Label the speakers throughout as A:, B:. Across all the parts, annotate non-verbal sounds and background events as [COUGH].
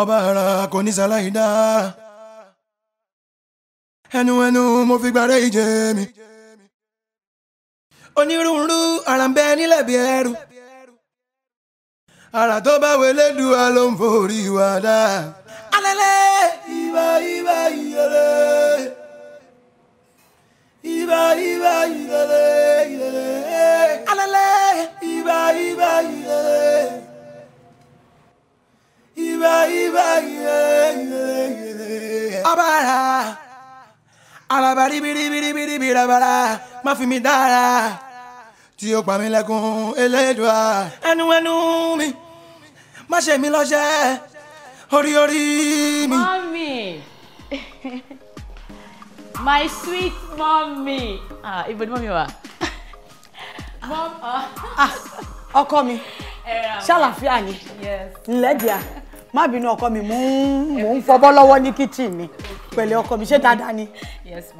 A: ọba ara kò ní sáláì dá ẹnu ẹnu mo fi gbàrẹ́ ìjẹ mi onírúurú ara ń bẹ nílẹ̀ bí ẹrú ara tó bá wẹlé dùá ló ń forí wa dá alẹ́lẹ́ ibà ibà ìyẹlẹ́ ibà ibà ìyẹlẹ́ ìyẹlẹ́ alẹ́lẹ́ ibà ibà ìyẹlẹ́. Abara alabari biribiribiri birabara má fi mi dára tí o pa mí lẹ́kùn elédùá. ẹnu ẹnu mi má ṣe mí
B: lọ́ṣẹ́ orí orí mi. mọ́mì my sweet mọ́mì ibo ni mọ́mì wà. Ah, ọkọ mi ṣàlàfíà ni lẹ́dìá má bínú ọkọ mi mò ń mò ń fọbọ́ lọ́wọ́ ní kitchen mi pẹ̀lẹ́ ọkọ mi ṣé dáadáa ni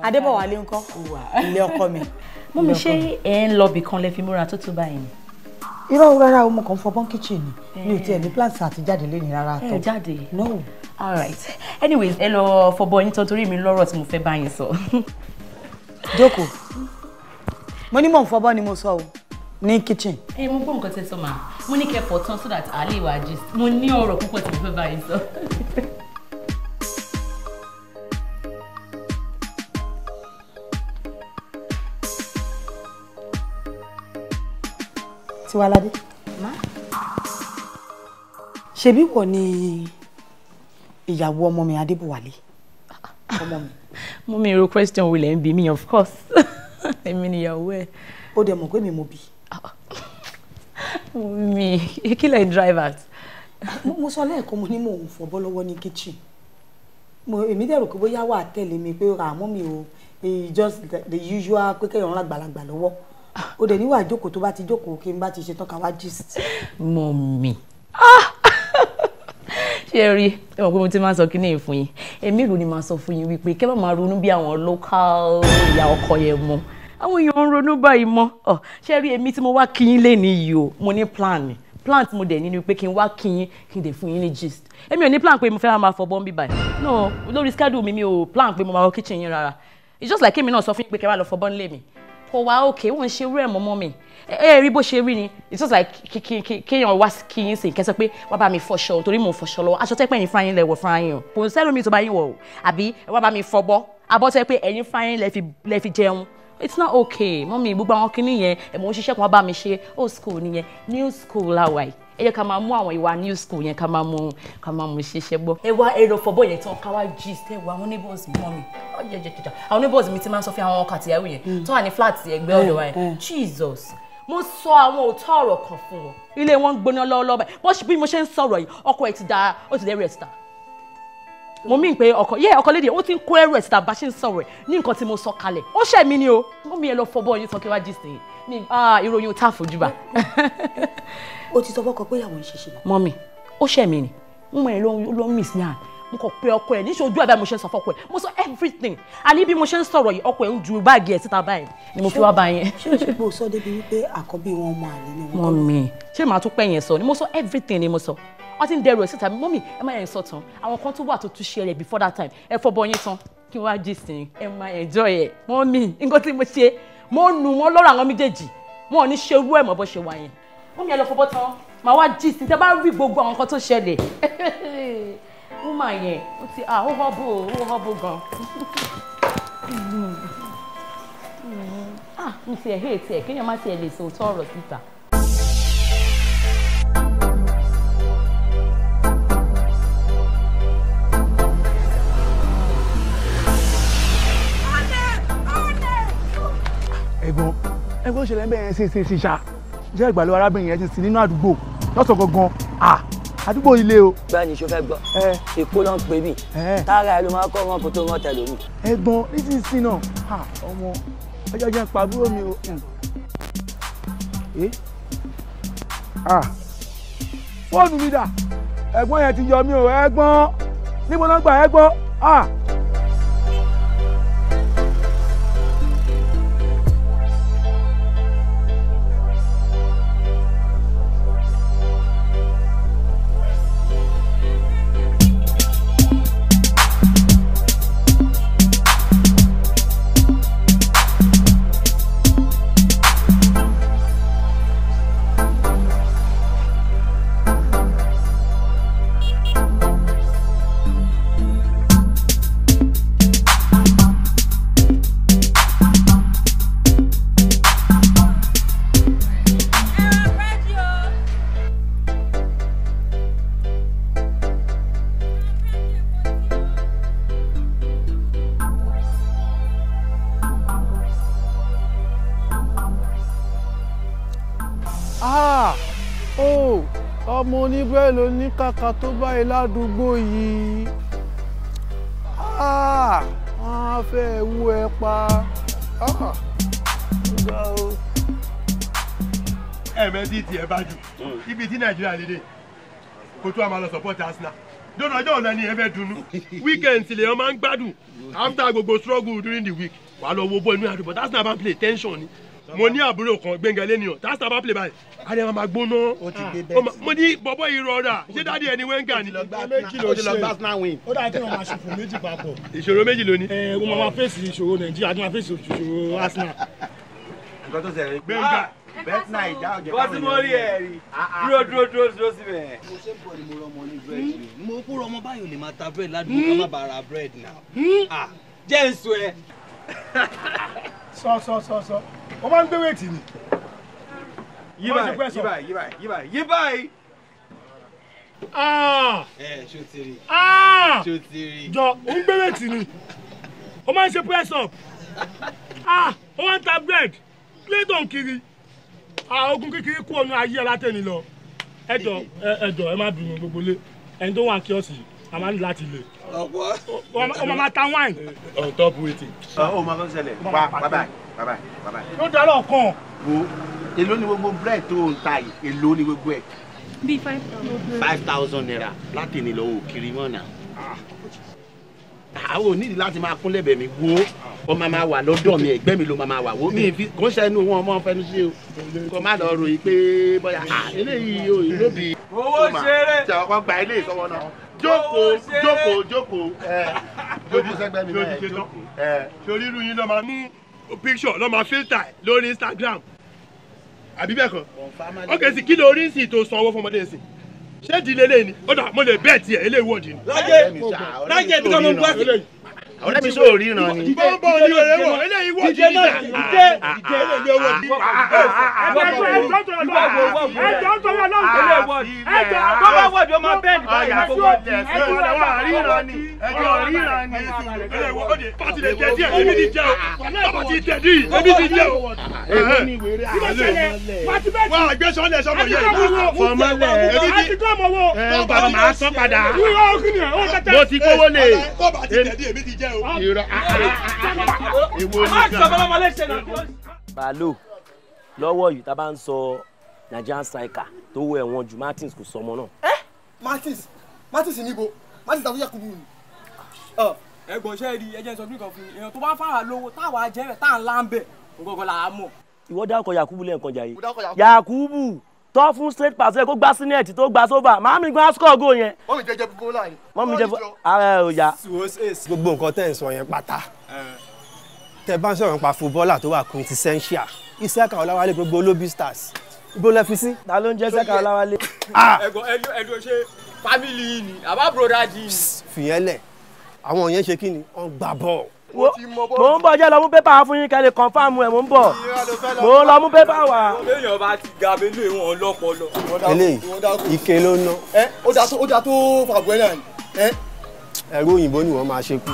B: Adébọ̀wálé ńkọ́ ilé ọkọ mi. [LAUGHS] mú mi ṣe ẹ ń lọ bìkan lẹ fi múra tó tó báyìí ni. irọ́ rárá o mo kàn ń fọbọ́n kitchen ni eh. mi ò tiẹ̀ ní plans àti jáde lẹ́yìn rárá eh, tó. ẹ jáde no. all right anyways ẹ lọ fọbọ́ yín tó torí mi lọ́rọ̀ tí mo fẹ́ bá yín sọ. jókòó mo ní mò ń fọbọ́ ni mo sọ o ní kitchen. ẹ mo gbọ́ nǹkan tẹ́ sọ màá mo ní kẹ́ pọ̀ tán so that àlè ìwà gist mo ní ọ̀rọ̀ púpọ̀ tí mo fẹ́ bá yín sọ. [LAUGHS] Tiwalade. Ma. Ṣebí wọ ni ìyàwó ọmọ mi Adébùwálé? [LAUGHS] Ọmọ mi. Mo mi ro question wo lẹ ń bi mi of course. [LAUGHS] Èmi nìyàwó ẹ̀. Ó dẹ̀ mọ̀ pé mi mo bí mi kí lè drive at. mo sọ lẹ́ẹ̀kan mo ní mò ń fọ̀bọ́ lọ́wọ́ ní kitchen mo èmi dẹ̀ rò pé bóyá wà á tẹ̀lé mi pé àmọ́ mi ò just the usual pé kẹ́yìn ọ̀ràn àgbàlagbà lọ́wọ́ o dẹ̀ níwà jókòó tó bá ti jókòó kí n bá ti ṣetán ká wá gist. mo mi ṣe rí ẹ mọ̀ pé mo ti máa ń sọ kí ní ìfún yín èmi ìlú ni màá sọ fún yín wípé kẹ́ máa ronú bí àwọn local ìyá ọkọ yẹn mọ́ àwọn èèyàn ń ronú báyìí mọ́ ọ ṣé rí èmi tí mo wá kí yín lénìí yìí o mo ní plan ni plan tí mo dẹ̀ ní ni pé kí n wá kí yín kí n dẹ̀ fún yín ní gist èmi ò ní plan pé mo fẹ́ máa fọbọ́n bíbá yìí no lórí schedule mi mi ò plan pé mo máa wọ kitchen yín rárá it's just like èmi náà sọ fún yín pé kẹ́ wá lọ fọbọ́n lé mi kò wá òkè wọn ṣe rú ẹ mọmọ mi ẹ rí bó ṣe rí ni it's just like kéèyàn wá kí yín sìn kẹsàn pé wá bá mi fọṣọ torí mò ń fọṣọ lọ aṣọ tẹpẹ yín fáyín lẹ wọ fáyín o kò sẹ́lómi tó bá yín wọ̀ o àbí wá bá mi fọbọ́ abọ́ tẹ́ pé ẹ̀yin fáyín lẹ fi jẹun it's not okay mọ́mí gbogbo àwọn kinní yẹn ẹ̀mọ́ òṣìṣẹ́ kan bá mi ṣe old school nìyẹn new school làwà yìí ẹ jẹ́ ká máa mú àwọn ìwà new school yẹn ká máa mú ká máa mú ṣiṣẹ́ gbọ́. ẹ wá ẹrọ fọbọ yẹn tán ká wá gist ẹ wá àwọn neighbors mi mọ mi jẹjẹjẹjà àwọn neighbors mi ti máa ń sọ fún àwọn ọkọ àtìyàwó yẹn mm. tó wà ní flat ẹgbẹ́ ọ̀dọ̀ wa yẹn mm, mm. Jesus mo sọ àwọn òótọ́ ọ̀rọ̀ kan fún wọn. ilé wọn ń gbóná lọ́wọ́lọ́wọ́ báyìí bí mo ṣe ń sọ̀rọ̀ yìí ọkọ ẹ̀ ti da ó ti dẹ́rẹ́ ẹ̀ ti ta mo mí pé ọkọ yẹ ọkọ lédi ó ti ń kó ẹrù ẹ̀ síta bá ṣe ń sọ̀rọ̀ ẹ̀ ní nǹkan tí mo sọ kalẹ̀ ó ṣẹ̀ mí ni o ó mi ẹ lọ fọ bọ́ọ̀yìn sọ́kẹ́ wájú sí i ah, ìròyìn ò tá àfojú bá. [LAUGHS] o ti sọ fọ́kọ pé ìyàwó ń ṣe ṣe. mọ́mì ó ṣẹ̀ mí ni mo mọ̀ ẹ́ ló ń miss yan mo kàn pe ọkọ ẹ níṣojú ẹ báyìí mo ṣe sọ fọkọ ẹ mo sọ everything àní bí mo ṣe ń sọ̀rọ̀ yìí ọkọ ẹ ń ju báàgì ẹ síta báyìí ni mo fi wá báyìí. ṣé o ṣe pé o sọ débi wípé àkọ́bí wọn ọmọ àlè ni wọn. mọ́mì ṣé màá tún pẹ́ yẹn sọ ni mo sọ everything ni mo sọ wọ́n ti ń dẹrù ẹ̀ síta mọ́mì ẹ má yẹn sọ tán àwọn kan tó wà tó tún ṣe rẹ̀ before that time ẹ fọ́ bọ́ yín tán kí wọ́n á jí sí ẹ má enjoy ẹ̀ mọ́mì nǹkan tí mo ṣe mo nu wọn lọ́rọ̀ àwọn méjèèjì wọn ò ní ṣe irú ẹ̀ mọ́ bó ṣe wà yẹn mọ́mì ẹ lọ fọ́ bọ́ tán màá wá jí sí tẹ bá rí gbogbo àwọn kan tó ṣẹlẹ̀. [LAUGHS] wúmà yẹn ó ti ah, o ó o ó họ́bù gan. ah mo tiẹ̀ hé tiẹ̀ kéèyàn má tiẹ̀ lè sọ òótọ́ ọ̀rọ̀ síta.
C: ẹ̀gbọ́n ẹ̀gbọ́n ṣẹlẹ̀ ń bẹ̀rẹ̀ ṣe ṣe
A: ṣe ṣá jẹ́ ìgbàlú arábìnrin yẹn ti sin nínú àdúgbò lọ́sọ̀ gangan ah àdúgbò ilé o. bẹ́ẹ̀ni ṣo fẹ́ gbọ́ èpo náà ń pè mí tára ẹ ló máa kọ́ wọn kó tó rántẹ lómi. ẹ̀gbọ́n nísinsìnyí náà ọmọ ọjọ́ jẹ́ pàbúrò mi o. fóònù mi dà ẹ̀gbọ́n yẹn ti yọ mí o ẹ̀gbọ́n níbo náà gbà ẹ̀gbọ́n.
C: tálákà tó báyìí ládùúgbò yìí ah, wọ́n á fẹ́ wú ẹ pa. Ah,
A: ẹ̀mẹ́tì tiẹ̀ bá jù hmm. ibi tí nàìjíríà lédè kó tó a máa lọ support Arsenal dọ́nà ọjọ́ ọ̀la ni ẹ fẹ́ dunu weekend tilẹ̀ ọ máa ń gbádùn after gbogbo struggle during the week wàá lọ wo bọ́ inú but that's not about play tension ni mo ní àbúrò kan gbẹ̀ngàn lẹ́nìyàn tá a sábà pèlè báyìí àdé máa gbóná mo ní bọ́bọ́ ìrọ̀rà ṣé dáàdi ẹni wẹ́ngà ni. ó dáa kí wọ́n máa ṣòfò méjì papọ̀. ìṣòro méjì ló ní. ẹ wọ́n máa fèsì ìṣòro nàìjíríà ni wọ́n fèsì ìṣòro arsenal. nǹkan tó ṣẹlẹ̀ gbẹ̀ngà bẹ́ẹ̀ náà ìjà ọ̀jẹ̀ báwo ni. bọ́sí mo rí ẹ̀ rí ah, ah. dúró dúró dúró dúró síbẹ̀. mo ṣe ń bọ̀ ni mo rọmọ ní bírèdì mi. Hmm? mo kúrò ọmọ báyìí ò lè máa ta bírèdì ládùúgbò hmm? ká má bàa ra bírèdì náà. Hmm? Ah, jẹ́ ń sọ ẹ. [LAUGHS] sọ sọ sọ sọ o máa ń gbé wéètì ni. yí báyìí yí báyìí yí báyìí yí báyìí yí ah!
B: báyìí. ẹ ṣó ti rí
A: ah! ṣó ti rí. jọ o ń gbé wéètì ni o máa ń ṣe press up ah! o wá ń ta bread clayton kiri ogun kékeré kú ọ̀nà ayé alátẹ̀ni lọ ẹ̀jọ̀ ẹ̀jọ̀ ẹ má bínú gbogbo lé ẹni tó wà kí ọ̀sìn a máa ń láti lè. o máa ta wine. on top waiting. o ah, máa fẹ́ ṣẹlẹ̀ wá bàbá bàbá bàbá. ló dáná kan. wo èló ni gbogbo bread tó ń ta yìí èló ni gbogbo ẹ.
B: bíi five thousand. five
A: thousand naira láti ní lọ́wọ́ òkiri mọ́ náà ah, àwọn onídìí láti máa kún lẹ́bẹ̀ẹ́ mi wo ó máa máa wà lọ́dọ̀ mi ẹ̀gbẹ́ mi ló máa máa wà wo mi fi kò ń ṣe inú wọn ọmọ fẹnu ṣe o kò má lọ ròyìn pé bóyá ah, eléyìí o ìlóbi. owó ṣeré. ṣe ọkọ gba ilé ìsọwọ́ náà. Joko, Joko, Joko. jókòó sẹgbẹ mi náà jókòó sórí irú yín ló máa mú picture ló máa filter lórí Instagram àbí bẹ́ẹ̀ kọ́ ok sì kí ló rí sí tó san owó fọmọdé sí ṣé ìdílé lé ní ó dà mo lè bẹ́ẹ̀ tiẹ̀ eléyìí ni. láyé láyé bí ká mo gbá sí àwọn ẹbí sọ ríran ni. bọ́ńbọ́n ni òye wọ eléyìí wọ jíjẹ náà jíjẹ jíjẹ eléyìí wọ
D: jíjẹ. ẹjọ́ tó yọ lọ́wọ́ ẹjọ́ tó yọ lọ́wọ́ ẹjọ́ tó bá wọ̀ bí ó máa bẹ́ẹ̀ nípa ìyá tó wọ̀ jẹ́ sí ọ̀dọ̀ ríran ni ẹjọ́ ríran ni. eléyìí wọ ọdẹ pàtì lè jẹ díẹ̀ ebi ti jẹ o pàtì tẹ dí ebi ti jẹ o.
A: wọ́n àgbẹ̀sọ̀ lẹ̀ sọ́mọ yẹn fọmọlẹ̀ ebi ti ẹ̀ bàbá máa sọ padà mo ti kówó lè. tọ́ba ti tẹ̀ dí ebi ti jẹ irọ́ ewo nìkan. balo lọ́wọ́ yìí tá a bá ń sọ nigerian striker tó wọ ẹ̀wọ̀n ju martins kò sọmọ náà. ẹ eh, martins martins níbo martins àfúyà kúrú ni. ẹ̀gbọ́n oh. ṣe é rí ẹjẹ sọ nìkan fún mi èèyàn tó bá fara lówó táwa jẹ rẹ ń lá ń bẹ là á mọ. ìwọ dákọ yakubu lẹ́ẹ̀kan jàre yakubu tọ́ fún straight pass ẹ kó gbá sínẹ́ẹ̀tì tó gba sóbà máa mi gan asukọ̀ go yẹn. mọ mi jẹjẹ gbogbo láàyè. mọ mi jẹ ara ah, ẹ ò yá. gbogbo nǹkan tẹ́ ẹ̀ sọ yẹn pátá tẹ́ bá ń sọ̀rọ̀ nípa fúbọ́ọ̀là tó wà quintessential Isiaka Ọláwálé gbogbo olóbi stars ibo lẹ fi sí. ta ló ń jẹ́ Isiaka Ọláwálé. Ah! ẹ̀gbọ́n ẹnu ẹnu ṣe fámìlì yìí ni àbá bùrọ̀dá jì í. fìyẹn lẹ̀ àwọn yẹn ṣe kí ni wọ́n gbà bọ́ọ̀ mo ń bọ̀ jẹ́ lọ mú pépà fún yín kẹ́lẹ́ kọ́nfàmù ẹ̀ mo ń bọ̀ mo lọ mú pépà wá. béèyàn bá ti ga abẹ́lé ìwọ̀n ọlọ́pọlọ. eléyìí ike ló ná. ẹ ó da tó ó da tó
C: fàbọ̀ náà ni. ẹ̀rú òyìnbó ni wọ́n máa ṣe kú.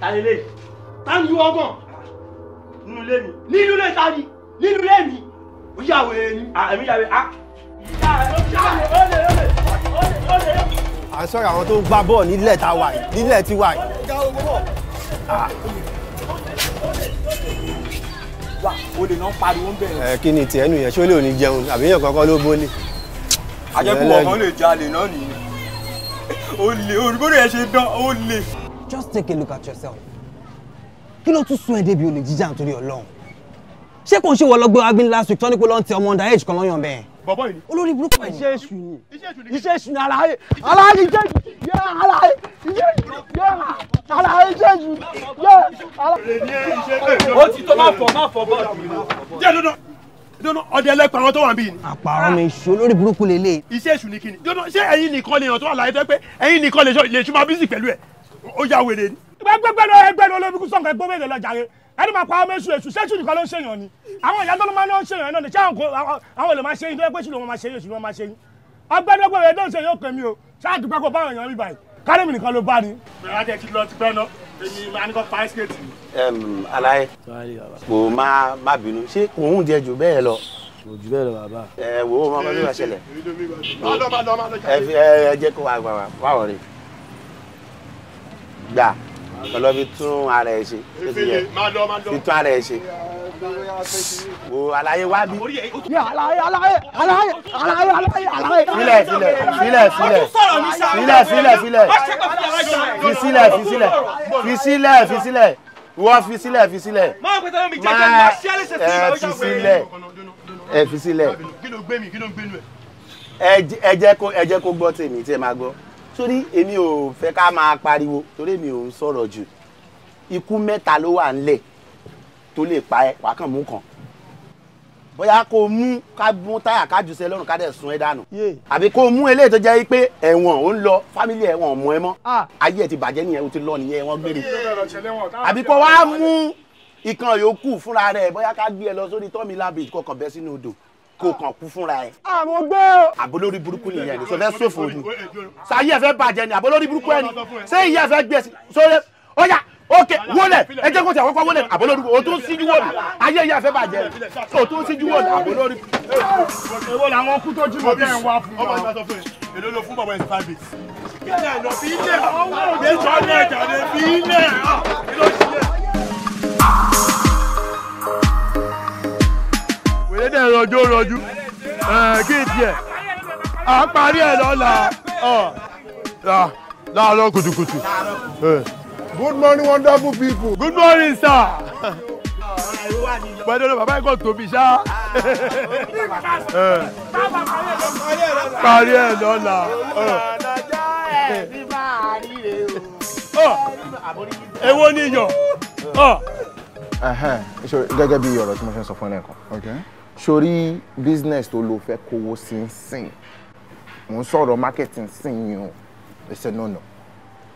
A: tani lè tani yóò ọgbọ̀n nínú ilé mi nínú ilé tani nínú ilé mi ó yàwé ni. àmì yàwé a à ah, àwọn tó ń gbá bọ́ọ̀ nílẹ̀ tá wà yìí nílẹ̀ tí wà yìí. wà ah. olè náà pariwo ń bẹ̀rẹ̀.
C: ẹ kí ni tiẹ̀ nù yẹn ṣó lè ò ní jẹun àbí yẹn kankan ló bólé. àjẹkù ọkàn lè
A: jalè náà nìyẹn olè olùbọ̀dọ̀ yẹn ṣe dán olè. just take a look at yourself kí ló tún sún ẹ débi olè jíjà nítorí Ọlọ́run ṣé kò ń ṣe wọ lọgbẹ agbin last week tọ́ni pé lọ́n ti ọmọ underage kan lọ́yàn bẹ́ẹ̀ bọ̀bọ̀ yìí. olórí burúkú ma iṣẹ́ èṣù ni iṣẹ́ èṣù ni alaye alaye iṣẹ́ èṣù yẹ alaye iṣẹ́ èṣù yẹ alaye iṣẹ́ èṣù yẹ alaye. o ti tó má fọ má fọ bọ́ọ̀lù. jẹ́ lọ́dọ̀ dọ́nà ọdẹ ẹlẹ́pàá àwọn tó wà níbí. àpàrọ̀ mi ṣe olórí burúkú lélẹ̀. iṣẹ́ èṣù ni kíni dọ́nà ṣé ẹ̀yin nìkan lè yàn tó wà láyé tẹ́ pé ẹ̀yin nìkan lè ṣùgbọ́n bísí pẹ̀lú ẹ̀ ó yà wèrè ni. gbẹgbẹgbẹ lọ ẹgbẹ lọ olórí burúkú ẹni máa pa ọmọ èṣù èṣù ṣéṣù nìkan ló ń ṣèyàn ni àwọn ìyá tó ló ń ṣèyàn náà ni ṣé àwọn olè máa ṣe yín tó yẹ pé èṣù ló máa ṣe yín èṣù ló máa ṣe yín ọgbẹ́dọ́gbẹ́ rẹ̀ tó ń ṣe yín ó o ṣáà dúpẹ́ kó báwọn èèyàn rí báyìí kárẹ́mì nìkan ló bá ni. ìrìnàjò ti lọ ti pẹ́ náà èmi máa ní kọ́ kọlọ fi tún ara ẹ ṣe títún ara ẹ ṣe wo àlàyé wa bi. àlàyé àlàyé àlàyé àlàyé àlàyé. filẹ filẹ filẹ filẹ filẹ filẹ filẹ fi sílẹ̀ fi sílẹ̀ fi sílẹ̀ fi sílẹ̀ ìwọ fi sílẹ̀ fi sílẹ̀
C: máa ẹ fi sílẹ̀ ẹ fi
A: sílẹ̀ ẹ jẹ́ kó gbọ́ tèmi tí ẹ máa gbọ́ sórí èmi ò fẹ́ ká máa pariwo torí èmi ò sọ̀rọ̀ jù ikú mẹ́ta ló wà ńlẹ̀ tó lè pa ẹ́ wàá kàn mú kan bóyá kó o mú ká mú táyà ká jù sẹ́ lọ́rùn ká dẹ̀ sun ẹ́ dànù àbí kó o mú eléyìí tó jẹ́ pé ẹ̀wọ̀n ò ń lọ fámílì ẹ̀wọ̀n ò mọ ẹ mọ́ ah. ayé ẹ̀ ti bàjẹ́ nìyẹn o ti lọ nìyẹn wọ́n gbére àbí kó wàá mú ìkan yòókù fúnra rẹ̀ bóyá ká gbé ẹ lọ sórí tọ́mìlà bíi kọkàn bẹ́ sínú odò kó kàn kú fúnra ẹ. àmọ́ gbé o. àbólórí burúkú nìyẹn ni sọfẹ́ sófò ni sàyí ẹ̀fẹ́ bàjẹ́ ni àbólórí burúkú ẹni ṣé ìyá ẹ̀fẹ́ gbé sórí ọ̀yà ókè wọlé ẹ jẹ́ kó ti àkọ́kọ́ wọlé àbólórí o tún síjú wọlé ayé ìyá ẹ̀fẹ́ bàjẹ́ o tún síjú wọlé àbólórí. èwo làwọn kú tó jìbọn bẹ́ẹ̀ ń wá fún wa. èló ló fún bàbá ẹ̀ sábẹ̀. ilé lọ fi ilé ọwọ́ òde jọ ẹ̀ẹ́dẹ̀ rọjú rọjú kí n tiẹ̀ à ń parí ẹ̀ lọ́la
E: láàárọ̀ kùtùkùtù.
A: good morning wonderful people. good morning sir. pẹ̀lú ọ̀rọ̀ bàbá ẹ̀kọ́ tóbi ṣá. parí ẹ̀ lọ́la. èwo ni yọ. gẹ́gẹ́ bí ọ̀rọ̀ tí mo ṣe ń sọ fún ẹ lẹ́ẹ̀kan sórí business tó lò fẹ́ kówó sí ń sìn mò marketing sin yín o they say no no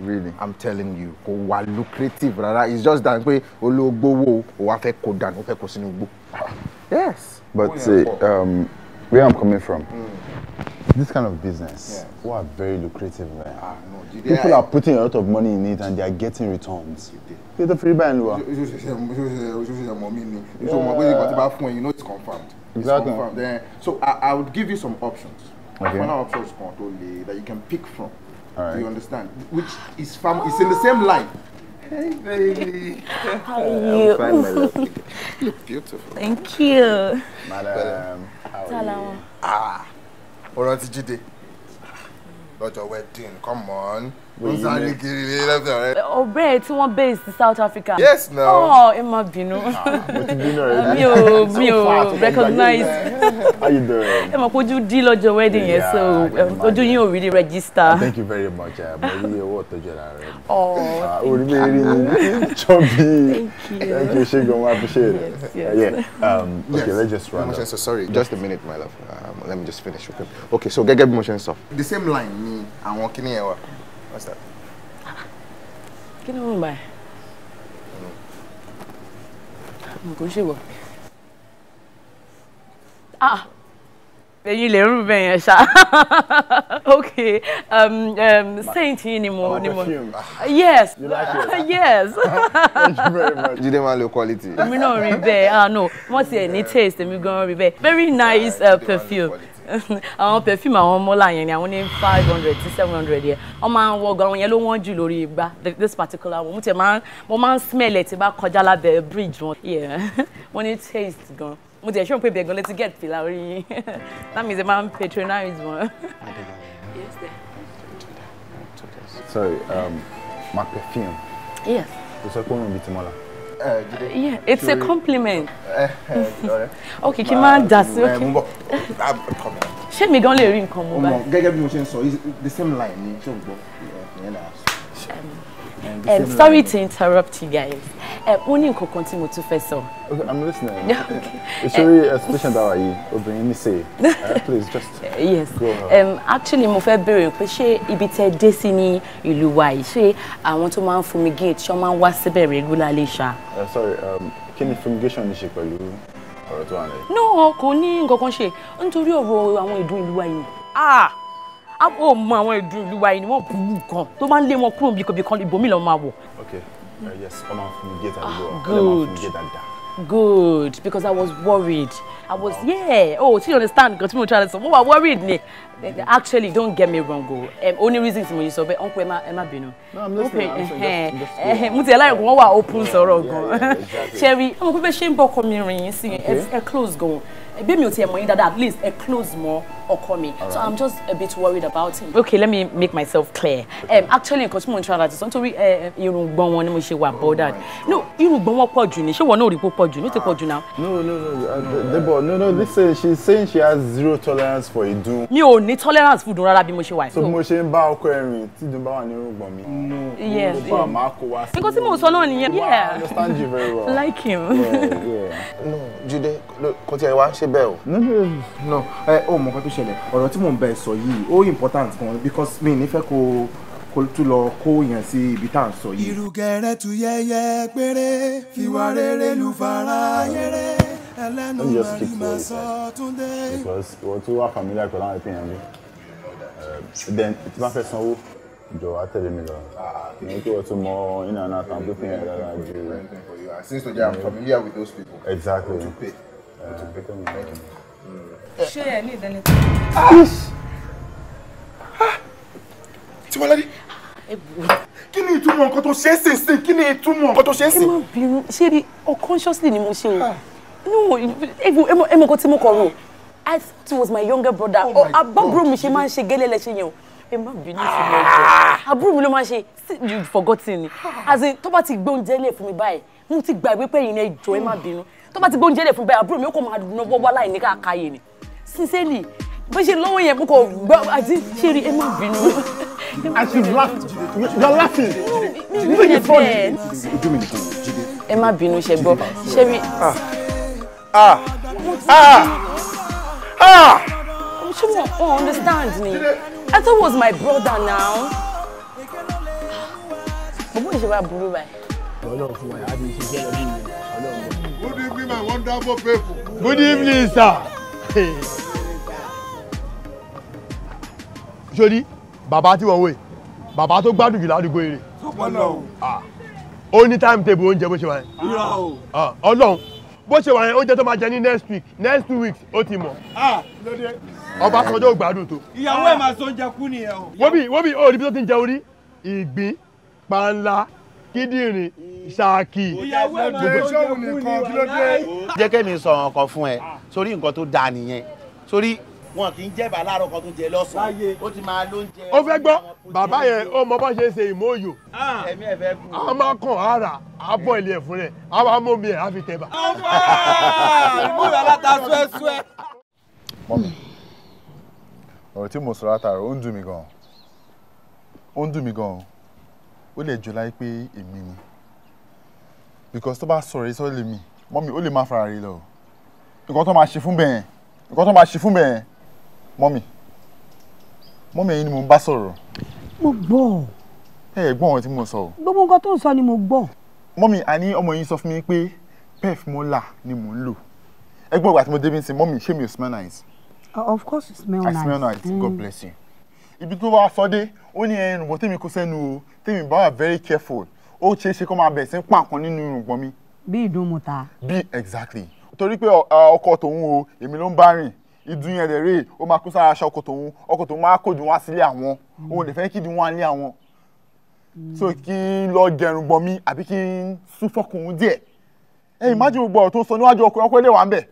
A: really i'm telling you kò wa lucrative rárá it's just that pé olóògbówó o wá fẹ́ kó dànù o fẹ́ kó sínú igbó
E: yes. but oh, uh, um, where i'm coming from. Mm. This kind of business yes. who are very lucrative man. Ah, no, People I... are putting a lot of money in it and they are getting returns kí ló fi rí báyìí lùwà. oṣooṣe mọ̀ mí ni oṣooṣe mọ̀ pé ìgbà tí bá fún ẹ you know it's confirmed. it's exactly. confirmed then so I, I would give you some options. okay final options kan tó le that you can pick from. All right. do you understand which is fam is in the same line.
D: Hey, baby. How are you? I'm fine, my love.
E: You look beautiful. Thank you. Madam, how are you? Ah, ọ̀rọ̀ ti jíde. Lọ́jọ́ wedding, come on ń sáré kiri ní lọ́sẹ̀
B: rẹ. tí wọ́n base sí South Africa. yes na. ọ oh, ẹ má bínú. Ah, mo ti bínú [LAUGHS] rẹ. mi ò mi ò recognize.
E: how you doing.
B: ẹ mọ̀ pé ojú dí lọ́jọ́ wedding yẹn so um, ojú yín ò really register. thank you very much eh, mo rí owó ọ̀tọ́jú ara rẹ. ọ oh, ah, orí mi rí
E: chubby. thank
A: you ṣe gan wa appreciate it. yes yes. Um, okay let's just round up. So, sorry just a minute my love um, let me just finish. okay so gẹ́gẹ́ bí mo ṣe ń sọ. the same line ni àwọn kíní yẹn wà. What's that?
B: Kí ni mo ń bá ẹ? Nǹkan ṣe Ah! Ẹ̀yin lè rú bẹ́ẹ̀ ṣá. [LAUGHS] Okay, um, um, Saint yìí ni mo ni mo. Yes. You like it? [LAUGHS] Yes. [LAUGHS] Thank you very much.
A: Jíde máa lo quality. Èmi náà
B: rí bẹ́ẹ̀, ah no, wọ́n ti ẹ̀ ní taste, èmi gan-an rí bẹ́ẹ̀. Very nice uh, perfume. [LAUGHS] àwọn perfume àwọn mọ́là yẹn ni àwọn ní five hundred to seven hundred yẹn wọ́n máa ń wọ́gọ̀ àwọn yẹn ló wọ́n jù lórí igbá this particular one mo tẹ̀ máa ń smell ẹ̀ tí bá kọjá lábẹ́ bridge wọn [LAUGHS] wọ́n ní taste gan mo tẹ̀ ṣọ́n pé bẹ̀ẹ̀ gan létí get fìlà orí yín [LAUGHS] that means ẹ máa ń patronize wọn. sorry
E: um, my perfume. yes. kò sọ pé òun ò bí ti mọ́lá
B: yeah, it's a compliment. Eh, eh, [LAUGHS] okay, kí n máa dà sí ok.
A: Eh, ah,
B: ṣé mi gan lè rí nǹkan mú báyìí.
A: gẹ́gẹ́ bí mo ṣe ń sọ the same line ni ṣé o gbọ́ um, sorry
B: to interrupt you guys. Mo um, ní nǹkan kan tí mo tún fẹ́ sọ. Okay, I'm listening. [LAUGHS] okay.
E: Ìṣòrí expression um, tá a wà yìí, obìnrin ní sè uh, [LAUGHS] Please just yes. go on.
B: Um, actually, mo fẹ́ béèrè pé ṣé ibi tẹ́ dé sí ní ìlú wa yìí, ṣé àwọn tó máa ń fumigate ṣé wọ́n máa ń wá síbẹ̀ regularly ṣá?
E: Uh, sorry, um, kí ni fumigation ní ṣe pẹ̀lú ọ̀rọ̀ tó wà lẹ́yìn?
B: No, kò ní nǹkan kan ṣe nítorí ọ̀rọ̀ àwọn ìdun ìlú wa yìí. Ah! ó mọ àwọn ìdùn ìlú wa ni wọ́n burú kan tó máa ń lé wọn kúrò bíkan bíkan ibòmí lọ́ọ́ máa wọ̀.
E: ok uh, yes ọmọ fún mi gé tàbí lọ ọmọ fún mi gé dáadáa.
B: good because i was worried i was yeah oh she understand nǹkan tí mo try to sọ mo wà worried ni actually don't get me wrong o um, only reason tí mo yìí sọ bẹ́ẹ̀ uncle ẹ má ẹ má bínú. no i'm listening i'm listening. Eh, eh, mo ti ẹ láyọ̀ kó wọ́n wà open sọ̀rọ̀ gan-an ṣẹ́rí ọmọ pípẹ́ ṣé ń bọ̀ ọkọ mi rìn yín sí ẹ close gan-an ẹgbẹ́ mi ò tiẹ̀ mọ̀ yín dáadáa at least ẹ close mọ́ ọkọ mi so i'm just a bit worried about him. okay let me make myself clear um, actually nǹkan tí mo ń try láti sọ nítorí eh, eh, irùngbọ̀n wọn ni mo ṣe wà oh bothered no you know, pọ̀ jù ni ṣé wọn náà rí pọ̀ pọ̀ jù ní ó ti pọ̀ jù no no
E: no uh, no no listen she's saying she has zero tolerance for you
B: mi ò ní tolerance for ìdun rárá bí mo so mo ṣe
E: ń bá ọkọ ẹ rìn tí ìdun bá wà ní no
B: yes Because bá máa kó wá sí. nǹkan yeah i understand you very well. like him.
E: yeah, no jude
A: look, tiẹ̀ wá ṣe bẹ́ẹ̀ o. no no no ẹ ò mọ̀ ṣẹlẹ̀ ọ̀rọ̀ tí mò ń bẹ sọ yìí ó important gan because mi nífẹ̀ẹ́ kó tún lọ kó yẹn sí ibi tá à ń sọ yìí. ìrùgẹ̀rẹ̀ tún yẹyẹ péré fìwà rere lù fara yẹrẹ
E: ẹlẹ́nu mẹ́rin máa sọ túndé. because wọ́n tún wá familiar pẹ̀lú àwọn ìpínyàn mi eh, then tí wọ́n fẹ́ sanwó jọ wá tẹ̀lé mi lọ ah, ní kí wọ́n tún mọ iná náà kan tó fi hàn lára ju. since today i'm familiar with those people. exactly.
C: Uh,
B: ṣé ẹ ní ìdánilẹ́
A: tí wọ́n lẹ́dí. kí ni ìtumọ̀ nǹkan tó ṣe é sìn
B: sìn kí ni ìtumọ̀ nǹkan tó ṣe é sìn. ẹ ni mo ṣe o no ẹ mọ̀ kó tí mo kọ̀ rò I thought it was my younger brother oh àbúrò mi ṣe máa ń ṣe gẹ́lẹ́ lẹ́ṣẹ̀ yẹn o ẹ má bínú fún mi ọjọ́ àbúrò mi ló máa ń ṣe you forgotten ni as in tó bá ti gbé oúnjẹ lè fún mi báyìí mo ti gbàgbé pé ẹ̀yin ẹ jọ̀ọ́ ẹ má bínú tó bá ti gbé oúnjẹ lè fún mi báyìí mi ó kọ́ máa nọwọ́ láì ní káàkáyè ni sincerely bó ṣe lọ́wọ́ yẹn mo kò gbọ́ àti ṣe rí ẹ bínú. and she laughed you are laughing you know you funny. ẹ má bínú ṣe gbọ́ ṣe mi. Ah. ah ah ah. ṣé mo understand me. I thought was my brother now. But what is your brother?
A: fún wa yàrá bí ṣe jẹ́ ọdún
B: yìí ọlọ́run. good evening my wonderful people.
A: good evening sir sori bàbá tí wọ́n wò yìí bàbá tó gbádùn jù ládùúgbò eré ó ní time table oúnjẹ bó ṣe wà yẹn ọlọ́run bó ṣe wà yẹn oúnjẹ tó máa jẹ ní next week next two weeks ó ti mọ̀ ọba sanjó gbádùn tó. ìyàwó ẹ̀ máa sọ oúnjẹ kú nìyẹn o. wọ́n bí wọ́n bí òòrì bí tó ti ń jẹ orí ìgbín panla kíndìnrín ṣáàkì. ìyàwó ẹ̀ máa ń ṣọ́ọ̀bù nìkan kí ló dé. jẹ́ kẹ́mi sọ ọ̀kan fún ẹ sórí nǹkan tó dáa nìyẹn sórí wọn kì í jẹ bàlárò kan tó jẹ lọ́sàn-án ó ti máa ló ń jẹ. ó fẹ́ gbọ́ bàbá yẹn ó mọ bá ṣe ṣe ìmóòyò. a máa kàn á rà bọ̀ ilé ẹ̀ fún rẹ̀ á máa mú mi ẹ̀ á fi tẹ̀ bá. ìmúra láta sẹ́sẹ́.
D: mọ́mi
E: ọ̀rọ̀ tí mo sọ látara ó ń dùn mí gan-an ó lè jọ láyé pé èmi ni because tó bá sọ̀rọ̀ ìsọ̀ lè mi mọ́mí ó lè má fara rí lọ nǹkan tó máa ṣe fún bẹ́ẹ̀ nǹkan tó máa ṣe fún bẹ́ẹ̀ mọ́mí mọ́mí ẹ̀yin ni mo ń bá sọ̀rọ̀. mo gbọ́. ẹ ẹ gbọ́ ohun tí mo sọ.
B: gbogbo nǹkan tó ń sọ
E: ni mo gbọ́. mọ́mí àní ọmọ yín sọ fún mi pé pef mola ni mo ń lò ẹgbẹ́ ìgbà tí mo débi ń sin mọ́mí ṣé mi ò smell nice. Uh, of course you smell nice. i smell nice mm. God bless you. ibi tó wá sọ dé ó ní ẹnu bọ́tẹ́mi kó sẹ́nu o tèmi bá wà very careful ó ṣeé ṣe kó máa bẹ̀rẹ̀ sí pàǹkan nínú irùngbọ̀n mi. bí ìdúnmùta. bí exactly torí pé uh, ọkọ tòun o èmi ló ń bá rìn ìdun yẹn lè rè é ó máa kó sára aṣọ ọkọ tòun ọkọ tòun máa kó dùn wá sílé àwọn hmm. òun lè fẹ́ kí dùn wá ní àwọn hmm. so kí n lọ jẹrun gbọ̀n mi àbí kí n sún fọkùnrin díẹ̀ ẹ ìmájú gbogbo ọ̀rọ̀ tó sọ níwájú ọkọ ọkọ ilé wa ń bẹ̀.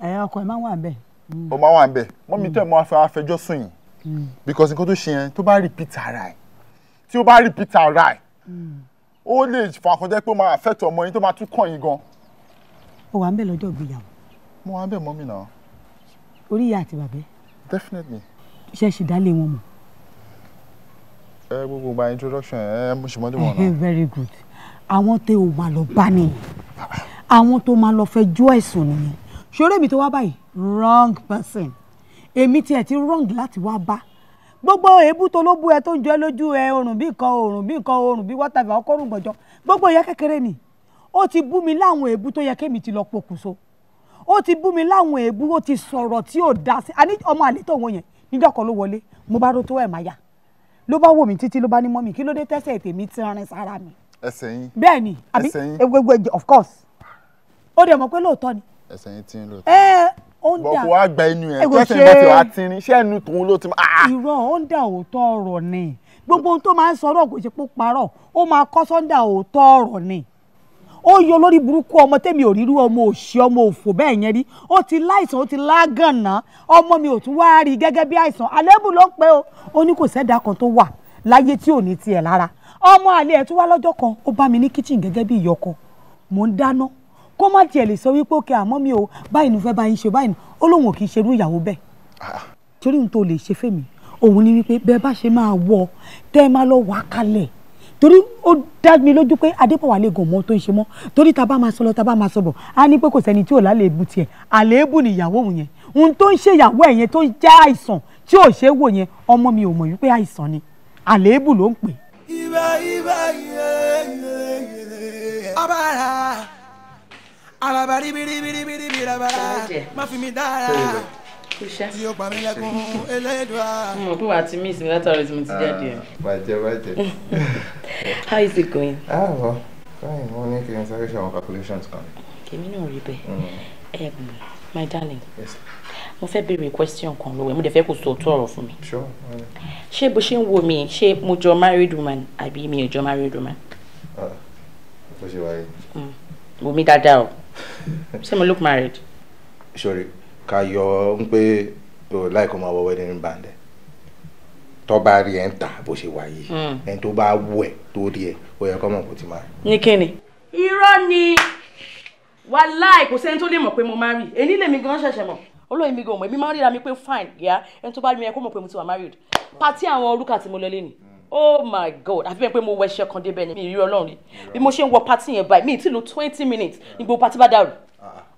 E: ẹ ọkọ ẹ máa wà bẹ̀. Hmm. ó máa wà bẹ̀ mọ́mí tẹ̀ mọ́ afẹ́jọ́ sùn yìí because nǹkan tó ṣe yẹn tó bá repeat ara ẹ̀ tí ó bá repeat ara ẹ̀ ó lè fà kó jẹ́ pé ó máa affect ọmọ yín tó máa tún kàn yín gan. ó wà ń bẹ̀ lọ́jọ́ ìgbéyàwó. mo wà ń bẹ̀ mọ́ náà. orí ìyá àti bàbá. definitely. iṣẹ́ ṣèdálé wọn mọ̀. ẹ gbogbo my introduction ẹ mo ṣì mọ́ wọn [LAUGHS] náà. very
B: good àwọn tẹ ò máa lọ bá nìyẹn àwọn tó máa lọ fẹjọ́ ẹ̀sùn nìyẹn ṣòro èmi tó wá báyìí wrong person èmi tiẹ̀ ti wrong láti wá bá gbogbo èébú tó ló bú ẹ tó ń jọ ẹ lójú ẹ òrùn bí nǹkan òrùn bí nǹkan òrùn bí wọ́tàbí ọkọ̀rùn gbọ̀njọ́ gbogbo ìyẹn kékeré ni ó ti bú mi láwọn èébú tó yẹ kémi ti lọ pokùnso ó ti bú mi láwọn èébú ó ti sọ̀rọ̀ tí ò dá sí àní ọmọ àlè tó wọ̀nyẹn níjọ́ kan ló wọlé mo bá ró tó ẹ̀ máa yá ló bá wò mí títí ló bá ní mọ́ mi kí ló dé tẹ́sẹ̀ tèmi ti rin sára mi. ẹsẹ̀ yín of course ó dẹ̀ mọ̀ pé lóòótọ́ ẹsẹ̀ ti ń lóòótọ́ ó
E: ń dà bọ̀kọ̀ wá gba ẹnu ẹ̀ tẹ́sán bá ti wá
B: tínrín iṣẹ́ ẹnu tòun ló ti máa. Ah! irọ́ ó ń dà òótọ́ ọ̀rọ̀ ni gbogbo ohun tó máa ń sọ̀rọ̀ kò ṣe pé parọ́ ó máa kọ́ sọ́ńdà òótọ́ ọ̀rọ̀ ni ó yọ lórí burúkú ọmọ tẹ́mi ò rírú ọmọ òṣì ọmọ òfò bẹ́ẹ̀ yẹn rí ó ti láìsàn ó ti lágànná ọmọ mi ò tún wá rí gẹ́gẹ́ bí àìsàn àlébù ló ń pẹ́ o ó ní kò sẹ́dá kan tó wà láyé tí ò ní tiẹ̀ lára ọmọ àlè ẹ̀ tún wá lọ́jọ́ kan ó bá mi ní kíchìn gẹ́gẹ́ bí ìyọkọ mò ń dáná kó má tiẹ̀ lè sọ wípé òkè àmọ́ mi ò báyìí nùfẹ́ báyìí ṣe báyìí ó lóun ò kì í ṣerú ìyàwó bẹ́ẹ̀. Ah, ah. torí n tó lè ṣe fèmí òun ni wípé bẹ́ẹ̀ bá ṣe máa wọ tẹ́ ẹ máa lọ wà kalẹ̀ torí ó dá mi lójú pé adébọ̀wálé gan mọ́ tó ń ṣe mọ́ torí ta bá máa sọ lọ ta bá máa sọ bọ̀ á ní pé kò sẹ́ni tí ò lálẹ́bù tiẹ̀ àléébù nìyàwó òun yẹn ohun tó ń ṣe ìyàwó ẹ̀ yẹn tó jẹ́ àìsàn tí ò ṣe é wò yẹn ọmọ mi ò mọ̀ wípé àìsàn ni àléébù ló ń pè. ibà ibà
A: yẹ̀yẹ̀ yẹ̀yẹ̀ abára Ah, [LAUGHS] how
B: is it going. ah
A: well fine mo ní kí n calculations kan. èmi náà rí bẹ́ẹ̀
B: mm. my darling mo fẹ́ béèrè question kan lọ́wọ́ ẹ̀ mo dẹ̀ fẹ́ kó sọ òótọ́ ọ̀rọ̀ fún mi. ṣé bó ṣe ń wo mi ṣé mo jọ married woman àbí mi ò married woman.
C: Ah, bó ṣe wáyé.
B: wò mí dáadáa o. Say mo look married.
A: sorry ká yọ ń pé o láìkó máa wọ wedding band ẹ tó bá rí ẹ ń tà bó ṣe wà yìí hmm. ẹni tó bá wù ẹ tó rí ẹ ó yẹ kó mọ̀ kó ti
B: máa. ní kíni. irọ́ ni wàláì kò sẹ́ni tó lè mọ̀ pé mo máa rí èyí lèmi gan ṣẹ̀ṣẹ̀ mọ̀ olóyìn mi gan mọ̀ èmi máa ń ríra mi pé fine yá ẹni tó bá rí mi ẹ kó mọ̀ pé mo ti wà married pàtí àwọn orúkà tí mo lọ lé ni. Mm oh my god àfi bẹ́ẹ̀ pé mo wọ ẹṣẹ kan débẹ̀ ni mi ìrírí ọlọ́run rí bí mo ṣe ń wọ pati yẹn báyìí mi ì lo twenty minutes ní gbogbo pati bá dàrú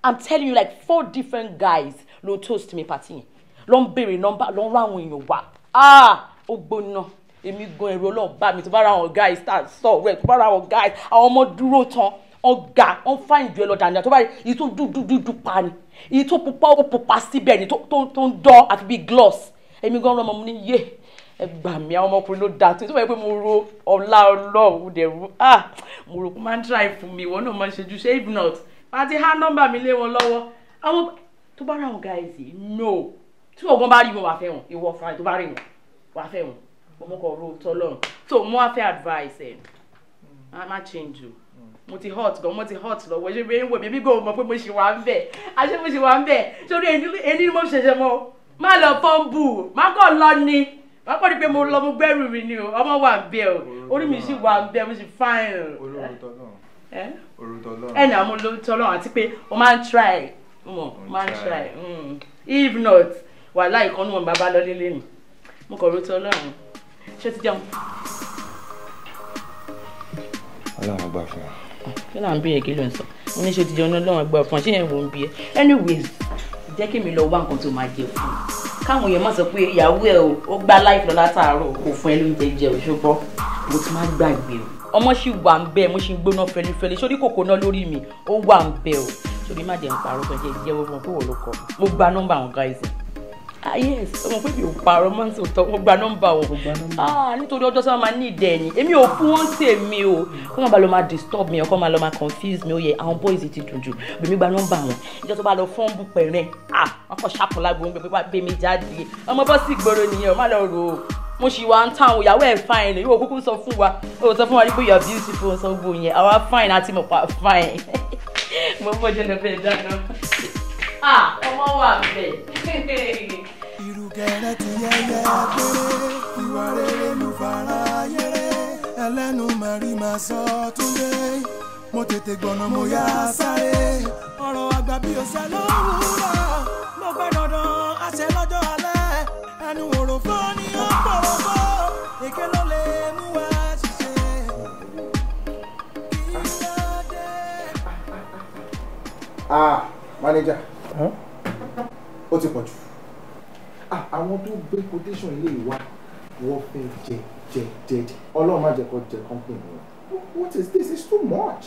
B: i'm telling you like four different guys ló toast mi pati yẹn ló ń béèrè nọ́mbà ló ń rán àwọn èèyàn wá ah ó gbóná èmi gan ẹ̀rọ ọlọ́run bá mi tó bá ra àwọn guys tá sọ rẹ tó bá ra àwọn guys àwọn ọmọ dúró tán ọ̀gá wọn fáìn ju ẹ lọ dànù tó bá rí èyí tó dúdú dúdú pa ni èyí tó pupa ó pupa síbẹ̀ ni tó ń dán àfi bíi gloss èmi gan ọlọ́mọ mo ní yé ẹ àwọn ọmọkùnrin ló dáa tó ìtọ́wọ́ pé mo ro ọlá ọlọ́run dẹ̀rú ah mo rò pé máa ń try fún mi ìwọ náà máa ń ṣe ṣé if not pàtí há nọ́mbà mi lé wọn lọ́wọ́ àwọn tó bá ra àwọn guys no tí ọgbọ́n bá rí wọn wà fẹ́ wọn ìwọ fún àyè tó bá rí wọn wà fẹ́ wọn ọmọkọ̀ ro tọ́lọ́run so mo wá fẹ́ advice ẹ̀ hmm. má má change o hmm. mo ti hot gan mo ti hot lọ́wọ́ ṣé bí wèmí bí gbòòmọ pé mo ṣì wà ń bẹ̀ àṣé mo ṣì wà ń bẹ̀ sórí ẹni ni mo ṣẹ̀ṣẹ̀ mọ́ má lọ fọ́nbù má kàn lọ ni wọ́n kọ́ ni pé mo lọ mo gbẹ́rù mi ni o ọmọ wà ń bẹ o orí mi sì wà ń bẹ mo sì fáìn o. ẹ nà mo lóun tọ́ náà àti pé o máa ń try mo máa ń try hmm. if not wàhálà ìkànnì wọn bàbá lọ lélẹ̀ mi mo kọ̀ rótọ́ lọ́rùn ṣé ti jẹun.
E: ọlọ́run gbà fún wa.
B: kí ló ń bí ẹ̀gẹ́ ló ń sọ mo ní ṣe ti jẹun ọlọ́run gbà fún wa ṣé yẹn wò ń bí ẹ anyways jẹ́ kí mi lọ wá nǹkan tó máa jẹ fún un káwọn èèyàn má sọ pé ìyàwó ẹ o ó gbá láìpẹ́ lọ látàárọ̀ kò fún ẹ lóúnjẹ jẹ o ṣùgbọ́n mo ti máa gbàgbé o. ọmọ ṣì wà ń bẹ mo ṣì ń gbóná fẹlifẹli sórí kòkó náà lórí mi ó wà ń bẹ o sórí má jẹ́ ń parọ́ kan jẹ́ ìjẹ́wọ́ fún un pé wọ́n ló kọ́ mo gba nọ́mbà àwọn gáìsì ah yes ọmọ pé mi ò parọ́ máa ń sọ tọ́ wọ́n gba nọ́mbà wọn ah nítorí ọjọ́ sábà máa ní ìdẹ̀yìn èmi ò fún wọn sí èmi o kó má ba lọ máa disturb mi ọkọ máa lọ máa confuse mi ó yẹ àwọn boys ti dùn jù bèmí gba nọ́mbà wọn ìjọ tó bá lọ fún bù pẹ̀rẹ́ ah wọ́n kọ́ ṣàpọ̀ lágbo ń gbé pípa bèmí jáde ọmọ bọ́ sí ìgboro nìyẹn ọ̀ má lọ rò ó mo ṣì wá ń tán àwọn ìyàwó ẹ̀ fine yóò kúkú sọ fún wa ó sọ fún wa wípé you are beautiful sọ gbòòyìn àwa fine àti mọ̀pá fine [LAUGHS] mo bọ́jọ́ lọ fẹ́ dáná. Ah, ọmọ wà bẹ́ẹ̀. ìrùkẹ̀rẹ̀ ti yẹyẹ pé
A: ìwà rere ló fara yẹrẹ ẹlẹ́nu màrí màá sọ túnde mo tètè gbọ̀nà mo yá sáré ọ̀rọ̀ àgbà bí o ṣe lówùúrọ̀ mo pẹ́ dandan àṣẹ lọ́jọ́ alẹ́ ẹnu òrò fún ni ó pọ̀rọ̀ èké ló lè mú wa ṣiṣẹ́ kí ló dé. ah manager ó ti pọ̀ jù àwọn tó gbé quotation ilé ìwà wọ́n fẹ́ jẹ jẹ jẹ jẹ ọlọ́run má jẹ́ kó jẹ company wọn what is this
C: it's too much.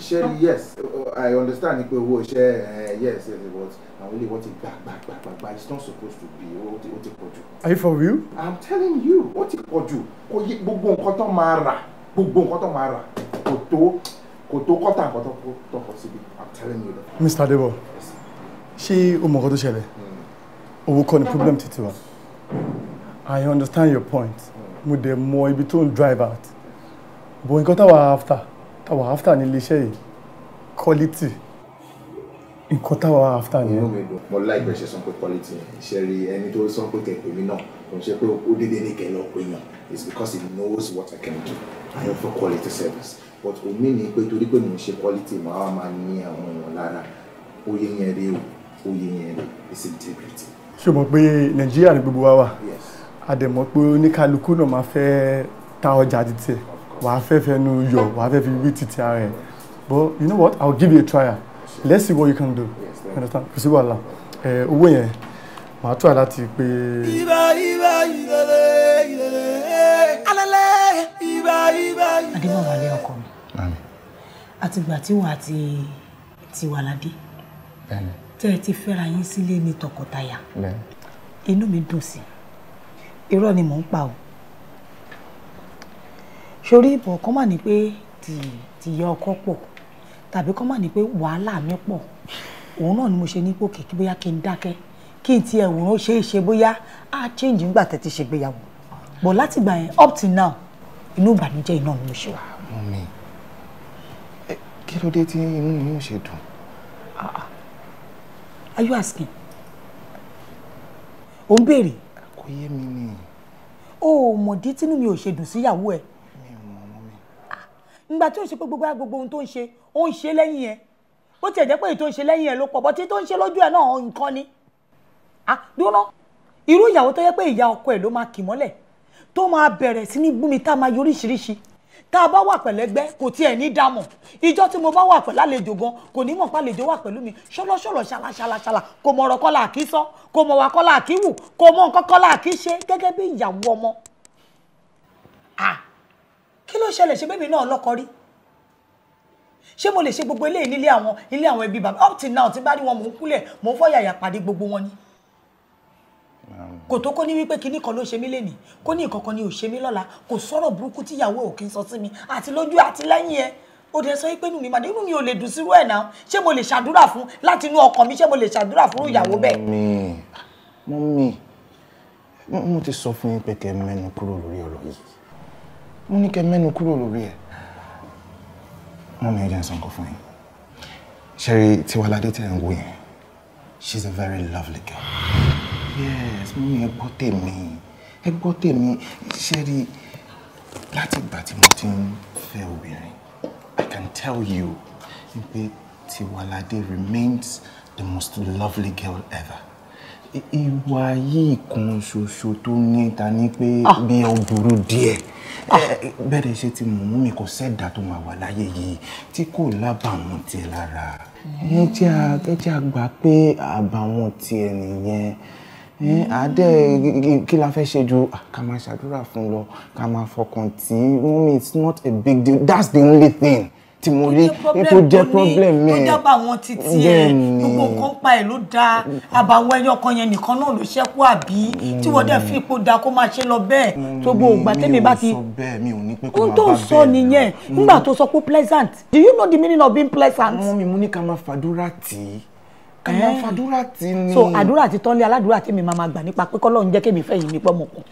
A: ṣe uh, yes uh, i understand ni pé owó iṣẹ́ eh, yes yes but àwọn ilé wọn ti gbà gbà gbà gbà gbà it's not supposed to be ó ti pọ̀ jù. are you for real. i'm telling you ó ti pọ̀ jù kò yí gbogbo nǹkan tó máa rà gbogbo nǹkan tó máa rà kò tó kò tó kọ́tà nǹkan tó kọ́ síbi i'm telling you that.
C: mr debo ṣé o mọ̀ nǹkan tó ṣẹlẹ̀ owó kọ́ ni problem títí wa I understand your point mo dẹ̀ mọ ibi tó ń drive out bọ̀ nǹkan táwa after táwa after ní iléeṣẹ́ yìí quality nǹkan táwa after ni. inú mi dùn
A: mo láìpẹ́ ṣe sọ pé quality ṣe rí ẹni tó sọ pé kẹ̀kẹ́ mi náà kò ṣe pé ó dédé ní kẹ́ lọ́ọ́ pé yàn it's because he knows what I can do I offer quality service but omi ni pé torí pé mo ṣe quality màá máa ní àwọn èèyàn lára ó yẹ yẹn rí o oyè yẹn is integrity.
C: ṣé o mọ̀ pé nàìjíríà ni gbogbo wa wà àdèmọ̀ pé oníkálukú náà máa fẹ́ ta ọjà títẹ̀ wàá fẹ́ fẹnu yọ wàá fẹ́ fi wí títí ara ẹ̀ but you know what i will give you a trial let's see what you can do you understand kò sí wàhálà owó yẹn màá tún àláti pé. ibà
A: ibà ìlẹ̀lẹ̀ ìlẹ̀lẹ̀
B: alẹ́lẹ̀ ibà ibà ìlẹ̀lẹ̀. adébọ̀wálé ọkọ mi àtìgbà tí wàá ti tiwa ládé. bẹ́ẹ̀ni tẹ́ ẹ ti fẹ́ra yín sílé ní tọkọtaya inú mi dùn sí irọ́ ni mò ń pa o sórí ìbọn kan mà ní pé tìyẹ ọkọ pọ̀ tàbí kan mà ní pé wàhálà mi pọ̀ òun náà ni mo ṣe ní pò kìkì bóyá kí n dákẹ́ kí n ti ẹ̀wòrán ṣe é ṣe bóyá á change nígbà tẹ́ ti ṣègbéyàwó bọ̀ láti gbà yẹn up till now inú ìbànújẹ́ iná ni mo ṣe wà. mọ́mí
A: kí ló dé tí inú mi yóò ṣe dùn
B: Are you asking? Ò ń béèrè. Kò yé mi ni. O ò mọ̀dí tínú mi ò ṣe dùn síyàwó ẹ̀. Mi ò mọ̀ mọ́ mi. Ìgbà tí ò ń ṣe pé gbogbo gbogbo ohun tó ń ṣe, ó ń ṣe lẹ́yìn ẹ̀. Bó tiẹ̀ jẹ́ pé èyí tó ń ṣe lẹ́yìn ẹ̀ ló pọ̀, bọ́tí tó ń ṣe lójú ẹ̀ náà nǹkan ni. À ah, dúró irú ìyàwó tó yẹ pé ìyá ọkọ ẹ̀ ló máa kì mọ́lẹ̀ tó máa bẹ̀rẹ̀ sí ní bú mi tá máa yoríṣiríṣi tá a bá wà pẹ̀lẹ́gbẹ́ kò tiẹ̀ ní dámọ̀ ìjọ tí mo bá wà pẹ̀lú àlejò gan kò ní mọ̀ pé àlejò wà pẹ̀lú mi ṣọlọ́ṣọlọ́ ṣalaṣalaṣala kò mọ̀ ọ̀rọ̀ kọ́lá àkí sọ kò mọ̀ wà kọ́lá àkí wù kò mọ̀ nǹkan kọ́lá àkí ṣe gẹ́gẹ́ bí ìyàwó ọmọ. kí ló ṣẹlẹ̀ ṣe bẹ́ẹ̀ náà lọ́kọ rí ṣé mo lè ṣe gbogbo eléyìí nílé àwọn ilé àwọn ẹbí bàbá up till now tí bá rí wọn mò ń kúlẹ̀ mò ń fọ́ yàyà pàdé gbogbo wọn ni kò tó kó ní wípé kinní kan ló ṣe mí lénìí kó ní ìkankan ni ò ṣe mí lọ́la kò sọ̀rọ̀ burúkú tíyàwó ò kí ń sọ sí mi àti lójú àti lẹ́yìn ẹ ó dẹ sọ pé inú mi màdé inú mi ò lè dùn sírú ẹ̀ náà ṣé mo lè ṣàdúrà fún láti inú ọkàn mi ṣé mo lè ṣàdúrà fún ìyàwó
A: bẹ́ẹ̀. mọ mi mo ti sọ fún yín pé kẹ́ mẹ́nu kúrò lórí ọ̀rọ̀ yìí mo ní kẹ́ mẹ́nu kúrò lórí ẹ̀ mọ mi ẹ jẹ́ fún yín ṣe rí Tiwalade ń wò yẹn she's a very lovely girl yes mímí ẹ gbọ́ tèmi ẹ gbọ́ tèmi ṣe rí láti ìgbà tí mo ti ń fẹ́ obìnrin I can tell you pé Tiwalade remains the most lovely girl ever ìwà yìí kan ṣoṣo tó ní ta ní pé ah. bí ó burú díẹ̀ bẹ́ẹ̀ ṣe ti mú mi kò sẹ́dá tó máa wà láyé yìí tí kò lábàwọn tiẹ̀ lára ẹ jẹ́ àgbà pé àbàwọn tiẹ̀ nìyẹn àádẹ́ kí la fẹ́ ṣe ju ká máa ṣàdúrà fún lọ ká máa fọkàn tí mummy it's not a big deal that's the only thing tí mo rí ipò jẹ́ problem mi. ó dábàá
B: àwọn títí ẹ gbogbo nǹkan pa ẹ ló dáa àbàwọn ẹyọ kan yẹn nìkan náà ló ṣẹ́kù àbí tí wọ́n dẹ̀ fi ipò da kó máa ṣe lọ bẹ́ẹ̀ tó mm, gbogbo ògbà tẹ́mi bá ti. mi ò ní pé kó máa bá bẹ́ẹ̀ ohun tó sọ nìyẹn nígbà tó sọ pé pleasant do you know the meaning of being pleasant. mo mi mo ní ká máa fàdúrà tì ká máa eh. fàdúrà tí ni. so àdúrà ti tán lé aládùúrà tí mi máa ma gbà nípa pé kọ́lọ́run jẹ́ kémi fẹ́ yìí mi pọ́ mọ̀ kàn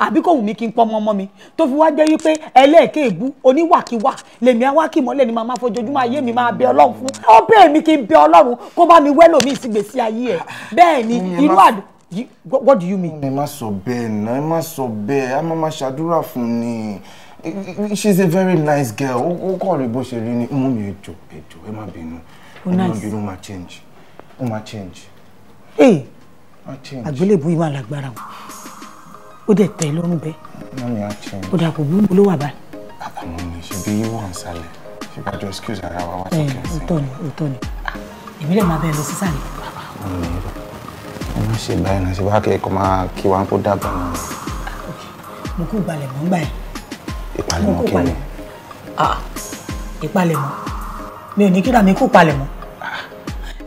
B: àbí kò wù mí kí n pọ́nmọ́ mọ́ mi tó fi wá jẹ́ wípé ẹlẹ́ẹ̀kẹ́ẹ̀bú oníwàkiwà lèmi àwákìmọ́lẹ̀ ni màmá fojoojúmọ́ ayé mi máa bẹ ọlọ́run fún ó bẹ́ẹ̀ mi kí n bẹ ọlọ́run kó bá mi wẹ́lò mi ìsìgbèsí ayé ẹ̀ bẹ́ẹ̀ ni irú àdó
A: what do you mean. ẹ má sọ bẹ́ẹ̀ náà ẹ má sọ bẹ́ẹ̀ a máa ma ṣàdúrà fún ni she's a very nice girl ó kọ̀ rí bó ṣe rí ni mú mi ẹjọ́ ẹjọ́ ẹ má bínú oh, ẹ má bínú má change ó máa
B: change. ee àgbélébù yìí máa lágbára o ó dẹ̀ tẹ̀ lọ́rùn bẹ́ẹ̀.
C: mọ́mí change. ó dà
B: kó búburú ló wà báyìí.
C: bàbá mi ni ṣebí wà ń sálẹ̀
A: ṣùgbọ́n àjọ excuse ara wa wá sókè sí.
B: òótọ́ ni òótọ́ ni èmi lè máa bẹ̀rẹ̀ lọ sísàlẹ̀. bàbá mi ni
A: ẹ má ṣe báyìí náà ṣe bá kẹ́kọ̀ọ́ máa kí wa kó dábàá náà. Ah,
B: mo kú balẹ̀ mọ́ gbà yẹn. ìpalẹ̀mọ́ kí ni. Ah, ìpalẹ̀mọ́ mi ò ní kíra mi kú palẹ̀mọ́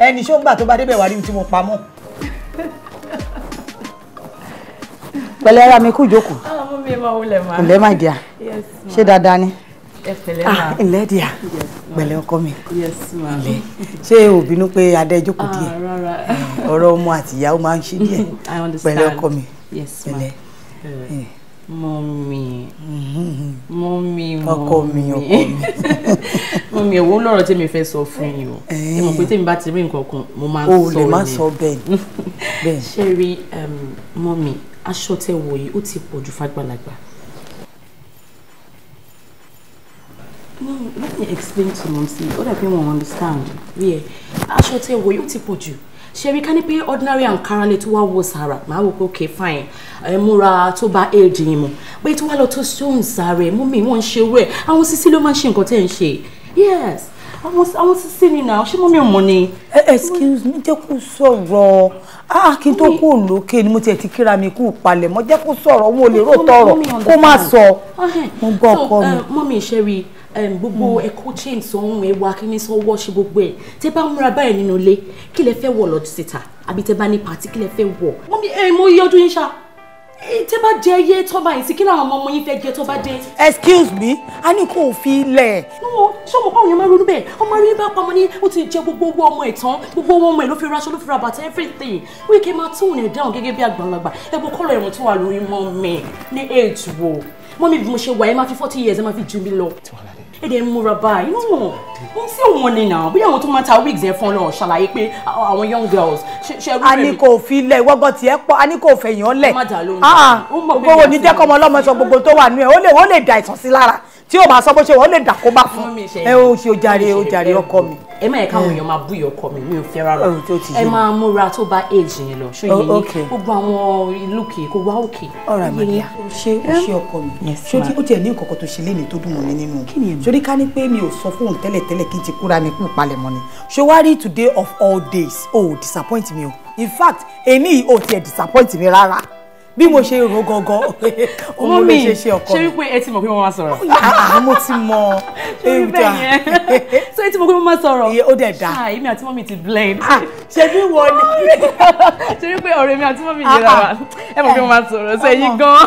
B: ẹni ṣóńgbà tó bá débẹ̀ wá rí mi tí mo pamọ́.
C: pẹ̀lẹ́ ara mi kú ìjókòó.
B: ọmọ ah, mi máa wulẹ̀ máa. ǹlẹ́ máa dìá ṣé dáadáa ni. ẹ pẹ̀lẹ́ máa. Ah, ǹlẹ́ dìá pẹ̀lẹ́ ọkọ mi. ǹlẹ́ ṣé o bínú pé adé jókòó ah, díẹ̀ ọ̀rọ̀ ọmọ àtìyá ó máa ń ṣí díẹ̀ [LAUGHS] pẹ̀lẹ́ ọkọ mi. pẹ̀lẹ́ mọ́mì mm-hmm. mọ́mì ọkọ mi ọkọ mi [LAUGHS] mọ́mì owó lọ́rọ̀ tèmi fẹ́ sọ fún yín o eh. ẹ mọ̀ pé tèmi bá ti rí nǹkan kan mo máa ń sọ ni o lè má sọ bẹ́ẹ̀ [LAUGHS] bẹ́ẹ̀ ṣe rí mọ́mì aṣọ tẹ́ wọ̀ yìí ó ti pọ̀ ju fàgbàlagbà. No, let me explain to Mumsy. Ó dàbí wọn understand. Yeah, aṣọ tẹ́ wọ̀ yìí ó ti pọ̀ jù ṣe rí ká ní pé ordinary ankara lè tó wá wo sàrà màá wò pé ok fine ẹ múra tó bá éèdì yìí mu pé tó wá lọ tó stone sàrà ẹ mú mi wọn ṣe wẹ àwọn sisi ló máa ń ṣe nǹkan tẹ́ ẹ̀ ń ṣe yes àwọn sisi ni náà ṣé mú mi ò ni. excuse me jẹ́ kó sọ̀rọ̀ ah kí n tó kó lókè ni mo tiẹ̀ ti kíra mi kú palẹ̀ mọ́ jẹ́ kó sọ̀rọ̀ wọn ò lè rò tọ̀rọ̀ kó má sọ mo gbọ́ ọkọ mi. Uh, mọ́mí ìṣẹ́rí gbogbo hmm. ẹ̀kọ́ chain sọ̀hún ẹ̀wọ̀ akínní sọ wọ́ọ̀ṣì gbogbo ẹ̀ tẹ́ bá múra báyìí nínú ilé kí lẹ fẹ́ wọ̀ lọ síta àbí tẹ́ bá ní pàtí kí lẹ fẹ́ wọ̀. wọ́n mi ẹ̀ mo yọjú yín ṣá tẹ́ bá jẹ iye tó bá yìí sí kí làwọn ọmọ ọmọ yín fẹ́ jẹ tó bá dé. excuse me a ní kó o fi lẹ̀. nùwọ̀ ṣé ọmọ káwọn yẹn máa ronú bẹ́ẹ̀ ọmọ rí bá pamọ́ ní ó ti jẹ gbogbo owó ọmọ ẹ̀ tán gbogbo owó ọmọ ẹ̀ ló fi raṣọ ló fi ra bàtà everything wíkẹ́ máa tún ẹ̀ dáhùn gẹ́gẹ́ bí àgbàlagbà ẹ̀ bó kọ́lọ̀ ẹ̀wọ̀n tó wà lórí mọ́ mi ní èèjì wo mọ́ mi bí mo ṣe wà forty years ẹ̀ máa fi jù ẹ dẹ̀ ń múra báyìí nínú wọn sí òun ni náà bí àwọn tó máa ta wigs yẹn fún ọ lọ ṣàlàyé pé àwọn young girls ṣe rú rẹ. a ní kò fi lẹ wọgbọ tí ẹ pọ a ní kò fẹyàn lẹ ah, ah. gbogbo oníjẹkọmọ ọlọmọ sọ gbogbo tó wà nù ẹ ó lè dà ìtàn sí lára tí o máa sọ bó ṣe wọ́n lè dàkóbá fún ẹ o ṣe o jàre o jàre ọkọ mi. ẹ má yẹ káwọn èèyàn máa bú ìyá ọkọ mi mi ò fẹ́ rárá ẹ máa múra tó bá èjì yẹn lọ ṣó yẹ yín gbogbo àwọn ìlú kì í kó wá òkè. ọ̀rọ̀ àmàlà o ṣe o ṣe ọkọ mi ṣé o tiẹ̀ ní nǹkan tó ṣe léèlè tó dùn mọ́ mi nínú ṣorí ká ní pé mi ò sọ fóun tẹ́lẹ̀ tẹ́lẹ̀ kí n ti kúra mi kú palẹ̀mọ́ ni ṣé wá rí today of all days o oh, disappoint mi o in fact èmi ò tiẹ̀ disappoint mi rárá bí mo ṣe rò gangan òun [LAUGHS] ló ṣe ṣe ọkọ mi. ṣé wípé ẹ ti mọ̀ pé mo máa sọ̀rọ̀. mo ti mọ [LAUGHS] ewu da ṣé ẹ ti mọ̀ pé mo máa sọ̀rọ̀. [LAUGHS] ó dẹ̀ da. ṣáà èmi àti mọ́mì ti blend. Ah, ṣe bí wọ ni. ṣe wípé ọ̀rẹ́ mi àti mọ́mì yẹra wa ẹ mọ̀ pé mo máa sọ̀rọ̀ ṣe yí gan.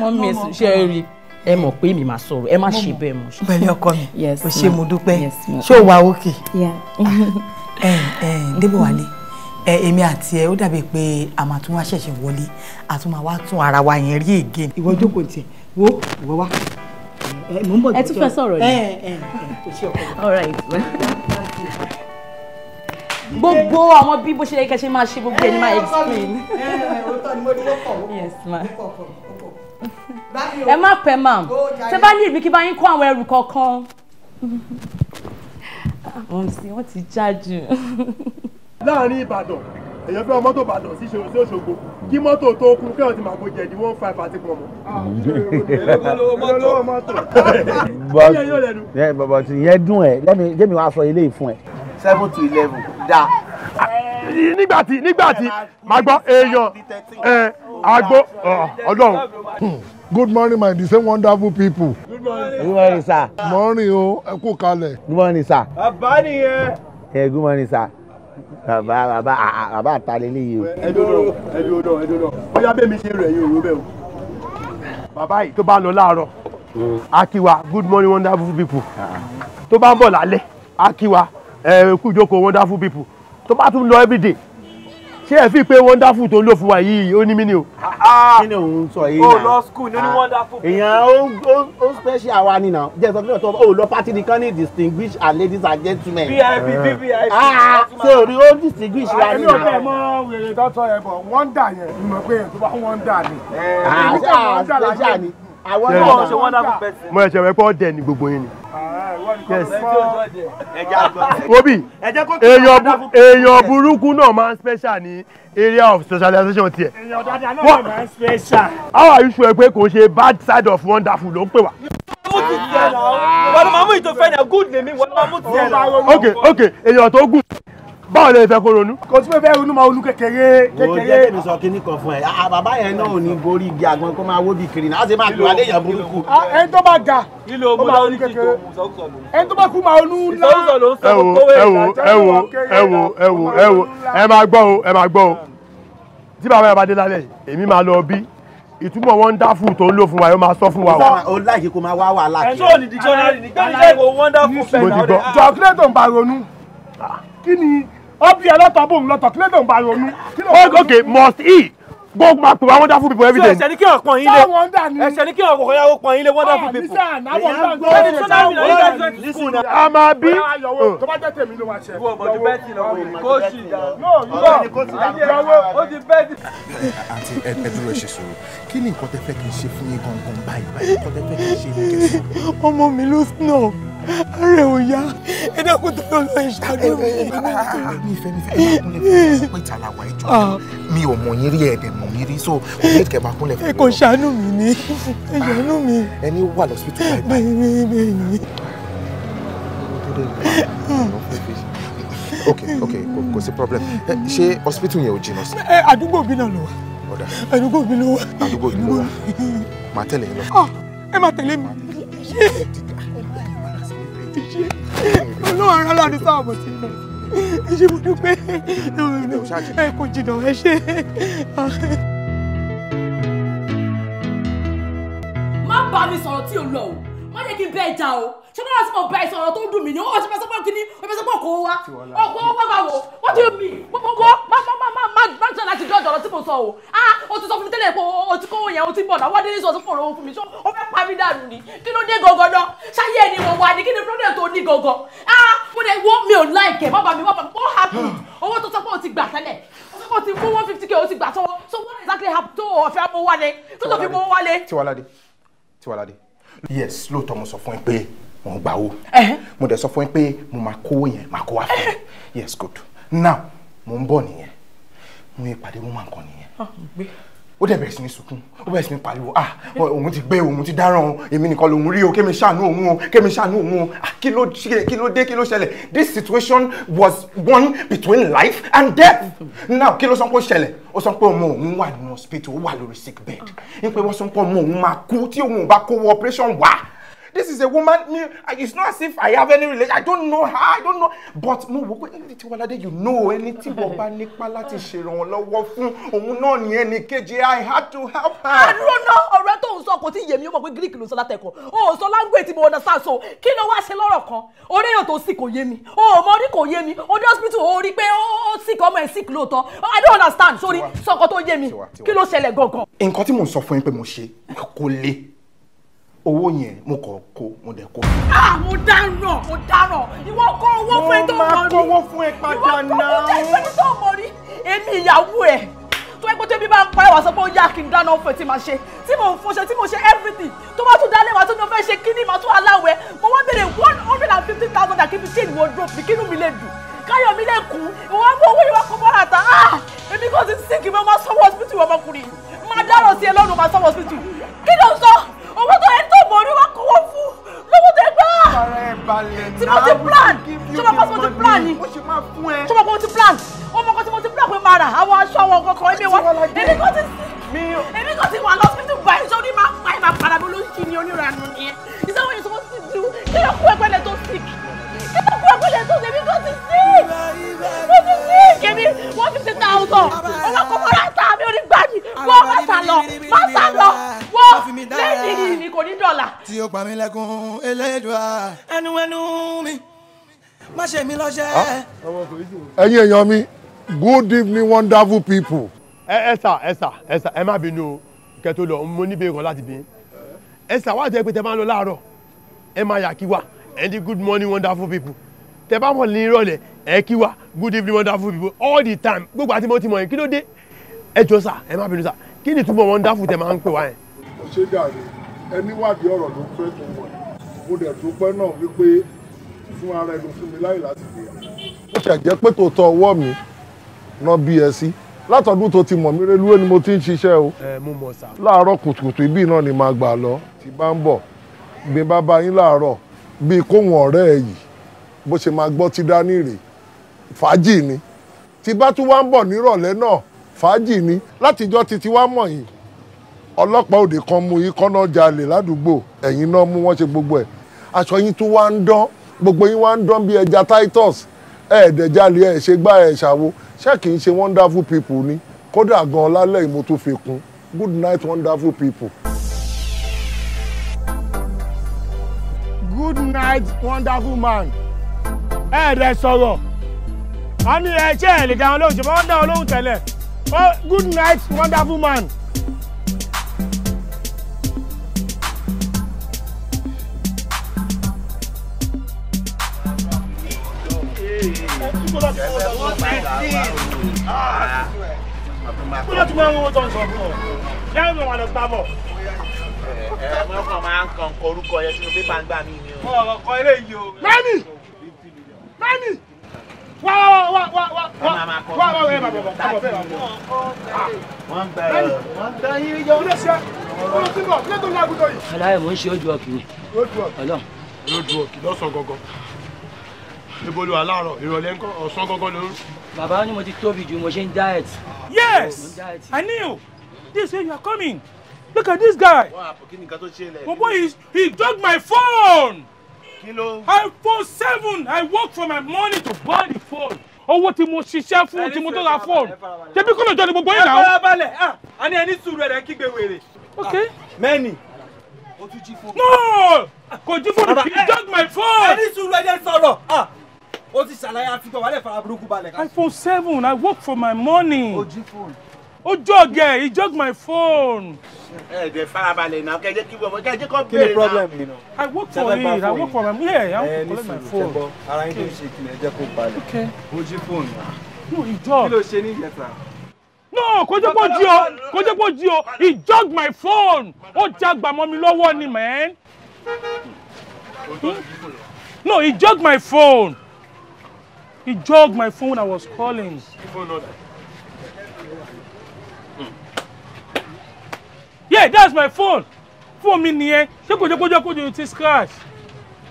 B: mọ́mì ṣe é rí ẹ mọ̀ pé mi máa sọ̀rọ̀ ẹ má ṣe bẹ́ẹ̀ mọ̀. pẹ̀lú ọkọ mi ò ṣe mo dúpẹ́ ṣé o wà ókè. débò wálé ẹ èmi àti ẹ ó dàbí pé a máa tún wá ṣẹ̀ṣẹ̀ wọlé a tún máa wá tún ara wa yẹn rí ègé. ìwọ jókòó tiẹ̀ wo ìwọ wá. ẹ tún fẹ́ sọ̀rọ̀ ni. ọ̀rọ̀ ìfẹ́. gbogbo àwọn bí bó ṣe yẹ kẹ́ ṣe máa ṣe gbogbo ẹni máa explain. yes ma. ẹ má pẹ́ ma'am tẹ bá ní ìbí kí bá yín kó àwọn ẹrù kọ̀ọ̀kan. àwọn sì wọ́n ti já jù láàrin ìbàdàn
A: èyàn fẹ́ mọ́tò ìbàdàn sí Òṣogbo kí mọ́tò tó kún kẹ́hìn ti máa bo jẹ̀dí one five àti pọ̀nmọ́. Ah, bọ̀bọ̀ tí yẹn dùn ẹ̀ jẹ́mi wàá sọ eléyìí fún ẹ. seven to eleven da. Eh, nígbà tí nígbà tí eh, màá gbọ́ èèyàn eh, àgbo oh,
E: ọlọ́run. Hmm. good morning my the wonderful people. good morning. good morning sir. morning o oh, ẹ
A: kú kalẹ̀. good morning sir. bàbá nìyẹn. ẹ good morning sir bàbá bàbá bàbá àtàlélẹ́ yìí o. ẹdúró ẹdúró ẹdúró bóyá bẹ́ẹ̀ mi ṣe rẹ̀ yóò ró bẹ́ẹ̀ o. bàbá yìí tó bá lọ láàárọ̀ á mm. good morning wonderful people ah, ah. tó bá ń bọ̀ lálẹ́ á kí kú ìjókòó wonderful people tó bá tún lọ everyday ṣé ẹ fi pé wonderful tó ń lò fún wa yìí ó ní mí ni o. Ah, ah. kí òun sọ yìí oh, náà o lọ school ní ó ní ah, wonderful. èèyàn ó ó special wa ni na jẹ́ sọ pé ọ̀tọ̀ ó lọ party nìkan ní distinguish and ladies and gentlemen. vip vip eh. ah ṣé o rí ó distinguished wa ni na. àbí ọ̀bẹ mọ wèrè tọ́tọ̀ ẹ̀ bọ̀ wọ́n dà yẹn ìmọ̀ pé ètò bá wọ́n dà ni. àṣà àṣà ni àwọn náà ṣe wọ́n dábò pẹ́sì. mo ẹ̀ṣẹ̀ wẹ́ pé ọ̀dẹ̀ ni gbogbo yín ni. obi èèyàn burúkú náà máa ń special ní area of socialization tiẹ̀. èèyàn dáadáa náà máa ń special. how are you sure pé kò ṣe bad side of wonderful ló ń pè wá wọ́n máa mú ìtòfẹ́ ní good lèmi wọ́n máa mú tiẹ̀ lọ. ok ok èèyàn tó gùn báwo lè fẹ́ kó ronú. kò sí pé fẹ́ ronú máa ronú kékeré kékeré. wo jẹ́ kí mi sọ kíní kan fún ẹ bàbá yẹn náà ò ní gorí igi àgbọn kó máa wó bí kiri náà á sì máa pè wá léèyàn burúkú. ẹni tó bá ga ó máa ronú kékeré ẹni tó bá kú máa ronú ńlá. ẹ wo ẹ wo ẹ wo ẹ wo ẹ wo ẹ wo ẹ máa gbọ́ o ẹ máa gbọ́ o tí bàbá yẹn bá dé lálẹ́ èmi máa lọ bí ìtumọ̀ wonderful tó ń lò fún wa yóò máa sọ fún wa o. o láìsí kó máa wá wàhálà kí. Ah, ah, ẹ̀ tó ní dictionary ní gbẹ́ni sẹ́yìn wo wonderful fẹ́ náà. jọ̀ọ́ kílẹ̀ tó ń bá ronú kí ni ọbí ẹlọ́tọ̀ bóun lọ́tọ̀ kí ló dé bá ronú. ok must he go ma pe wa wonderful people every day. ẹsẹ̀ ni kí ọ̀ pọ̀n yín lé ẹsẹ̀ ni kí ọ̀ kọ̀ọ̀yà ó pọ̀n yín lé wonderful ah, people. a máa bí. tó bá jẹ́ tèmi ló máa ṣe. wọ́n bọ̀dù bẹ́ẹ̀tì lọ́wọ́ kóòsì ìdáwọ́ ó ti bẹ́ẹ̀tì. àǹtí ẹdúró ṣe sọ̀rọ̀ kí ni nǹkan tẹ́ fẹ́ kí n ṣe fún yín gangan báyìí báyìí nǹkan tẹ́ fẹ́ kí n ṣe ní kẹsàn-án. ọmọ mi ló snow ààrẹ ò yá ẹ dákun tó lọ ìṣàdó mi. mi ìfẹ́ mi fẹ́ kẹ́ bá kúnlẹ̀ fún mi pé ìtàlà wà ẹjọ́ mi ò mọ̀ yín rí ẹ̀dẹ̀ mọ̀ yín rí so kò ní kẹ́ bá kúnlẹ̀ fún mi. ẹ kò ṣàánú mi ni ẹ ṣàánú mi. ẹni wà lọ́sibítù báyìí. bẹ́ẹ̀ ni ok ok kò sí problem ṣé hospital yẹn ò jìnnà sí. àdúgbò bí náà lọ wá àdúgbò bí ló wá. àdúgbò bí ló wá màá tẹ̀lé yín lọ. ẹ máa tẹ̀lé mi ti ṣe ọlọ́run rárá ní sáàmù sí ilẹ̀ ẹ mo dúpẹ́
D: ẹ kò jìnnà ẹ ṣe.
B: má bá mi sọ̀rọ̀ tí o lọ o má jẹ́ kí n bẹ́ẹ̀ jà o ṣé báwa tí mo bá ìsọ ọ̀rọ̀ tó ń dùn mí ni wọ́n ti fẹ́ sọ́kọ́ kí wọ́n fẹ́ sọ́kọ́ kó wa ọ̀pọ̀ owó bá wò wọ́n ti mi gbogbo má má má má má má jọ láti dọ́jọ́ ọ̀rọ̀ tí mo sọ o ah o ti sọ fún mi tẹ́lẹ̀ pé o ti kówó yẹn o ti bọ̀dọ̀ wọ́n dé ní sọ sí fòrò fún mi sọ o fẹ́ pa mí dànù ni kí ló dé gangan ṣáyé ẹni mo wà ní kí ni problem tó ní gangan
A: [GASPS] yes lóòótọ́ mo sọ fún yín pé mo gbà owó mo dẹ̀ sọ fún yín pé mo máa kó yẹn máa kó wá fún yín yes good now mo ń bọ̀ nìyẹn mo yẹ pàdé woman kan nìyẹn ah, ó dẹ̀ bẹ̀rẹ̀ sí ní sunkún ó bẹ̀rẹ̀ sí ní pariwo ah òun ti gbé òun ti dáràn o èmi nìkan lòun rí o kémi ṣàánú òun o kémi ṣàánú òun o ah, kí ló dé kí ló ṣẹlẹ̀ this situation was one between life and death now kí ló sọ pé ó ṣẹlẹ̀ ó sọ pé ọmọ òun wà ní hospital ó wà lórí sick bed ń pé wọ́n sọ pé ọmọ òun máa kú tí òun ò bá kó wọ operation wá this is a woman me it's not as if i have any relation i don't know her i don't know but mo wò pé ní Tiwalade you know ẹni tí wọ́n bá nípa
B: láti ṣèrànlọ́wọ́ fún òun náà ní ẹnì kejì i had to help her. àrùnà ọ̀rẹ́ tó ń sọ kò tí yèmí ó mọ̀ pé greek ló sọ látẹ̀kọ̀ o so language tí mo understand so kí ló wá ṣe lọ́rọ̀ kan orí èèyàn tó sì kò yé mi o mọ orí kò yé mi o dé hospital o rí pé ó sick ọmọ ẹ̀ sick lóòótọ́ i don't understand sorry sọkọ tó yé mi kí ló ṣẹlẹ̀ gangan.
A: nǹkan tí mò ń sọ fún yín pé mo ṣe kò le owó yẹn mo kàn kó mo dẹ̀ kó.
B: ah mo dáràn mo dáràn ìwọ kó owó fún ẹ tó mọ rí mo máa kówó fún ẹ padà náà ìwọ kó owó fún ẹ tó mọ rí èmi ìyàwó ẹ tó ẹgbẹ́ tó bí bá ń pa ẹwà sọ pé ó yá kí n dáná ọ̀fẹ́ tí màá ṣe tí mò ń fọṣẹ tí mò ṣe everything tó bá tún dálé wa tó ní o fẹ́ ṣe kíní màá tún aláwẹ̀ mo wá bèrè one hundred and fifty thousand àkíní tí ìwọ dúró bí kínú mi lè dùn káyọ̀ mi lè kú ìwọ mú owó ìwà kọ́ bọ́ra ta ah èmi kò ti sìnkì mi ọmọ sọ́wọ́ hospital ọmọkùnrin máa dárò sí ẹ lọ́rùn máa sọ́wọ́ hospital kí ló ń sọ. fara ẹ balẹ̀ náà. tí mo ti plan tí mo kọ́ mo ti plan ni. ó ṣe máa fún ẹ. tí mo kọ́ tí mo ti plan ó mọ kọ́ tí mo ti plan pé máa rà àwọn aṣọ àwọn ọkọ̀ kan ẹ̀mí wọn èmi kò ti sí èmi kò ti wà lọ sí ìtúbà ẹ̀ sọ́ni máa pa ẹ̀ máa para mi olóṣìṣì ni onírànú ni ẹ̀ ìṣẹ́wọ̀n yẹn tí mo ti dùn kí ọkọ̀ ẹgbẹ́ lẹ tó sick. ṣe mí one fifty thousand ọlọ́kọ̀ mọ́ ráta mi ò ní gbà mí wọ́ má sà lọ má sà lọ wọ́
A: lẹ́yìn yìí ni kò ní dọ̀là. tí o pa mí lẹ́kùn elédùá ẹnu ẹnu mi má ṣe mí lọ́ṣẹ́. Ah,
E: ẹ̀yin èèyàn mi good
A: evening wonderful people. ẹ ẹ sà ẹ sà ẹ sà ẹ má bínú o kẹtó lọ mo níbi ìrọ̀ láti bí ẹ sà wá jẹ́ pé tẹ máa lọ láàárọ̀ ẹ máa yà kí wa ẹ ní good morning wonderful people tẹ bá mọ̀ ní ìrọ̀lẹ́ ẹ kí wa good evening wonderful people all the time gbogbo àti mo ti mọ̀ yẹn kí ló dé ẹ jọ sà ẹ má bínú sà kí ni ìtumọ̀ wonderful tẹ máa ń pè wá yẹn.
E: ó ṣe gàrí ẹni wádìí ọ̀rọ̀ ló fẹ́ tó wọ̀ mo dẹ̀ dúpẹ́ náà wípé fún ara ẹni fún mi láyè láti gbé yà. E. ó ṣe jẹ́ pé tòótọ́ ọwọ́ mi ná bí ẹ sí látọdún tó ti mọ̀ mí rélúwé ni mo ti ń ṣiṣẹ́ o. ẹ mo mọ̀ sà. láàárọ̀ kùtùkùtù ibí náà ni màá gbà lọ tí bá ń bọ̀ gbé bàbá yín láàárọ̀ bíi kóhun ọ̀rẹ́ ẹ̀ yìí bó ṣe máa gbọ́ ti dání rè fàájì ni tí bá tún wá ń bọ̀ nírọ̀lẹ́ náà fàájì ni látijọ́ ti wá mọ̀ yìí ọlọ́pàá òde kan mú yín kọ́nà jalè ládùúgbò ẹ̀yin náà mú wọ́n ṣe gbogbo ẹ̀ aṣọ yín tún wá ń dán gbogbo yín wá ń dán bí ẹja Titus ẹ̀ẹ́dẹ̀jalè ẹ̀ ṣe gbá ẹ̀ ṣàwo ṣé kì í ṣe wonderful people ni kódà gan lálẹ́ yìí mo tún fi kún good night wonderful people.
A: good night wonderful man ẹ sọ̀rọ̀ a ní ẹ ṣe ẹ ṣùgbọ́n wọ́n dá wọn lóhùn good night wonderful man. kúlọ̀ nani wá wá wá wá wá wá wá wá wá ẹ bàbá bàbá bàbá bẹ́ẹ̀ bàbá. wọ́n bẹ wọ́n bẹ yín jọ. ilé iṣẹ́ olú ti bọ̀ ilé tó ń lágùdọ̀ yìí. aláyẹ mò ń ṣe ojú ọkì ni. road work Ọlọ́run. road work lọ́sàn-án gangan ebolo aláàárọ̀ ìrọ̀lẹ́ ńkọ́ ọ̀sán gangan lóru. bàbá ni mo ti tóbi jù mo ṣe ń diet. yes i knew this way you are coming look at this guy. wọ́n àpò he dug my phone kí iphone seven i work for my money to buy the phone owó tí mo ṣiṣẹ́ fún tí mo tó ra fóònù tẹbí kọ́nà jọ ni gbogbo yìí náà. ẹ fara balẹ̀ ah a ní ẹni sùúrù ẹ̀rẹ̀ kígbe wèrè. ok ah, mẹ́ni. o tún jí fóònù. no kò jí fóònù kì í jog my phone. ẹni sùúrù ẹ̀jẹ̀ sọ̀rọ̀ ah o ti ṣàlàyé àfikún wàhálẹ̀ fara burúkú balẹ̀. iphone seven i work for my money. o jí fóònù ó jog ẹ he jog my phone. ẹ ẹ dẹ farabalẹ̀ náà kẹ jẹ́ kí wọ́n kẹ jẹ́ kó béèrè náà. kí ni problem yìí náà. i work for it i work for am here i wan collect my phone. ara yín tó ń ṣe ìkìlẹ̀ jẹ́ kó balẹ̀. ó jí fóònù wa. no he jog. kí ló ṣe ní ìjẹta. no kò jẹ́ kó jí o kò jẹ́ kó jí o he jog my phone ó jágbà mọ́ mi lọ́wọ́ ni mẹ́ẹ́n. Hmm? no he jog my phone he jog my phone when i was calling. yeah that's my phone phone mi nìyẹn ṣé kò jẹ́ kó jẹ́ ti scratch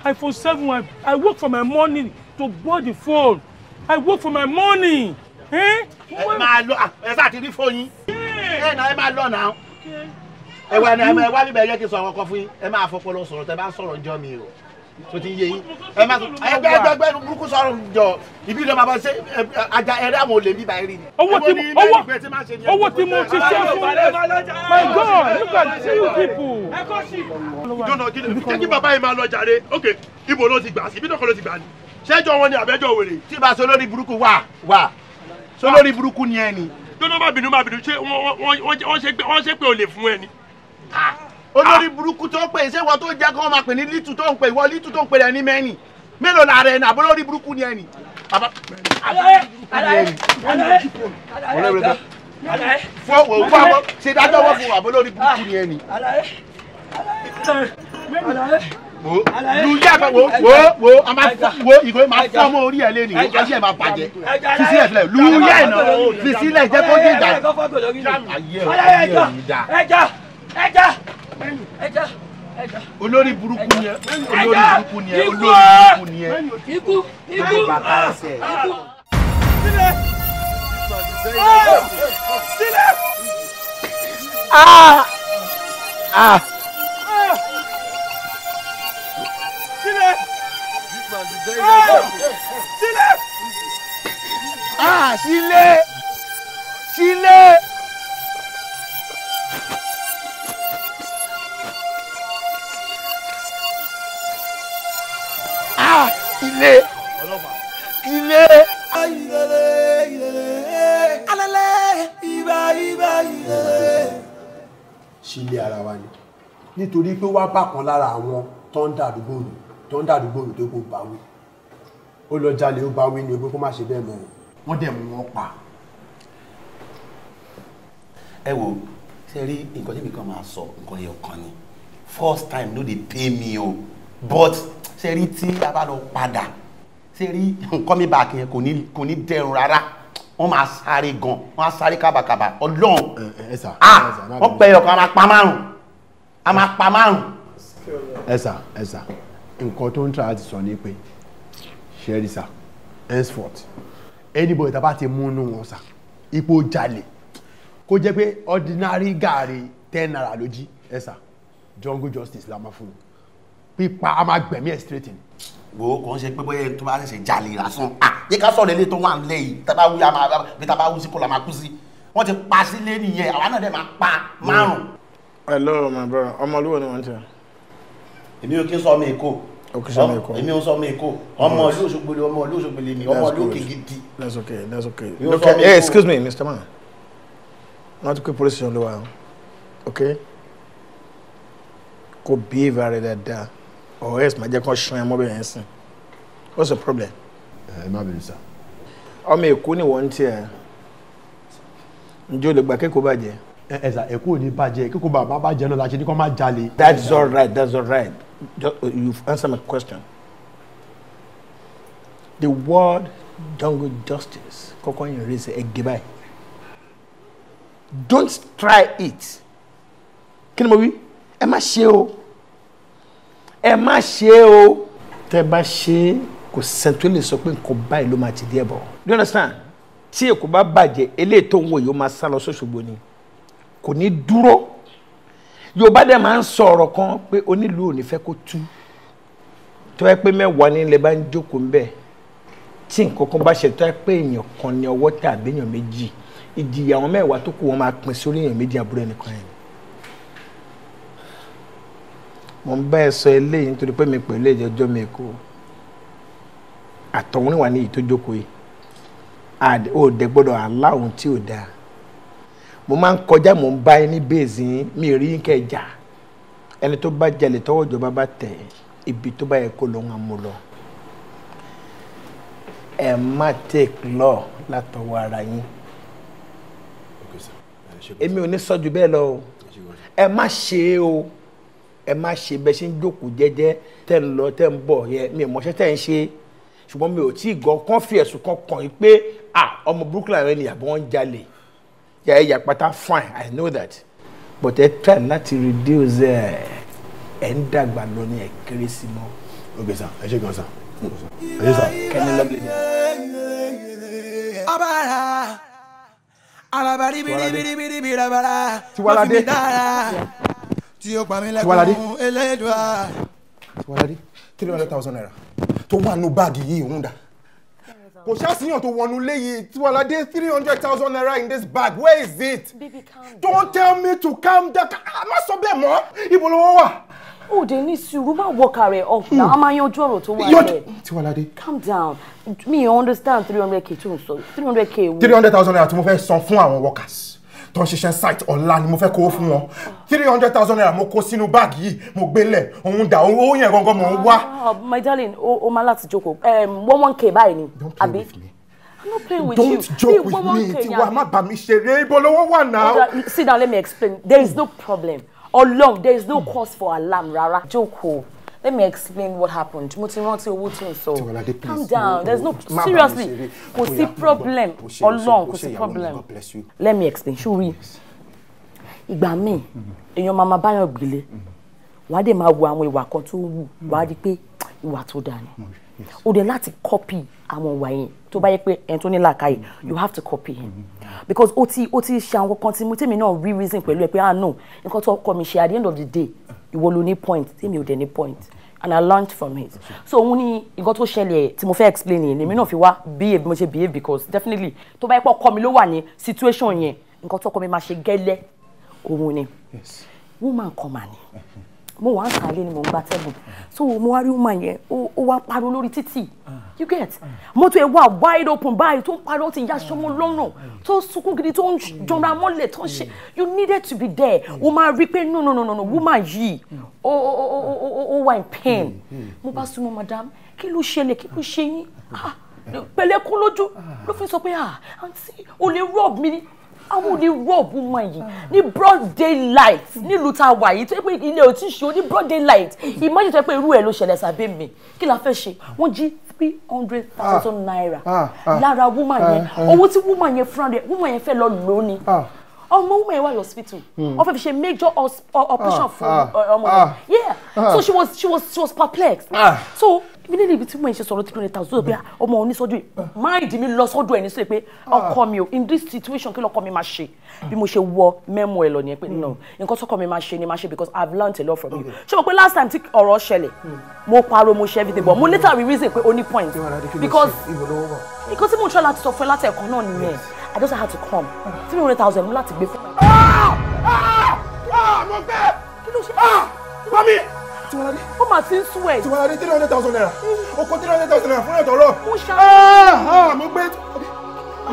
A: iphone seven i i work for my money to buy the phone i work for my money. ẹ máa lọ ẹ sáà ti rí fóònù yín ẹ náà ẹ máa lọ náà ẹ wá bíbẹ̀ yẹ kí n sọ àwọn fún yín ẹ máa fọpọlọ sọ̀rọ̀ tẹ bá ń jọ mi o tó ti yé yín ẹ má ẹgbẹ ẹgbẹ ẹnu burúkú sọ̀rọ̀ jọ ibi ìdọ́mà bá ṣe ajá ẹrẹ àwọn olè bíbá ẹrí ni. owó tí mo owó owó tí mo ti ṣe fún my god look at you people. jọ̀nà kí jẹ́ kí bàbá yìí máa lọ jàre ok ibo ló ti gbà sí ibi náà kọ́ ló ti gbà ni ṣẹ́jọ́ wọn ni àbẹ́jọ́ wèrè. tí bá sọ lórí burúkú wà wà sọ lórí burúkú ni ẹ ni. jọ̀nà má bínú má bínú ṣé wọ́n ṣe pé olè fún ẹ ni. Ah olórí burúkú tó ń pè ṣé ìwọ tó jẹ́ kó máa pè ní lítù tó ń pè ìwọ lítù tó ń pè rẹ̀ ní mẹ́rin mélòó la rẹ̀ ní àbọ̀ lórí burúkú ni ẹni. fún òwò fún àwọ ṣe dájọ́ wọ́n fún àbọ̀ lórí burúkú ni ẹni.
C: wo lu yá bẹ wo wo wo
A: a máa fọ wo ìgò máa fọ ọmọ orí ẹ lẹ́nu wo ayé ẹ máa bàjẹ́ sisi ẹ filẹ lu yá ẹ nà sisi lẹ jẹ kó dé ìjà. ayé ẹ ò ní da. ẹja ẹja olórí burúkú ni ẹ olórí burúkú ni ẹ olórí burúkú ni ẹ. ikú ikú ikú. sílẹ̀
D: sílẹ̀. Ah. ah! Ah!
A: Sílẹ̀! Sílẹ̀! Ah! Sílẹ̀!
D: Sílẹ̀!
A: ilé ilé. ilé alẹ́lẹ́ ibà ibà ilé. sílé ara wa ni nítorí pé wá bá kan lára àwọn tó ń dàdúgbò nù tó ń dàdúgbò nù tó kò bá wí ó lọ jalè ó bá wí ni ó pé kó má ṣe bẹ́ẹ̀ mọ́ wọ́n dẹ̀ mú wọn pa. ẹ wo ṣe rí nǹkan tí mi kàn máa sọ nǹkan yẹn kan ni first time no dey pay me o but ṣe rí tí a bá lọ padà ṣe rí nǹkan mi bá kìyẹn kò ní dẹrùn rárá wọ́n máa sáré gan wọ́n á sáré kábàkàbà ọlọ́run ah! wọ́n pẹ́ ọkàn a máa pa márùn a máa pa márùn. ẹ sà nǹkan tó ń tra àti sọ ni pé ṣẹ́rí henceforth anybody tá a bá ti mú inú wọn sà ipò jalè kó jẹ́ pé ordinary gààrí ten naira ló jí jungle justice la máa fún un pípa a máa gbẹ̀mí ẹ̀ straight wo kò ń ṣe pé bóyá tó bá ṣẹ̀ṣẹ̀ jalè lásán à ah, yé sọ̀rọ̀ ilé tó wà ń lẹ̀ yìí tábà wí àmà bí tábà wí sí kó la máa kú sí wọ́n ti pa sílé nìyẹn àwa náà dẹ̀ máa pa márùn. hello my brother ọmọlúwo ni wọ́n ti. èmi ò kí ń sọ ọmọ èkó èmi ò sọ ọmọ èkó ọmọ ìlú òṣogbèlè ọmọ ìlú òṣogbèlè mi ọmọ ìlú òkè gidi. that's okay that's okay. Look, hey, excuse me Mr. Man wọ́n ti pé police station ló wà okay kò bí ìbára rẹ̀ dáadáa. Oh yes, my dear, kán ṣan ẹmọ bẹ́ẹ̀ what's the problem. I'm not bẹ̀rù sá. ọmọ èkó ni wọ́n ń tiẹ̀ ǹjẹ́ o lè gba kéko bàjẹ́. ẹ ẹ sà èkó ò ní bàjẹ́ Baba bàbá bàjẹ́ náà la ṣe ní kó that's all right that's all right uh, you've answered my question the word jungle justice kọ́kọ́ in rẹ̀ ṣe ẹgbẹ́ don't try it Can you mo wí ẹ má ẹ má ṣe é o tẹ́ bá ṣe é kò sẹ́ni lè sọ pé nǹkan báyìí ló máa ti díẹ̀ bọ̀. do you understand tí èkó bá bàjẹ́ eléyìí tó ń wò yìí ó máa sá lọ sọ́ṣogbo ni kò ní dúró yorùbá dẹ̀ máa ń sọ ọ̀rọ̀ kan pé onílù ò ní fẹ́ kó tú tó yẹ pé mẹ́wàá ní ilẹ̀ bá ń jókòó ńbẹ̀ tí nǹkan kan bá ṣe tó yẹ pé èèyàn kan ní ọwọ́ tàbí èèyàn méjì ìdìyà mẹ́wàá tó kù wọn máa pín sórí èèyàn méjì àbúrò ẹnìkan yẹn mo ń bá ẹ sọ eléyìí nítorí pé mi pẹ̀lú ìjọjọ́ mi kú àtọ̀hún wà ní ìtójókòó yìí ò dẹ gbọ́dọ̀ aláhùn tí ò dáa mo máa ń kọjá mo ń bá ẹ ní bèèzì yín mi rí kẹjà ẹni tó bá jalè tọwọ́ ìjọba bá tẹ̀ ibi tó bá yẹ kó lọ́ọ́ máa mú ẹ má take law látọwọ́ ara yín èmi ò ní sọ jù lọ ẹ má ṣe é o ẹ má ṣe bẹ́ẹ̀ ṣe ń jókòó jẹ́jẹ́ tẹ́ ń lọ tẹ́ ń bọ̀ yẹ mi ò mọṣẹ́ tẹ́ ń ṣe ṣùgbọ́n mi ò tí ì gan kán fi ẹ̀sùn kan kàn yín pé ah ọmọ burúkú làwọn ènìyàn bọ́ ń jalè yà ẹ yà fine i know that but ẹ try láti reduce ẹ ẹ ń dàgbà lọ ní ẹ kéré sí mọ́. ok sir ẹ ṣe gan sir ẹ ṣe sir. kẹ́ni lọ́gbẹ̀ẹ́ ni. abara alabari biribiribiribirabara lọ́fíìmí dára tí ó pa mí lẹ́kùn tiwalade three hundred thousand naira tó wà nù báàgì yìí òun dà kò ṣàṣìyàn tó wọnú léyìí tiwalade three hundred thousand naira in this bag where is it. baby don't tell me to calm down ah, má sọ bẹ́ẹ̀ mọ́
B: ibo ló wà. òde ní sùúrù má wọkà rẹ off na hmm. a máa yanjú ọ̀rọ̀ tó wà rẹ tiwalade calm down mi understand three hundred k tó ń sọ three hundred k. three hundred
A: thousand naira tí mo fẹ́ san fún àwọn workers tó ń ṣiṣẹ́ site ọ̀la ni mo fẹ́ kó fún wọn three hundred thousand naira mo kó sínú báàgì yìí mo gbélẹ̀ òun dà owó yẹn gangan mò wá. Ah,
B: ah, my darling o máa láti jókòó one one k báyìí ni àbí. I'm not playing with Don't you. Don't joke with me. Tiwa, má bà mí ṣeré. Ibo lówó wà náà. Sit down, let me explain. There is no problem. Ọlọ́run, there is no cause for alarm Rara, Jókòó let me explain what happened mo ti rántí owó tí n sọ calm down there is no seriously kò sí problem ọlọ́run kò sí problem let me explain ṣúrí ìgbà míì èèyàn máa máa báyọ̀ gbélé wàá dé máa wo àwọn ìwà kan tó wù wàá rí i pé ìwà tó dáa ni mm, o dẹ̀ láti copy àwọn ìwà yẹn tó bá yẹ pé ẹni tó ní làákàyè mm-hmm. you have to copy him because o ti o ti ṣe àwọn kan tí mo tèmi náà rí reason pẹ̀lú ẹ pé ah no nǹkan tó ọkọ mi ṣe at the end of the day ìwọ ló ní point tèmi ò dẹ̀ ní point and I learnt from it so òun ni nǹkan tó ṣẹlẹ̀ tí mo fẹ́ explain yẹn lèmi náà fi wá behave mo ṣe behave because definitely tó bá yẹ pọ̀ kọ́ mi ló wà ní situation yẹn nǹkan tó kọ́ mi máa ṣe gẹ́lẹ́ òun ni woman kọ́ mà ní mo wà ń kàlé ni mo ń gba tẹ́gùn so mo wá rí woman yẹn ó wá pariwo lórí títì you get mọ́tò ẹ̀ wà wide open báyìí tó ń pariwo ti ya sọmọ lọ́rùn tó sunkún gidi tó ń jọra mọ́lẹ̀ tó ń ṣe you needed to be there o máa rí pé no no no no woman yìí ó ó ó ó wà in pain mo bá súnmọ́ madam kí ló ṣẹlẹ̀ kí ló ṣe yín ah, pẹ̀lẹ́kún lójú ló fi sọ pé ah àǹtí o lè rub mi ni àwọn òní rọ́ọ̀bù mọ yìí ní broad daylight nílùú tá a wà yìí tó yẹ pé ilé ò tí ì ṣe ó ní broad daylight imagine tó yẹ pé irú ẹ̀ ló ṣẹlẹ̀ sàbẹ̀ mi kí la fẹ́ ṣe wọ́n jí three hundred thousand ah, naira ah, ah, lára woman yẹn owó tí woman yẹn fúnra rẹ̀ woman yẹn fẹ́ lọ lónìí ọmọ woman yẹn wà lọ hospital hmm. wọ́n fẹ́ fi ṣe major operation fún ọmọ yẹn yeah so she was she was she was perplexed so mi nílé ibi tí mo ń ṣe sọ̀rọ̀ three hundred thousand bí ọmọ oníṣojú yìí máìdì mi lọ sọ́dọ̀ ẹ̀ ní sílẹ̀ pé ah. ọkọ mi o in this situation kí lọ́kọ mi máa ṣe bí mo ṣe wọ mẹ́mọ̀ ẹ̀ lọ nìyẹn pé no hmm. nǹkan tọ́kọ mi máa ṣe ni máa ṣe because i have learnt a lot from you ṣé mo pé last time tí ọ̀rọ̀ ṣẹlẹ̀ hmm. mo pariwo mo ṣe everything but mo hmm. later re reason pé o point because nǹkan tí mo ṣe láti sọ fún ẹ láti ẹ̀kọ́ náà nìyẹn i just had to come ah. three ah! mi.
A: mo gbẹ ó mà ti ń sú ẹ. tiwọn adé three hundred thousand naira ó kó three hundred thousand naira fún ẹ̀tọ́ lọ. mo ṣàlàyé. Ah, ah, mo gbé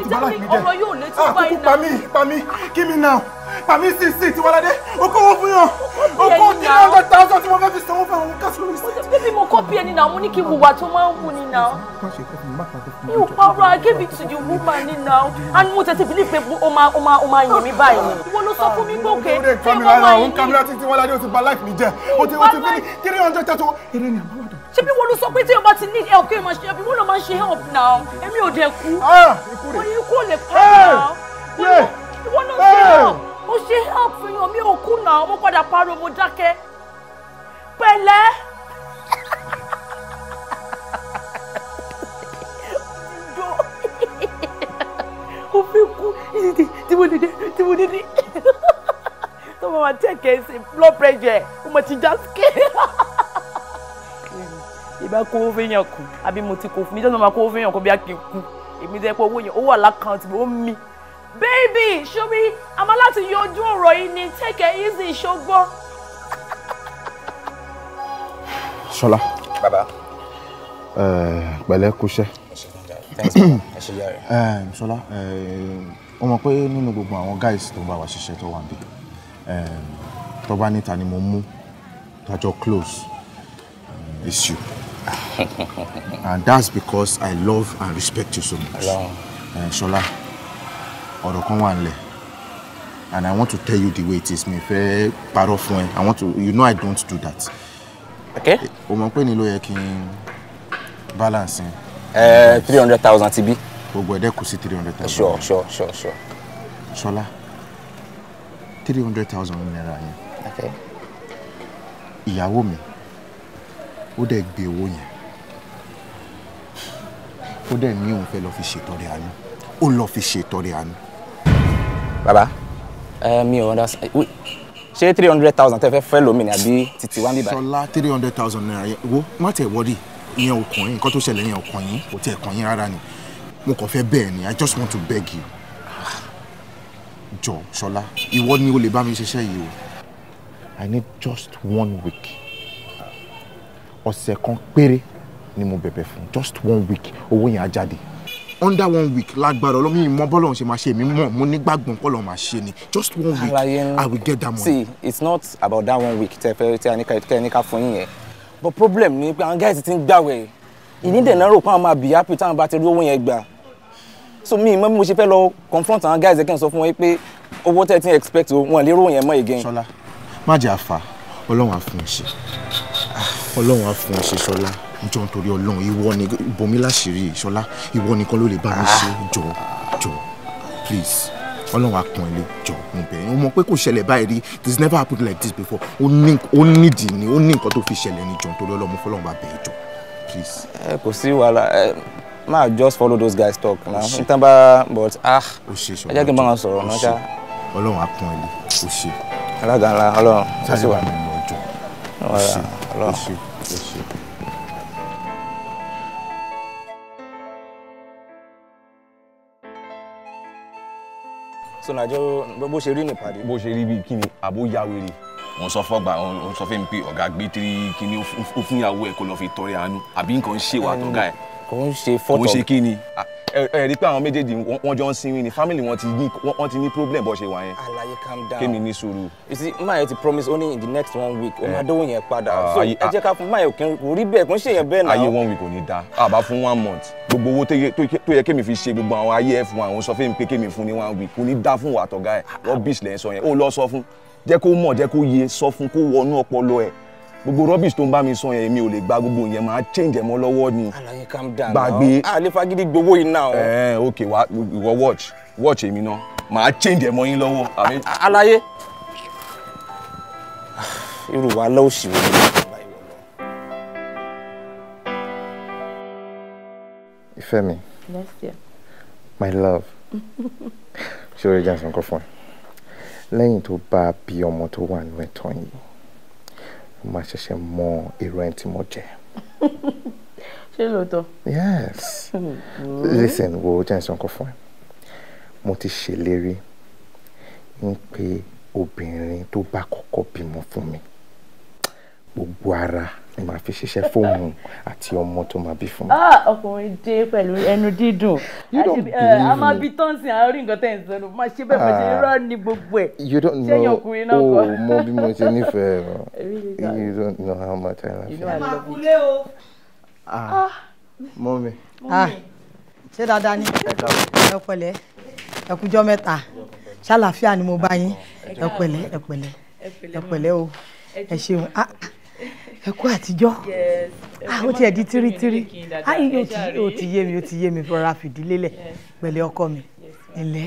A: ìjẹ́mi ọ̀rọ̀
B: yóò létí ah, báyìí náà. pàmí pàmí kí mi náà pàmí sí sí tiwọ́ládé okòwò fún yàn okòwò tí wọ́n gbà táwọn tí wọ́n fẹ́ fi sanwó fún àwọn kásìlú sí. bíbí mo kọ́ bí ẹni náà mo ní kí wùwà tó máa ń wù ni náà. mi ò parọ́ I gave it to the woman ni náà and mo tètè believe pé o máa o máa o máa yàn mí báyìí ni. ìwọ ló
A: sọ fún mi gbòkè ṣé wọ́n máa yìn mí.
B: o ti wá láì ṣé bí wọ́n ló sọ pé tí o bá ti need help kí o máa ṣe help ìwọ́n ló máa ń ṣe help now èmi ò dẹ̀ kú mo ah, ní ikú ò lè pa mí eh, náà eh, ìwọ́n ló ṣe eh. help ó ṣe help fún yàn mi ò kú náà mo padà pariwo mo dákẹ́ pẹ̀lẹ́. mo fi kú tí mo dìde tí mo dìde tó máa ma tẹ̀ kẹ́ ṣe blood pressure ó ma ti já scale ìbá kó owó fẹ́yàn kù àbí mo ti kó fún mi jẹ́ sọ́nà kó owó fẹ́yàn kó bí a kì í kú èmi jẹ́ pé owó yẹn ó wà lákàntì ó mi. bébì ṣóbi a láti yọjú ọ̀rọ̀ yìí ni take it easy ṣógbọ́.
A: ṣọlá bàbá pẹ̀lẹ́ kúṣẹ́ ṣọlá ó mọ̀ pé nínú gbogbo àwọn guys tó ń bá wa ṣiṣẹ́ tó wà níbí tó bá níta ni mo mú tọ́jọ́ close um, issue.
D: [LAUGHS]
A: and that's because I love and respect you so much. Eh, Ṣọlá ọ̀rọ̀ kan and I want to tell you the way it is mi fẹ́ parọ́ I want to you know I don't do that. Okay. O mọ̀ pé nílò yẹ balance. Ẹ eh, three hundred thousand ti bí. Gbogbo three hundred thousand. Sure sure sure sure. Shola, three hundred thousand naira Okay. Ìyàwó ó dẹ̀ gbé owó yẹn ó dẹ̀ ní òun fẹ́ lọ fi ṣètọrẹ àánú ó lọ fi ṣètọrẹ àánú. bàbá mi ò understand ṣé three hundred thousand tẹ́ fẹ́ fẹ́ lómi ni àbí titi wá níbàá. sọlá three hundred thousand naira yẹn wo má tẹ̀ wọ́ọ̀dì ìyẹn ọkùnrin nǹkan tó ṣẹlẹ̀ ìyẹn ọkùnrin kò tẹ̀ kàn yín rárá ni mo kàn fẹ́ bẹ́ẹ̀ ni i just want to beg you jọ sọlá ìwọ ni o lè bá mi ṣiṣẹ́ yìí o i need just one week ọ̀sẹ̀ kan péré ni mo bẹ̀bẹ̀ fún just one week owó yẹn á jáde under one week lágbára ọlọ́mọ yìí mọ bọ́lọ̀ ṣe máa ṣe èmi mọ̀ mo ní gbàgbọ́n kọ́ lọ́ máa ṣe ni just one week Alayen, i will get that money. see it's not about that one week tẹ fẹ tẹ ẹnika tẹ ẹnika fún yín yẹn but problem ni pé àwọn guys ti ń gbàwẹ̀ ìnídẹ̀ẹ́nà rò pé àwọn máa bì happy táwọn bá ti rí owó yẹn gbà so mi mọ bí mo ṣe fẹ́ lọ confront àwọn guys kí n sọ fún wọn pé owó tẹ́ ti ń expect wọn lérò yẹn mọ́ again. sọlá má jẹ́ àfà ọlọ́run á fún un ṣe ọlọ́run á fún ẹ ṣe ṣọlá jọ nítorí ọlọ́run ìwọ ni Bomila láṣìírí ṣọlá ìwọ nìkan ló lè bá mi ah. ṣe jọ jọ please ọlọ́run á pọ́n ẹ lé jọ mo bẹ̀ ẹ́ o mọ̀ pé kò ṣẹlẹ̀ báyìí rí this never happened like this before ó nídìí ni ó ní nǹkan tó fi ṣẹlẹ̀ ni jọ nítorí ọlọ́run mo fọlọ́run bá bẹ̀ ẹ́ jọ please. ẹ eh, kò sí wàhálà ẹ eh, máa just follow those guys talk na n bá but ah ẹ jẹ́ kí n bá wọn sọ̀rọ̀ náà ṣá. ọlọ́run á pọ́n ẹ lé o ṣe. alága ńlá ọlọ́run ó sì wà. sáré wà nínú so nàjọ bó ṣe rí nípàdé. bó ṣe rí bíi kí ni àbó ya wèrè. wọ́n sọ fọgbà wọ́n sọ fún mi pé ọ̀gá gbé tírí kíní ó fún ìyàwó ẹ̀ kó lọ fi tọrẹ àánú àbí nǹkan ń ṣèwà àtọ̀gá ẹ̀. kò ń ṣe fọ́tọ̀ kò ń ṣe kí ni ẹ rí pé àwọn méjèèjì wọ́n jọ ń sinmi ni family wọn ti ní wọ́n ti ní problem bó ṣe wà yẹn. alaye calm down kémi ní sùúrù. you see maye ti promise only in the next one week o máa eh. dówó yẹn padà ah, so ẹ jẹ́ ká fún maye òkè kò rí bẹ́ẹ̀ kò ń ṣe yẹn bẹ́ẹ̀ náà. ayé one week ò ní da àbá fún one month gbogbo owó tó yẹ kémi fi ṣe gbogbo àwọn ayé ẹ fún àwọn sọ fún mi pé kémi fún ní one week kò ní da fún wa àtọ̀gá ẹ̀ rọ́bìṣ lẹ́yìn sọ yẹn ó lọ sọ fún jẹ́ kó mọ̀ jẹ́ kó yé sọ fún kó wọnú ọpọlọ ẹ̀ gbogbo rubbish tó ń bá mi sọ yẹn mi ò lè gba gbogbo yẹn máa change ẹ mọ́ ni. gbàgbé a fagidi gbowó yìí náà. ẹ ok wa ìwọ watch watch èmi náà máa change ẹ mọ́ yín lọ́wọ́. alaye irú wa lọ́wọ́ sì wọlé. ìfẹ́ mi my love [LAUGHS] ṣé o lè jẹ́ àṣà nǹkan fún ẹ lẹ́yìn tó bá bí ọmọ tó wà nínú ẹ̀tọ́ yìí mo máa ṣẹ̀ṣẹ̀ mọ irú ẹni tí mo jẹ́.
B: [LAUGHS] ṣé lóòótọ́. yes mm-hmm. listen
A: wo jẹ́ ìsọ̀n kan fún ẹ mo ti ṣèlérí ń pe obìnrin tó bá kọ́kọ́ bímọ fún mi gbogbo ara ni màá fi ṣiṣẹ́ fóònù àti ọmọ tó máa bí fún mi.
B: Ah, ọkùnrin dé pẹ̀lú ẹnu dídùn eh, a máa bí tọ́ǹsì àárín nǹkan tẹ̀ ń sọnù máa ṣe bẹ́ẹ̀ bọ́ṣe irọ́ ah, ní gbogbo ẹ̀ ṣẹ́yìn ọkùnrin náà kọ́. Oh, o mọ bí mo ṣe nífẹ̀ẹ́ [LAUGHS] rọ
C: you don't know how much I love you. màá kulé o. Ah, mọ́mi.
B: ṣé dáadáa ni ẹ pẹ̀lẹ́ mẹ́ta ṣàlàáfíà ni mo bá yín ẹ pẹ̀lẹ́ ẹ o ẹ ẹ kú àtijọ́ ah, ó ti ẹ̀ di tírítírí ó ti yé mi ó ti yé mi rọra fìdílé lẹ̀ pẹ̀lẹ́ ọkọ mi ǹlẹ́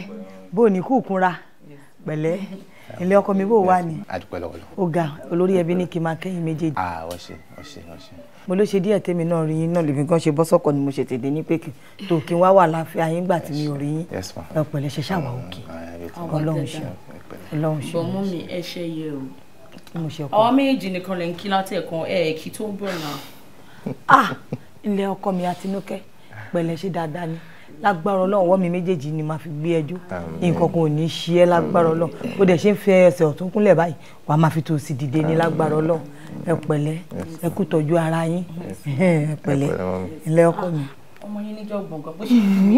B: bó ní kúkúra pẹ̀lẹ́ ǹlẹ́ ọkọ mi bó wà ní. ọ̀gá olórí ẹbí ní kí n máa kẹ́yìn méjèèjì. Ah, mo ló ṣe díẹ̀ tèmi náà rí yín náà lèmi gan ṣe bọ́ sọ́kọ̀ ni mo ṣètè dé ní pèkì tó kí n wá wà láàfin ayé ńgbà tí mi ò rí yín ẹ pẹ̀lẹ́ ṣe ṣàwà òkè ah, ọlọ́run ṣe ọlọ́run ṣe àwọn méjì nìkan lè ń kí láti ẹ̀kan ẹ̀ẹ̀kí tó ń bọ̀ náà. [LAUGHS] ah ilé ọkọ mi àtinúkẹ́ pẹ̀lẹ́ ṣe dáadáa ni lágbára ọlọ́run ọwọ́ mi méjèèjì ni màá fi gbé ẹjọ́ nǹkan kan ò ní ṣe ẹ́ lágbára ọlọ́run bó dẹ̀ ṣe ń fẹ́ ẹsẹ̀ ọ̀tún kúnlẹ̀ báyìí wàá máa fi tòsì dìde ní lágbára ọlọ́run ẹ pẹ̀lẹ́ ẹ kú tọ́jú ara yín [LAUGHS] ẹ pẹ̀lẹ́ ilé ọkọ mi. ọmọ yín níjọ gbọ̀ngàn bó ṣe ń bí.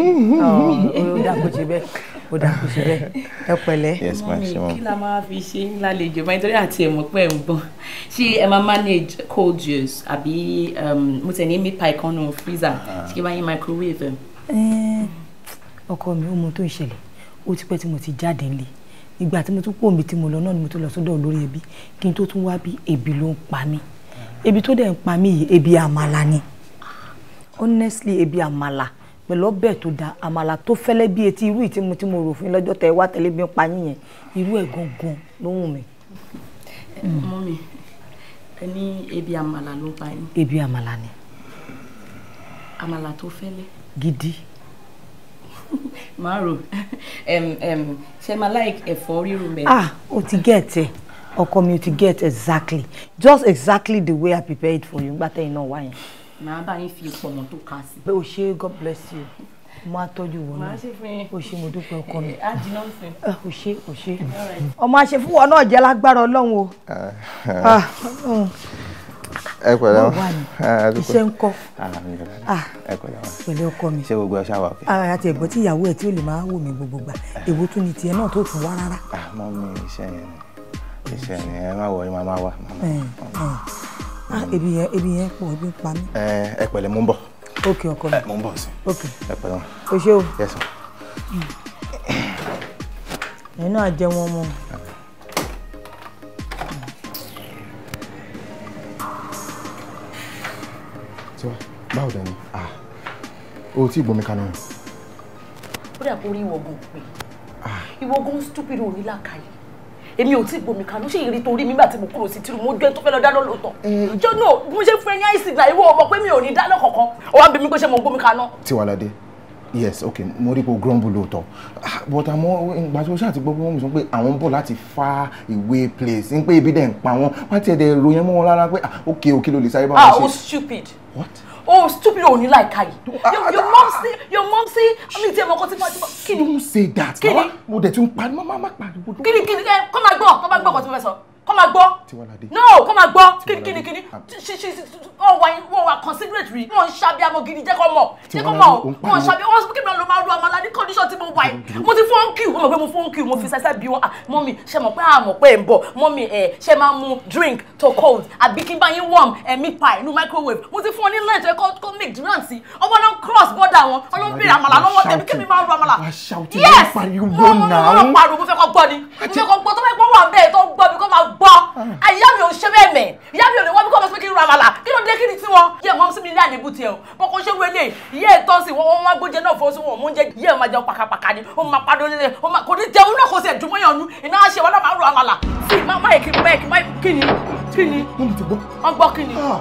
B: ọ̀ọ́ ó dà bó ṣe bẹ́ẹ̀ ó dà kó ṣe bẹ́ẹ̀ ẹ pẹ̀lẹ́. kí la máa fi ṣe ń lálejò máa nítorí àti ẹ̀mọ́ pẹ̀ ń bọ̀ ṣé ẹ máa manage cold juice àbí um, mo tẹ̀ ní meat pie freezer ah. ṣé kí n bá yín microwave. Eh, ọkọ mi ó mọ tó ń ṣẹlẹ̀ ó ti pẹ́ tí mo ti jáde nílé ìgbà tí mo tún pò mí tí mo lọ náà ni mo tún lọ sọ́dọ̀ olórí ẹbí kí n tó tún wá bí ebi ló ń pa mí ebi tó dẹ̀ ń pa mí yìí ebi àmàlà ni honestly ebi àmàlà pẹ̀lú ọbẹ̀ tó da àmàlà tó fẹ́lẹ́ bí etí irú ìtí mo tí mo rò fún yín lọ́jọ́ tẹ wá tẹ̀lé bí ń pa yín yẹn irú ẹ̀ gangan ló wù mí. mọ́mì ẹ ní ebi àmàlà ló bá yín. ebi àmàlà ni. àmàlà tó fẹ́lẹ́. gidi. [LAUGHS] màá rò ṣe máa like ẹ̀fọ́ ríru mẹ́. ah o ti gẹ̀ tẹ ọkọ mi o ti get exactly just exactly the way i prepared for you ngbàtẹ́yìn náà wá yẹn màá bá yín fi ìpọ̀mọ̀ tó kà sí. o ṣe god bless you máa tọ́jú wọn náà o ṣe mo dúpẹ́ ọkọ mi o ṣe o ṣe ọmọ àṣefúnwọ náà jẹ́ lágbára ọlọ́run o. Ah, ah. Ah, ẹ pẹ̀lẹ́ wọn iṣẹ́ ń kọ́
A: pẹ̀lẹ́ ọkọ mi ṣé gbogbo ẹ wà pé.
B: ara àti ẹ̀gbọ́n tí ìyàwó ẹ̀ tí ò lè máa wò mí gbogbo gbà èwo tún ni tiẹ̀ náà tó tún wá rárá.
A: àmọ́ iṣẹ́ yẹn iṣẹ́ yẹn ẹ má wọ ẹ má má wà.
B: Ah, ebi yẹn ebi yẹn pọ̀ ebi ń pa mí.
A: ẹ ẹ pẹ̀lẹ́ mo ń bọ̀. ok ọkọ mi mo ń bọ̀ sí. ok ẹ pẹ̀lẹ́ wọn. o ṣé o. yes ma.
B: ẹ̀yin náà jẹ́ wọn mọ́.
A: tiwa báwo dẹ̀ ni ah, o tí gbomi kaná.
B: ó dà bó ní ìwọ̀gùn pé ah. ìwọ̀gùn stupid ò ní làkàyè èmi ò tí ì gbomi kaná ṣé ìrì torí mi gbàtí mo kúrò sí tìrù mo gbé tó fẹ́ lọ dáná lóòótọ́ eh. jọ́nà mo ṣe fún ẹ ní àìsí ìwọ ọmọ pé mi ò ní dáná kankan ó wá bi mí pé mo gbomi kaná.
A: Tiwalade yes ok mo rí pé o grumble lóòótọ́ ah, but àmọ́ ìgbà tí o ṣáà ti gbọ́ pé wọ́n mi sọ pé àwọn ń bọ̀ láti fa ìwé place ń pé ebi dẹ̀ ń pa wọn wọ́n ti ẹ̀ dẹ̀ ròyìn mọ́ wọn rárá pé ah, ok ok ló lè sáré bá wọn ah, ṣe. ah o
B: stupid. what oh stupid òní láìka yìí your mom say your mom say mi ti ẹ̀mọ́ kan ti pa kí ni. say that mo dẹ̀ tún pariwo má má pariwo. kí ni kí ni kọ́ máa gbọ́ kọ́ máa gbọ́ kọ́ ti fẹ́ sọ kọ́ máa
A: gbọ́
B: no kọ́ máa gbọ́ kíni kíni wọ́n wà considerate rí wọ́n ń ṣàbí amọ̀ gidi jẹ́ kọ́ mọ̀ jẹ́ kọ́ mọ̀ wọ́n ń ṣàbí wọ́n kí mi lọ máa ru ọmọ aládé condition tí mo wà yìí mo ti fọ́n kí wọ́n mọ̀ pé mo fọ́n kí mo fi mm. ṣẹṣẹ bí wọn ah, mọ́mì ṣe mọ̀ pé àmọ̀ ah, pé ń bọ̀ mọ́mì ẹ̀ ṣe máa mu drink to cold àbí kí n bá yín warm ẹ̀ meat pie nu microwave mo ti fún ọ ní lẹ́ẹ̀tọ́ ẹ̀kọ́ kó make demand sí ọmọ náà cross border wọn ọlọ́run bèrè àmàlà lọ́wọ́ tẹ̀mí kí mi máa ru àmàlà
A: yes mo mo mo
B: pariwo mo fẹ́ kọ́ gbọ́ ni mo fẹ́ kọ́ gbọ́ tó fẹ́ gbọ́ wà bẹ́ẹ̀ tó gbọ́ mi kó máa gbọ́ àyà mi ò ṣe bẹ́ẹ̀ mẹ́ ìyá mi ò lè wá mi kọ́ ọmọ sí kí n ra àmàlà kí ló dé kí ni tí wọn. yẹ mọ sí mi ní àlébù tiẹ o bọkọ ṣé wo eléyìí yẹ ẹtọ sí wọn wọn wá gbójẹ náà fọwọ́sí wọn mú jẹ yẹ máa jẹun pàkàpàkà ni ó máa padà lélẹ̀ ó máa kò ní jẹun náà kò sí ẹ̀dùnmọ́ yẹn nu iná ṣe wọn náà máa rọ àmàlà sí má má èkì má èkì má kí ni kí ni. wọ́n gbọ́ kí ni ah.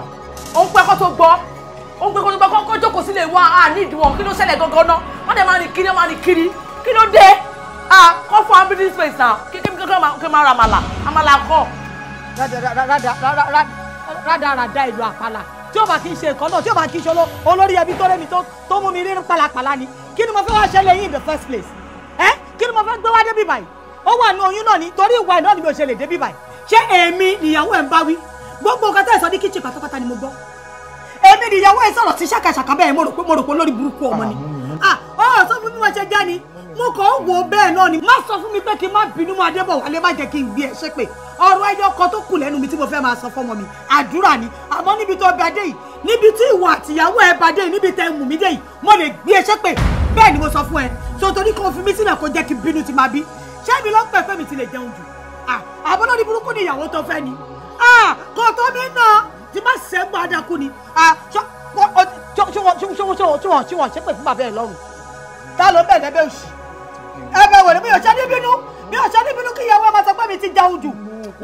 B: ó ń pẹ́ kó tó gbọ́ ó ń pẹ́ kó tó gbọ́ kó jókòó sílé wa à ní ìdíwọ̀n kí ló ṣẹlẹ̀ gangan náà wọ́n dẹ̀ máa rìn kiri máa rìn kiri kí ló dé ah kọ́ fún ambulance space náà kékeré kékeré kí n máa ra màlà àmàlà kọ́. rádaràda ìlú àpàlà tí ó bá kí n ṣe nǹkan náà tí ó bá kí n ṣe olórí ẹbí tó rémi tó mú mi rí pàlàpàlà ni kí ni mo fẹ́ wá ṣẹlẹ̀ yín in the first place ẹ kí ni mo fẹ́ gbé wá débi báyìí ó wà ní oyún náà ni torí ìwà ẹ̀ náà ni mi ò ṣe lè débi báyìí ṣé èmi nìyàwó ẹ̀ ń bá wí gbogbo nǹkan tẹ́ ẹ̀ sọ ní kíchìn pátápátá ni mo gbọ́ èmi nìyàwó ẹ̀ sọ̀rọ̀ sí ṣàkàṣàkà bẹ́ẹ̀ mo rò pé mo rò pé olórí burúkú ọmọ ni ah ọ̀ ah, sọ fún mi wọ́n ṣe jẹ́ ni mo kàn ń wo bẹ́ẹ̀ náà ni má sọ fún mi pé kí n má bínú mọ́ Adébọ̀wálé má jẹ́ kí n gbé ẹ ṣépè ọ̀rọ̀ ẹyọ kan tó kù lẹ́nu mi tí mo fẹ́ máa sọ fọ́mọ mi àdúrà ni àmọ́ níbi tó bá dé yìí níbi tí ìwọ àtìyàwó ẹ bá dé yìí níbi tẹ mú mi dé yìí mo lè gbé ẹ ṣépè bẹ́ẹ̀ ni mo sọ fún ẹ so torí kò fi mí sílẹ̀ kó jẹ́ kí bínú ti máa bí ṣé mi ló pẹ́ pé mi ti lè jẹun jù àbọ̀lọ́ ni burúkú ni ìyàwó tó fẹ́ ta ló bẹ̀rẹ̀ bẹ́ẹ̀ òṣì ẹ bẹ wẹ̀rẹ̀ mi ò ṣe ní bínú mi ò ṣe ní bínú kí ìyàwó ẹ máa sọ pé mi ti jẹun jù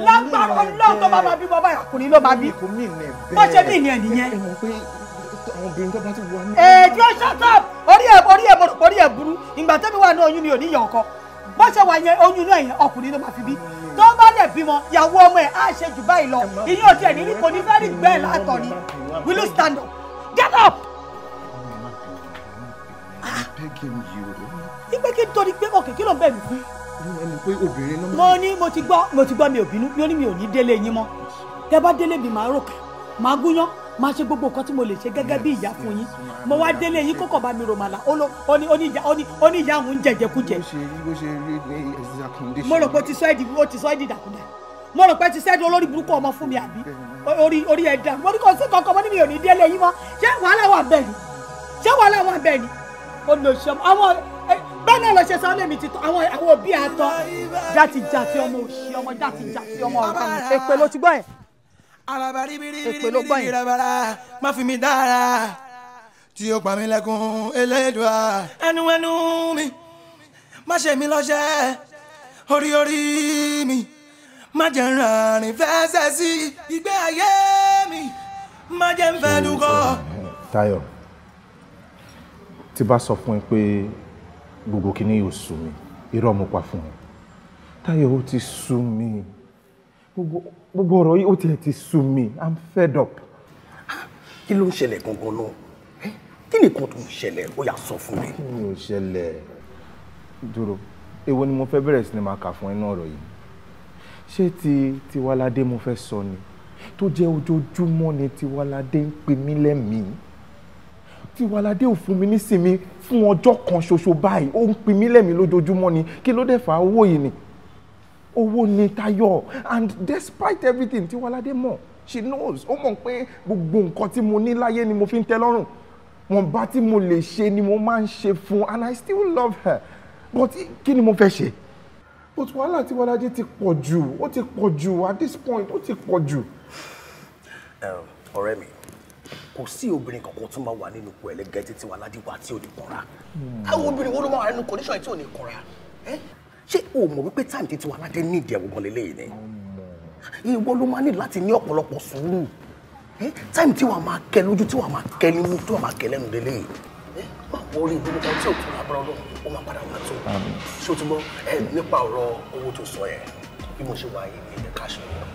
B: lágbára ọlọ́run tó bá máa bí bọ́bá ìràkùnrin ló máa bí bó ṣe mí ni ẹ nìyẹn. èdè ṣọ́tọ̀ orí ẹ̀ orí ẹ̀ mo rò pé orí ẹ̀ burú ìgbà tẹ́mi wà ní oyún ni ò ní yọ ọkọ bó ṣe wà yẹn oyún inú ẹ̀yẹn ọkùnrin ló máa fi bí tó bá dẹ̀ bímọ ìyàwó ọmọ ẹ̀ á ṣe jù báyìí lọ ìyẹn òtí ẹ̀ ní kò ní fẹ́ẹ́ rí gbẹ́ẹ̀ látọ̀ ni will you stand up get up. I'm begging you kí pé kí n torí pé òkè kí ló ń bẹ̀ mí fún. ẹnu pé obìnrin náà. mo ní mo ti gbọ́ mo ti gbọ́ mi ò bínú mi ò ní mi ò ní délé yín mọ́ tẹ bá délé mi màá ròkè màá gúnyán máa ṣe gbogbo nǹkan tí mo lè ṣe gẹ́gẹ́ bí ìyá fún yín mo wá délé yín kókò bá mi ròmàlà ó ní ìyá òun jẹjẹkújẹ. mo rò pé ó ti sọ ẹ́ di dàkúdà mo rò pé ti sẹ́ni olórí burúkú ọmọ fún mi àbí orí orí ẹ̀ mo ní kò sí kankan mo ní mi ò ní délé yín mọ́ ṣé wàhálà wà bẹ́ẹ̀ ni ṣé wàhálà wà bẹ́ẹ̀ ni ó lè ṣe àwọn bẹ́ẹ̀ náà lọ ṣe sọ lèmi ti àwọn àwọn òbí àtọ́ jàtijàti ọmọ òṣì ọmọ jàtijàti ọmọ ọ̀rọ̀ mi èpè ló ti gbọ́ yẹn èpè ló gbọ́ yẹn.
A: má fi mi dára tí o pa mí lẹ́kùn elédùá. ẹnu ẹnu mi má ṣe mí lọ́ṣẹ́ orí orí mi má jẹ́ rànrìn fẹsẹ̀ sí ìgbé ayé mi má jẹ́ ń dúkọ́. Táyọ̀ tí bá sọ fún ẹ pé gbogbo kìíní yóò sú mi irọ́ mo pa fún ẹ Táyọ̀ ó ti sú mi gbogbo ọ̀rọ̀ yìí ó tiẹ̀ ti sú mi i'm fed up. kí ló ń ṣẹlẹ̀ gangan náà kí ni kan tó ń ṣẹlẹ̀ ó yá sọ fún mi. kí ni ò ṣẹlẹ̀ dúró èwo ni mo fẹ́ bẹ̀rẹ̀ sí ni máa kà fún ẹ náà ọ̀rọ̀ yìí ṣé ti Tiwáládé mo fẹ́ sọ ni tó jẹ́ ojoojúmọ́ ni Tiwáládé ń pè mí lẹ́mìí tí wàládé mi nísìmí fún ọjọ́ kan ṣoṣo báyìí ó ń pin mí lẹ́mìí lójoojúmọ́ ni kí ló dẹ̀ fà owó yìí ni owó ni Táyọ̀ and despite everything tí wàládé she knows ó mọ̀ pé gbogbo nǹkan tí mo ní láyé ni mo fi ń tẹ́ lọ́rùn wọn bá tí mo lè ṣe ni mo máa ń ṣe fún and I still love her but kí ni mo fẹ́ ṣe but wàhálà tí ti pọ̀ jù ó ti pọ̀ jù at this point ó ti pọ̀ jù. ọ̀rẹ́ mi kò sí obìnrin kankan tó máa wà nínú ipò ẹlẹgẹ títí wà ládìgbà tí ò ní kanra àwọn obìnrin wo ló máa wà nínú condition tí ò ní kanra ṣé o mọ̀ wípé táyì títí wà ládé ní ìdíyàwó gan lélẹ́yìn ni ìwọ ló máa ní láti ní ọ̀pọ̀lọpọ̀ sùúrù táyì tí wàá máa kẹ lójú tí wàá máa kẹ nímú tí wàá máa kẹ lẹ́nu lélẹ́yìn orí ìdílé kan tí ò tún lábára ọlọ́run ó máa padà wá tó ṣé o ti gbọ́ ẹ nípa ọ̀rọ̀ owó tó sọ yẹn bí mo ṣe wáyé ní ẹ̀ka ṣe wọ́n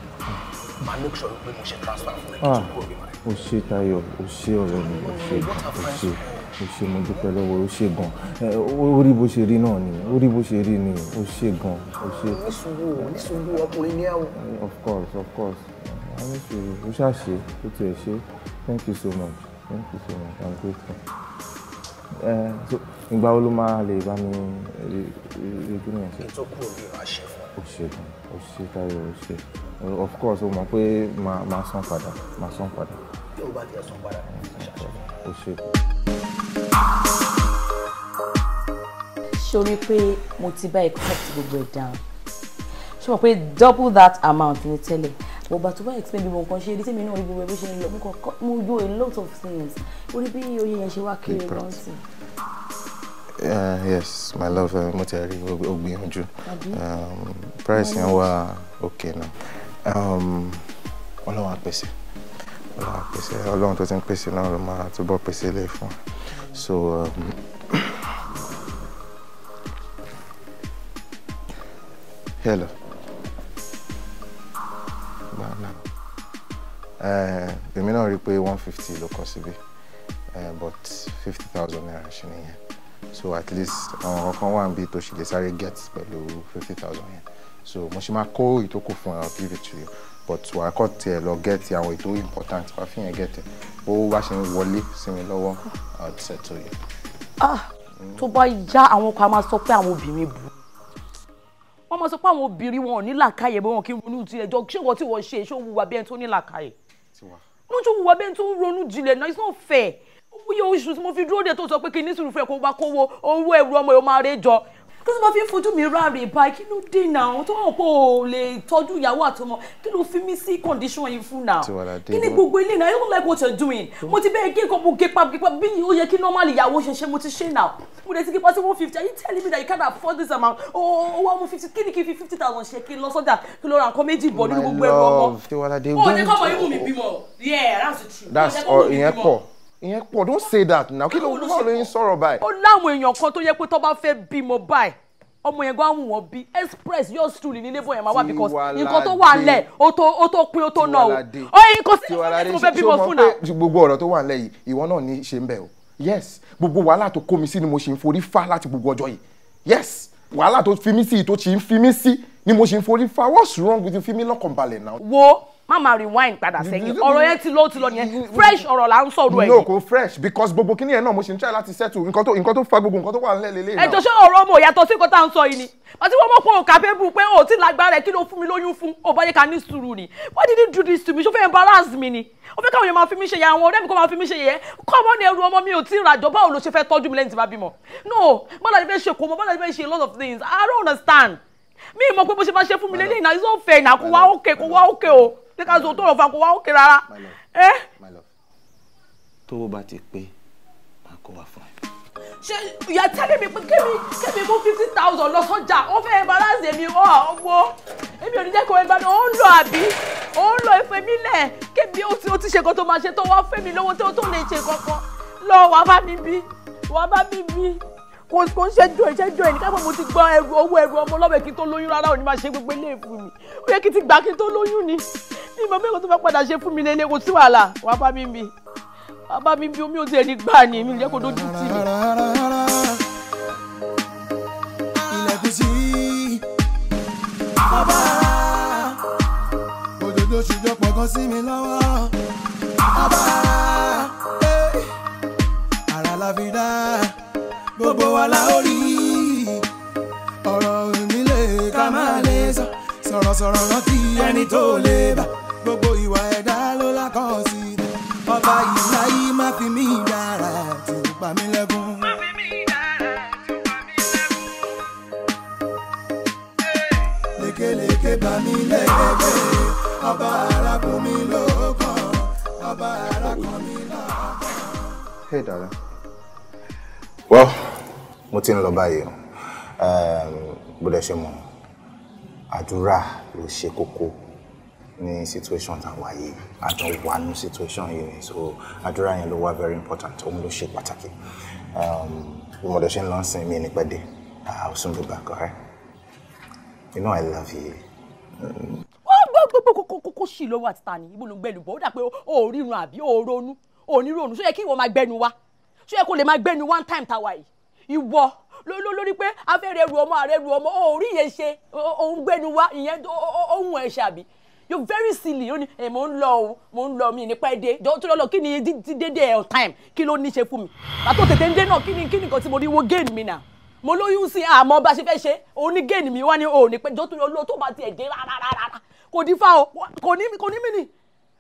A: máa make sure pé mo ṣe transfer
C: fún ẹ̀ ah. tó kúrò nípa o ṣe Táyọ̀ o ṣe ọ̀rẹ́ mi o ṣe o ṣe o
A: ṣe mo dúpẹ́ lọ́wọ́ o ṣe gan o rí bó ṣe rí náà ni o rí bó ṣe rí ni o ṣe gan
C: o ṣe. nísòwò nísòwò
A: ọkùnrin ní àwọn.
C: of course of course àwọn ìṣòro o ṣàṣe o tiẹ̀ ṣe thank you so much thank you so much i'm grateful. ìgbà wo ló máa lè bá mi rí rí gúnmẹ̀ ṣe. ètò kúrò
A: ní ìrànṣẹ́ fún. o ṣe gan o Táyọ̀ ṣe of course o mọ̀ pé máa san padà máa san padà. yóò bá tiẹ̀ san padà o ṣe.
B: ṣorí pé mo ti bá expect gbogbo ẹ̀ down ṣé mo pé double that amount ní tẹ́lẹ̀ ọba tó bá explain bí mo kàn ṣe rí tèmi náà rí gbogbo ẹ ṣe ń lọ mo kàn do a lot of things orí bí oyè yẹn ṣe wá kiri lọ́sìn.
A: Eh, yes, my love, uh, mo ti rí ògbìyànjú. Um, price yẹn wa okay now. Um, Ọlọ́run á pèsè. Ọlọ́run á pèsè. Ọlọ́run tó ti ń pèsè náà ló máa túbọ̀ pèsè ilé fún wa. So, um, hello. Eh, èmi náà rí i pé one fifty ló kọ síbí, but fifty thousand naira ṣe nìyẹn so at least àwọn kankan wà níbi tó ṣe lè sáré get pẹ̀lú fifty thousand yen. so mo ṣe máa kó ìtókù fún ẹ give it to you but wà á kọ́ tiẹ̀ lọ get àwọn ètò important wà á fi yẹn get ẹ̀ bó bá ṣe ń wọlé sí mi lọ́wọ́ i'll settle you.
B: ah tó bá yá àwọn ọkọ a máa sọ pé àwọn obìnrin bù wọ́n máa sọ pé àwọn obìnrin wọn ò ní làkàyè bí wọn kì í ronú ti ẹjọ́ ṣé ìwọ tí wọ́n ṣe ṣé ó wùwà bí ẹni tó ní làkàyè. tiwa. wọ́n tún wùwà bí ẹni tó ń ronú jinlẹ̀ náà it's not fair bóyá oṣù tí mo fi dúró de tó sọ pé kí ní sùúrù fún kó bá kówó owó ẹrù ọmọ yóò máa rẹ jọ kí ló máa fi ń fojú mi ráre báyìí kí ló dé náà tó hàn pé o lè tọ́jú ìyàwó àtọmọ kí ló fi mí sí condition yìí fún náà kí ni gbogbo ilé náà you like what you're doing mo ti bẹ́ẹ̀ gé nǹkan mo gé pa gé pa bí ó yẹ kí normal ìyàwó ṣe ṣe mo ti ṣe náà mo dẹ̀ ti gé pa sí one fifty are you telling me that you can't afford this amount owó àwọn fifty kí ni kí n fi fifty thousand ṣe kí n lọ love
A: ìyẹn pọ̀ don't say that now kí ló ń bá
B: lóyún sọ̀rọ̀ báyìí. ó láwọn èèyàn kan tó yẹ pé tó bá fẹ́ bímọ báyìí ọmọ yẹn gbọ́n wọn bí express yóò stool ní labour yẹn máa wá because nǹkan tó wà lẹ̀ ó tó ó tó pin ó tó nà o ó yẹ kó sí ní mo fẹ́ bímọ fún náà.
A: gbogbo ọ̀rọ̀ tó wà lẹ̀ yìí ìwọ náà ní ṣe ń bẹ̀ o yes gbogbo
E: wàhálà tó kó mi sí ni mo ṣe ń forí fá láti gbogbo ọjọ́ yìí yes wàhálà tó fi mí sí tó ṣe ń fi mí sí ni mo ṣe ń forí fá what's wrong with you fi mí lọ́kàn náà.
B: wo má máa rewind padà sẹ́yìn ọ̀rọ̀ yẹn ti lọ ti lọ yẹn fresh ọ̀rọ̀ là ń sọ̀rọ̀ ẹ̀. no kò
A: fresh because gbogbo kíni yẹn náà mo ṣe ń try láti
B: settle nǹkan tó nǹkan tó fa gbogbo nǹkan tó wà nílẹ̀ lélẹ̀ náà. ẹjọ ṣé ọ̀rọ̀ ọmọ yàtọ̀ sí kọta ń sọ yìí ni àti wọn mọ pé o capable pé o ti lágbára ẹ kí ló fún mi lóyún fún o bá yẹ ká ní sùúrù ni why did you do this to me ṣó fẹ́ embarrass mi ni o fẹ́ káwọn yẹn máa fi mí ṣe yẹ àwọn ọ̀rẹ́ mi kó máa fi mí ṣe yẹ kọ́ ọmọ ni ẹrù ọmọ mi ò tí ì ràjọ báwo ló ṣe fẹ́ tọ́jú mi lẹ́yìn tí bá bímọ no bọ́lá ni fẹ́ ṣe kó mọ bọ́lá ni fẹ́ ṣe a lot of things I don't understand mi mọ̀ pé bó ṣe máa ṣe fún mi lélẹ́yìn náà it's not fair náà kó wá okay kó wá okay o jẹ́ ká sọ tọrọ fa kó wá òkè rárá.
C: tó o bá ti pé máa
B: kó wa fún ẹ. ṣe ìyá tẹ́lẹ̀ mi pé kémi kémi mú fifty thousand lọ sọ́jà ó fẹ́ balance èmi ọ̀ ọ̀gbọ́ èmi ò ní jẹ́ kó ẹ bá mi ó ń lọ àbí ó ń lọ ìfẹ́ mi lẹ̀ kébi ó ti ó ti ṣe kan tó máa ṣe tó wá fẹ́ mi lówó tó tó lè ṣe kankan lọ wàá bá mi bí wàá bá mi bí kò kò ń ṣẹjọ ìṣẹjọ ẹnì kápẹ́ mo ti gba ẹrù owó ẹrù ọmọ lọ́bẹ̀ kí n tó lóyún rárá ò ní máa ṣe gbogbo ilé ìfún mi ó yẹ kí n ti gbà kí n tó lóyún ni màmá ẹ̀kọ́ tó bá padà ṣe fún mi lẹ́lẹ́ kò sí wàhálà wàá bá mi mi wàá bá mi mi omi ò tiẹ̀ ní gbà ní mi jẹ́ kó dojú tì mí. ilẹ̀kùn sí
A: bàbá òdòdó ṣùjọ́ pọ̀ gan sí mi lọ́wọ́ bàbá eh, ara la fi dá gbogbo wa la ó rí ọ̀rọ̀ òní lè ká máa lè sọ sọ̀rọ̀sọ̀rọ̀ rántí ẹni tó lè bá. ti ń lọ báyìí o ehm, ṣe mọ̀ àdúrà ló ṣe kókó ní situation tá a wà yìí àjọ wà ní situation yìí so àdúrà yẹn ló wà very important òun ló ṣe pàtàkì ehm, bí mo dẹ̀ ṣe ń lọ sin mi nípa dé I ah, will soon you know I love you.
B: kókó sì lówó àti tani ibo ló ń gbẹnu ó dà pé o rírun àbí o ronú o ní ronú ṣó yẹ kí ìwọ máa gbẹnu wá ṣó yẹ kó lè máa gbẹnu one time tá a wà yìí ìwọ lórí pé afẹ́rẹ́ ru ọmọ ààrẹ ru ọmọ òórí yẹn ṣe òun gbẹnu wá ìyẹn ohun ẹ̀ ṣàbí you very silly ó ní ẹ mò ń lọ o mò ń lọ mi nípa èdè jọ tó lọ kí ni ti dédé ẹ time kí ló ní ṣe fún mi àtò tètè ń dé náà kí ni kí ni nǹkan tí mo rí wo gain mi nà mo lóyún sí àmọ́ bá ṣe fẹ́ ṣe òun ní gain mi wá ní òun ní pẹ́ jọ tó lọ tó bá tiẹ̀ dé rárá kò ní fa o kò ní kò ní mí ni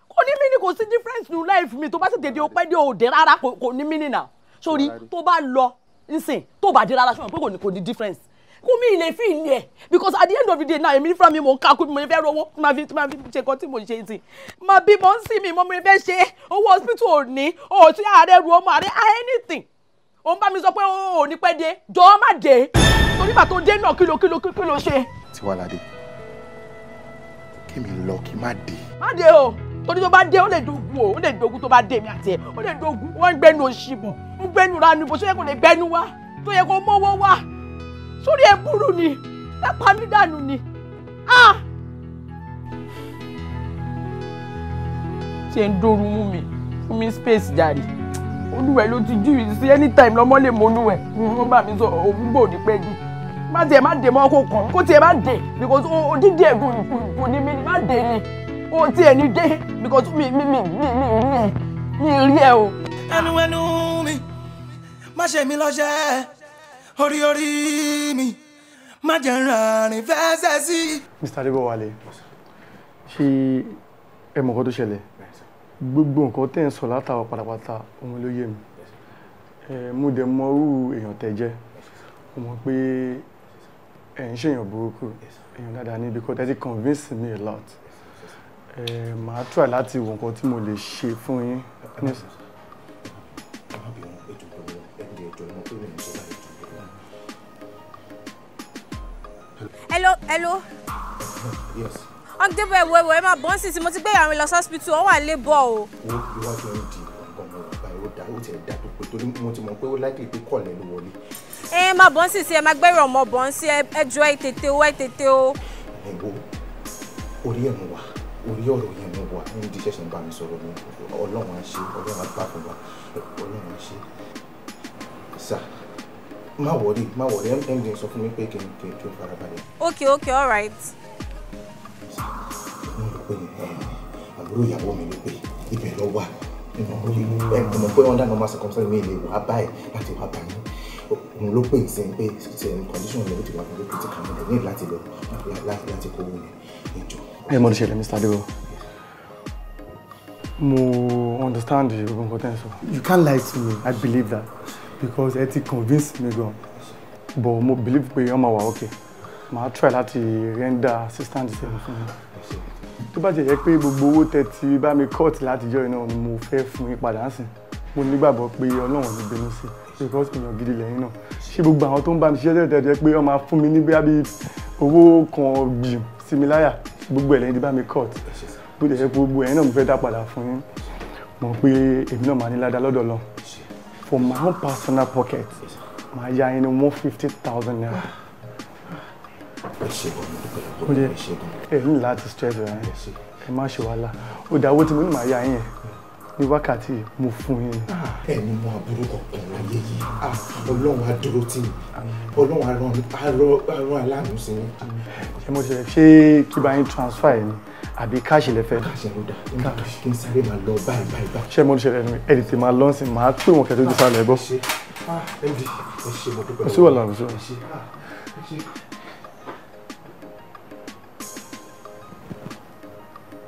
B: kò ní mí ni kò sí difference nínú life mi tó bá sì tètè o pẹ́ dé òde rárá kò ní mí ni nà sórí tó bá lọ nsìn tó bá dé rárá ṣùgbọ́n pé kò ní kò ní difference kó mi lè fi ilé ẹ̀ because at the end of the day now èmi fúnra mi mò ń ka kú mi mo fẹ́ rówó tí máa fi tí máa fi ṣe nǹkan tí mo ṣe ti máa bí mo ń sìn mi mo mi fẹ́ ṣe owó hospital ò ní o ti ààrẹ ru ọmọ ààrẹ anything òun bá mi sọ pé o ò ní pẹ́ dé jọ̀ọ́ má dé torí bàtò dé náà kí ló kí ló kí ló ṣe.
A: Tiwalade kí mi lọ kí má dé.
B: má dé o torí tó bá dé ó lè dogun o ó lè dogun tó bá dé mi àti ẹ ó lè dogun wọn ń gbẹnu òṣì bọ̀ ń gbẹnu ra ni bó ṣe yẹ kó lè gbẹnu wá tó yẹ kó mọ́wọ́ wá sórí ẹ ni ẹ pa dànù ni. ṣe ń dóoru mú mi fún mi space jàre olúwẹ̀ ló ti jú sí anytime lọ́mọ lè mọ olúwẹ̀ wọ́n bá mi sọ òun gbò ní pẹ́ jù má tiẹ̀ má dé mọ́ kó kàn kó tiẹ̀ má dé because odidi ẹ̀gùn kò ní mi má dé ni ó tiẹ̀ ní dé because mi mi mi mi mi mi rí ẹ o. ẹnu ẹnu mi má ṣe
A: mí lọ́ṣẹ́ orí orí mi má jẹ́ rànrìn fẹ́sẹ̀
C: sí. Mr. Adébọ̀wálé ṣe ẹ mọ̀ nǹkan tó ṣẹlẹ̀ gbogbo nǹkan tẹ́ ń sọ látàwọn pátápátá òun ló yé mi mo dẹ̀ mọ irú èèyàn tẹ́ jẹ́ mo mọ̀ pé ẹ̀ ń ṣèyàn burúkú èèyàn dáadáa ni because that convince me a lot màá try láti wo nǹkan tí mo lè ṣe fún yín. hello
B: hello. yes. ọ̀gẹ́dẹ́gbẹ̀ ẹ̀wọ̀ ẹ̀wọ̀ ẹ máa bọ́ sí ti mo ti gbé ìyàwó lọ sọ́sibítù ó lébọ̀ o. ó
A: iwájú ẹni di ọkàn mi ọ̀gá ó dá ó tiẹ̀ dá tó pé torí mo ti mọ̀ pé ó láìpẹ́ pé kọ̀lẹ́ ló wọlé.
B: ẹ máa bọ́ sí ti ẹ máa gbẹ́rọ̀ mọ́ bọ́ sí ẹ jọ ẹ tètè o ẹ tètè o.
A: ẹ wo orí ẹ̀ mú wa orí ọ̀rọ̀ yẹn mú wa ní díṣẹ́ ṣe ń bá mi sọ̀rọ̀ ọlọ́run á ṣe ọlọ́run á bá fún wa ọlọ́run á ṣe sáà má wọrí má wọrí md sọ fún mi pé kí n kí n kí n farabalẹ̀.
B: okay okay all right.
A: mo rò pé eh, àbúrò ìyàwó mi ni pé ibẹ̀ lọ wà mo eh, pé under normal circumstances mi lè wá báyìí láti wá báyìí òun ló pè é sí pé condition mi ló ti wà pẹ̀lú critical mi ní láti lọ
C: láti kó owó mi ìjọ. ẹ mọ̀ ní ṣẹlẹ̀ Mr. Adébọ̀ mo understand you gbogbo nǹkan tẹ́ ẹ sọ. you can't lie to me I believe that because ẹ ti convince me gan but mo believe pé ọmọ wa ok màá try láti render assistant sẹ́yìn fún mi To bá jẹ́ yẹ pé gbogbo owó tẹ́ ti bá mi cut látijọ́ iná ni mo fẹ́ fún yín padà sí mo nígbàgbọ́ pé ọlọ́run ló bínú sí because èèyàn gidi lẹ́yìn náà ṣé gbogbo àwọn tó ń bá mi ṣiṣẹ́ tẹ̀tẹ̀ jẹ́ pé wọ́n máa fún mi ní bí abí owó kan gbìm sí mi láyà gbogbo ẹ̀lẹ́yìn ti bá mi cut bó jẹ́ pé gbogbo ẹ̀yìn náà mo fẹ́ dá padà fún yín mọ̀ pé èmi náà máa ní ládàá lọ́dọ̀ lọ from my own personal pocket màá yá yín mo fifty thousand naira. ó yẹ èyí láti stress rẹ ẹ má ṣe wàhálà ó dà owó tí mo ní màá yá yín yẹn ní wákàtí mo fún yín. ẹni mo aburú kankan láyé yìí ọlọ́run á dúró tì mí ọlọ́run á rán aláàánú sí mi. ṣé mo ṣe ṣé kí bá yín transfer yìí ni àbí káàṣì lẹ́fẹ́. káàṣì ló nígbà tó ṣe kí n sáré máa lọ báyìí báyìí báyìí. ṣé mo ń ṣẹlẹ̀ ẹni tí máa lọ́nsìn máa pè wọ́n kẹ́tọ́ dípa lẹ́bọ̀. ṣé wà ah, lára ṣé wà. Ah,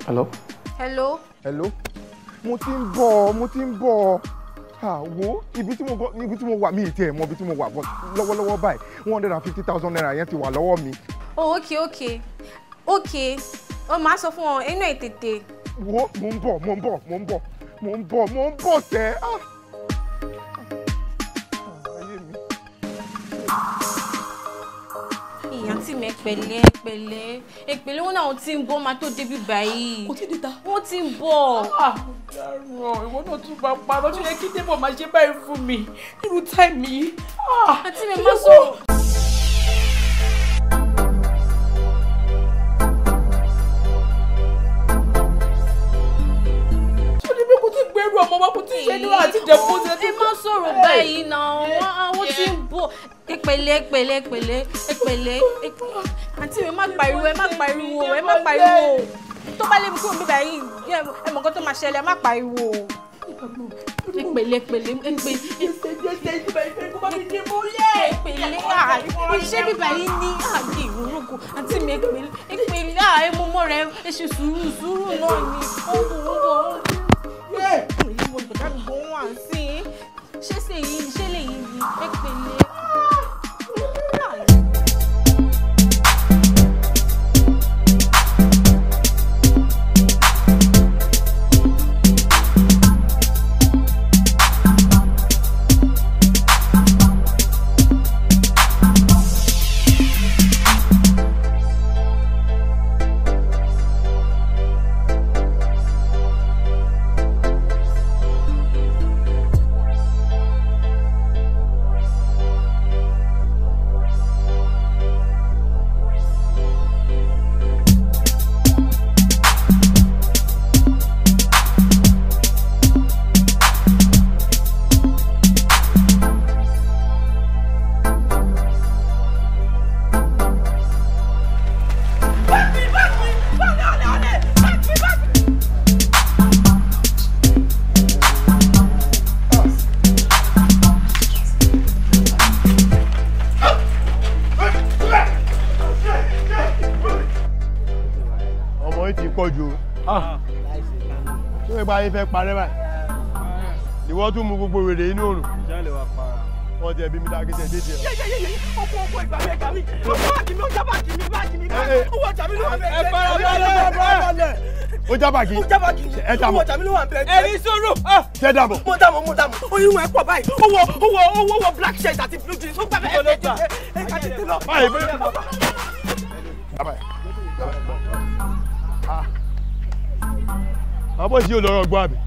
C: hello. hello.
E: hello. mo ti ń bọ̀ ọ́ mo ti ń bọ̀ ọ́ àwo ibi tí mo gbọ́ ibi tí mo wà mí ì tiẹ̀ mọ ibi tí mo wà lọ́wọ́lọ́wọ́ báyìí one hundred and fifty thousand naira yẹn ti wà lọ́wọ́ mi.
B: oh okay okay okay o máa sọ fún ọ inú ètètè. wo mo ń bọ̀ mo ń
E: bọ̀ mo ń bọ̀ mo ń bọ̀ mo ń bọ̀ tẹ́.
B: àǹtí ah! ah, mi pẹ̀lẹ́ pẹ̀lẹ́ èpèlé wọn náà ti ń bọ̀ máa tó débi báyìí. kò tí ì dìta. wọ́n ti ń bọ̀. ọ̀rọ̀ ah, ìwọ náà tún bá parọ́ tó yẹ kí débọ̀ máa ṣe báyìí fún mi irú táìmì yìí. àǹtí mi má sọ. ọmọ wa mo ti ṣe ní àti dẹ̀kun ṣe tó. ẹ má sọ̀rọ̀ báyìí náà wọ́n ti ń bọ̀ ẹ̀pẹ̀lẹ́ ẹ̀pẹ̀lẹ́ ẹ̀pẹ̀lẹ́ ẹ̀pẹ̀lẹ́ àǹtí mi má pariwo ẹ má pariwo ẹ má pariwo tó bá lè mú kúrò níbẹ̀ yìí ẹ mọ̀ nǹkan tó máa ṣẹlẹ̀ ẹ má pariwo ìpele ìpele ìpele ìpele iṣẹ́ bíbá yìí ní àgbè ìwúrúkú àti mi ìpele ìpele àìmọ́mọ́ rẹ̀ ṣe sùúrù sùúrù náà ni mo lè bọ̀dá mi bọ̀ wọ́n ṣé ṣe yìí ṣé lè yìí ni ẹ pẹ̀lẹ́.
C: lè wá para wọn jẹ bí mi dá kí jẹ dédé rẹ. yeyeyeye ọkọ ọkọ ìgbà mi ẹgbà mi ó mi ó já báàgì mi báàgì mi báàgì
A: owó ọjà mi ló wà bẹ́ẹ̀. ẹ fara balẹ̀ ẹ fara balẹ̀. ó já báàgì ó já báàgì ẹ dààmú owó ọjà mi ló wà bẹ́ẹ̀. ẹni sọ̀rọ̀ ah. jẹ́ dààmú. mo dààmú mo dààmú oyún ẹ pọ̀ báyìí owó owó owó owó black shirt àti blue jeans ó gbà mí ẹ ẹ ká tètè lọ. àbọ̀ sí olóró ọgbọ́n àbí.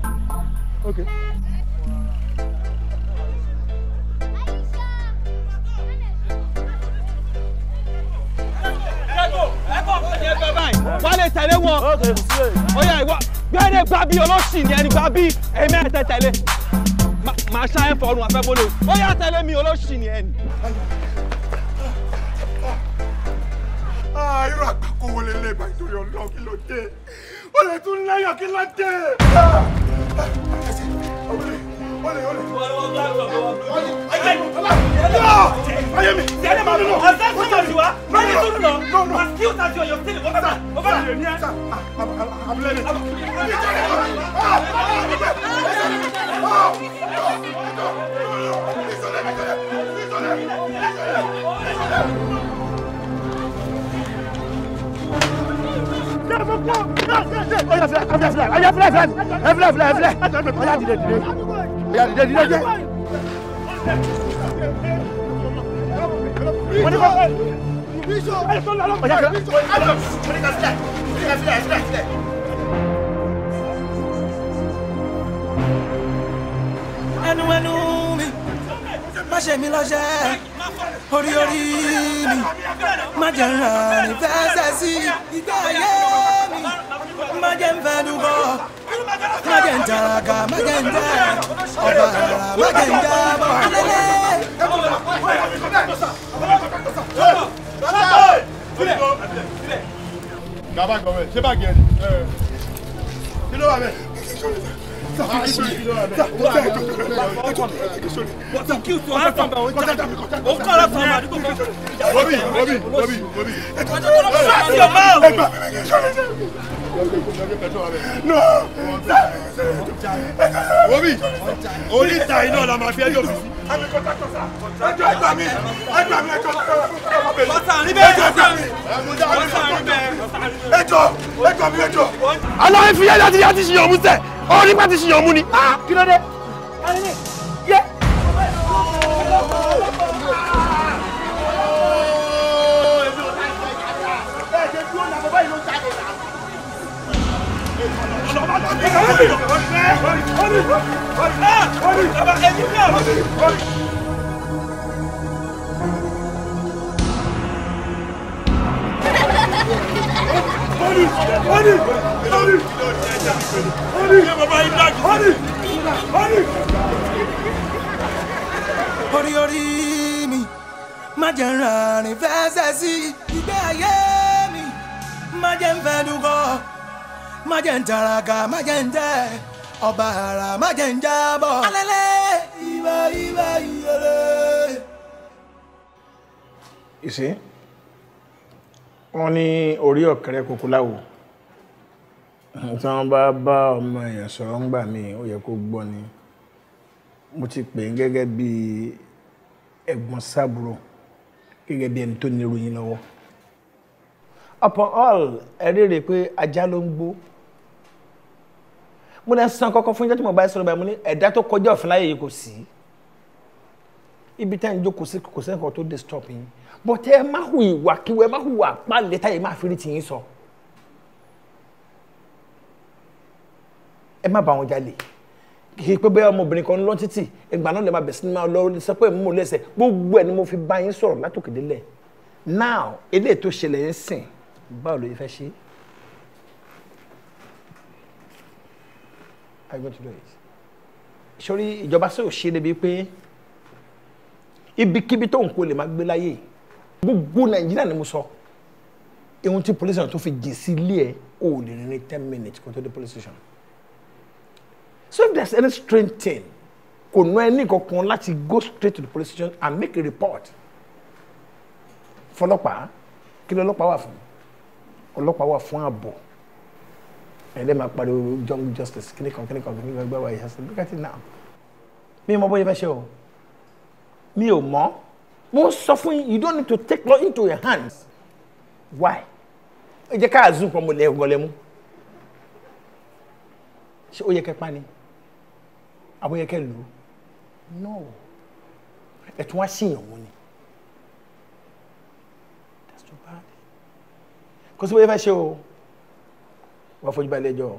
A: wà á lè tẹ̀lé wọn ó yá ìwọ gbẹ́rẹ́ gba bí ọlọ́sìn ni ẹni gba bí ẹ̀mí ẹ̀tẹ̀ tẹ̀lé màá ṣá ẹ̀ fọ̀rùn àfẹ́bọ́lẹ̀ ó yá tẹ̀lé mi ọlọ́sìn ni ẹni. Ah, irú àpapọ̀ wo lè lè bá ìtòrí ọlọ́ọ̀ kí ló dé ó lè tún lẹ́yìn kí ló dé. Ah! not not
C: I'm olè olè. ayé mi ayé mi
A: nínú. ọ̀sán tó lọ sí wa lórí tó lù lọ àti kí o ta sí ọyọ sílẹ̀ o bàbá o bàbá. abúlé mi. Ayafilẹ ayafilẹ ayafilẹ ayafilẹ ayafilẹ ayafilẹ ayafilẹ ayafilẹ ayafilẹ ayafilẹ ayafilẹ ìyá dídé dídé dídé. ẹnu ẹnu mi má ṣe mi lọ́ṣẹ́ orí orí mi má jẹ́ ràn ní fẹsẹ̀ sí ìgbà ayé mi má jẹ́ ń fẹnu bọ̀ má jẹ́ ń tàràkà má jẹ́ ń tà ọ̀bà má jẹ́ ń tà bọ̀ lélẹ̀.
E: Bàbá gbọ̀wé ṣé bàgì ẹ̀
A: kí ló wà bẹ́ẹ̀? Obi, Obi, Obi, Obi. Shut your mouth!
C: no obi oníta iná la máa fi ẹjọ́ mi sí.
A: ẹjọ́ ẹgbà mi ẹgbà mi ẹjọ́ ẹjọ́ ẹjọ́ mi ẹjọ́. aláwọ̀ fi yára ti yá ti ṣiyàn mú sẹ́ ọ̀rí pàti ṣiyàn mú ni. Ah, kí ló dé. orí orí mi má jẹ́ ń rìn fẹsẹ̀ sí ìgbé ayé mi má jẹ́ ń fẹ́ dúkọ́ má jẹ́ ń taraga má jẹ́ ń tẹ́ ọba ara má jẹ́ alẹ́lẹ́ ibà ibà ìyẹlẹ. ìṣe wọn ní orí ọ̀kẹ́rẹ́ kúkú tí wọ́n bá bá ọmọ èèyàn sọ̀rọ̀ ńgbà mi ó yẹ kó gbọ́ ni mo ti pè é gẹ́gẹ́ bí ẹ̀gbọ́n sábúrò gẹ́gẹ́ bí ẹni tó ní ìròyìn lọ́wọ́ upon all ẹ rí rè pé ajá ló ń gbó mo lẹ san kọ́kọ́ fún jẹ́ tí mo bá sọ̀rọ̀ báyìí mo ní ẹ̀dá tó kọjá òfin láyé yìí kò sí ibi tá à ń jókòó sí kò sẹ́kọ̀ọ́ tó disturb yín but ẹ má hu ìwà kíwọ ẹ má hu ìwà pálẹ̀ táyé má fi rí tìyín sọ ẹ má bá wọn jalè kì pé bóyá ọmọbìnrin kan lọ títì ìgbà náà lè máa bẹ̀ sí máa lọ sọ pé mo lẹ́sẹ̀ gbogbo ẹ̀ ni mo fi bá yín sọ̀rọ̀ látòkèdélẹ̀ now eléyìí tó ṣẹlẹ̀ yẹn sìn báwo ló yẹ fẹ́ ṣe é. are you going to do it sori ìjọba sì ò ṣe débi pé ibikíbi tó ń kó lè máa gbé láyè gbogbo nàìjíríà ni mo sọ ihun tí police station tó fi jìn sí ilé ẹ ò lè rìn ní ten minutes kó tó dé police station so if there is any strange thing kò ná ẹni kankan láti go straight to the police station and make a report fọlọ́pàá kí lọ́lọ́pàá wà fún ọlọ́pàá wà fún ààbò ẹ̀dẹ́ máa pariwo jungle justice kíní kan kíní kan kíní kan gbẹ́wàá ìyá sí look at it now mi mọ bóyá fẹ́ ṣe o mi ò mọ mo ń sọ fún yín you don't need to take law into your hands why ẹ jẹ́ ká zoom pọ̀ mo lẹ́ ọgọ́ lẹ́mú ṣé ó yẹ kẹ́ pa ni àbó yẹ kẹ́ lù ú no ẹ̀ tún wá ṣìyàn wọn ni that's too bad kò sí bóyá fẹ́ o wọ́n fojú balẹ̀ ẹjọ́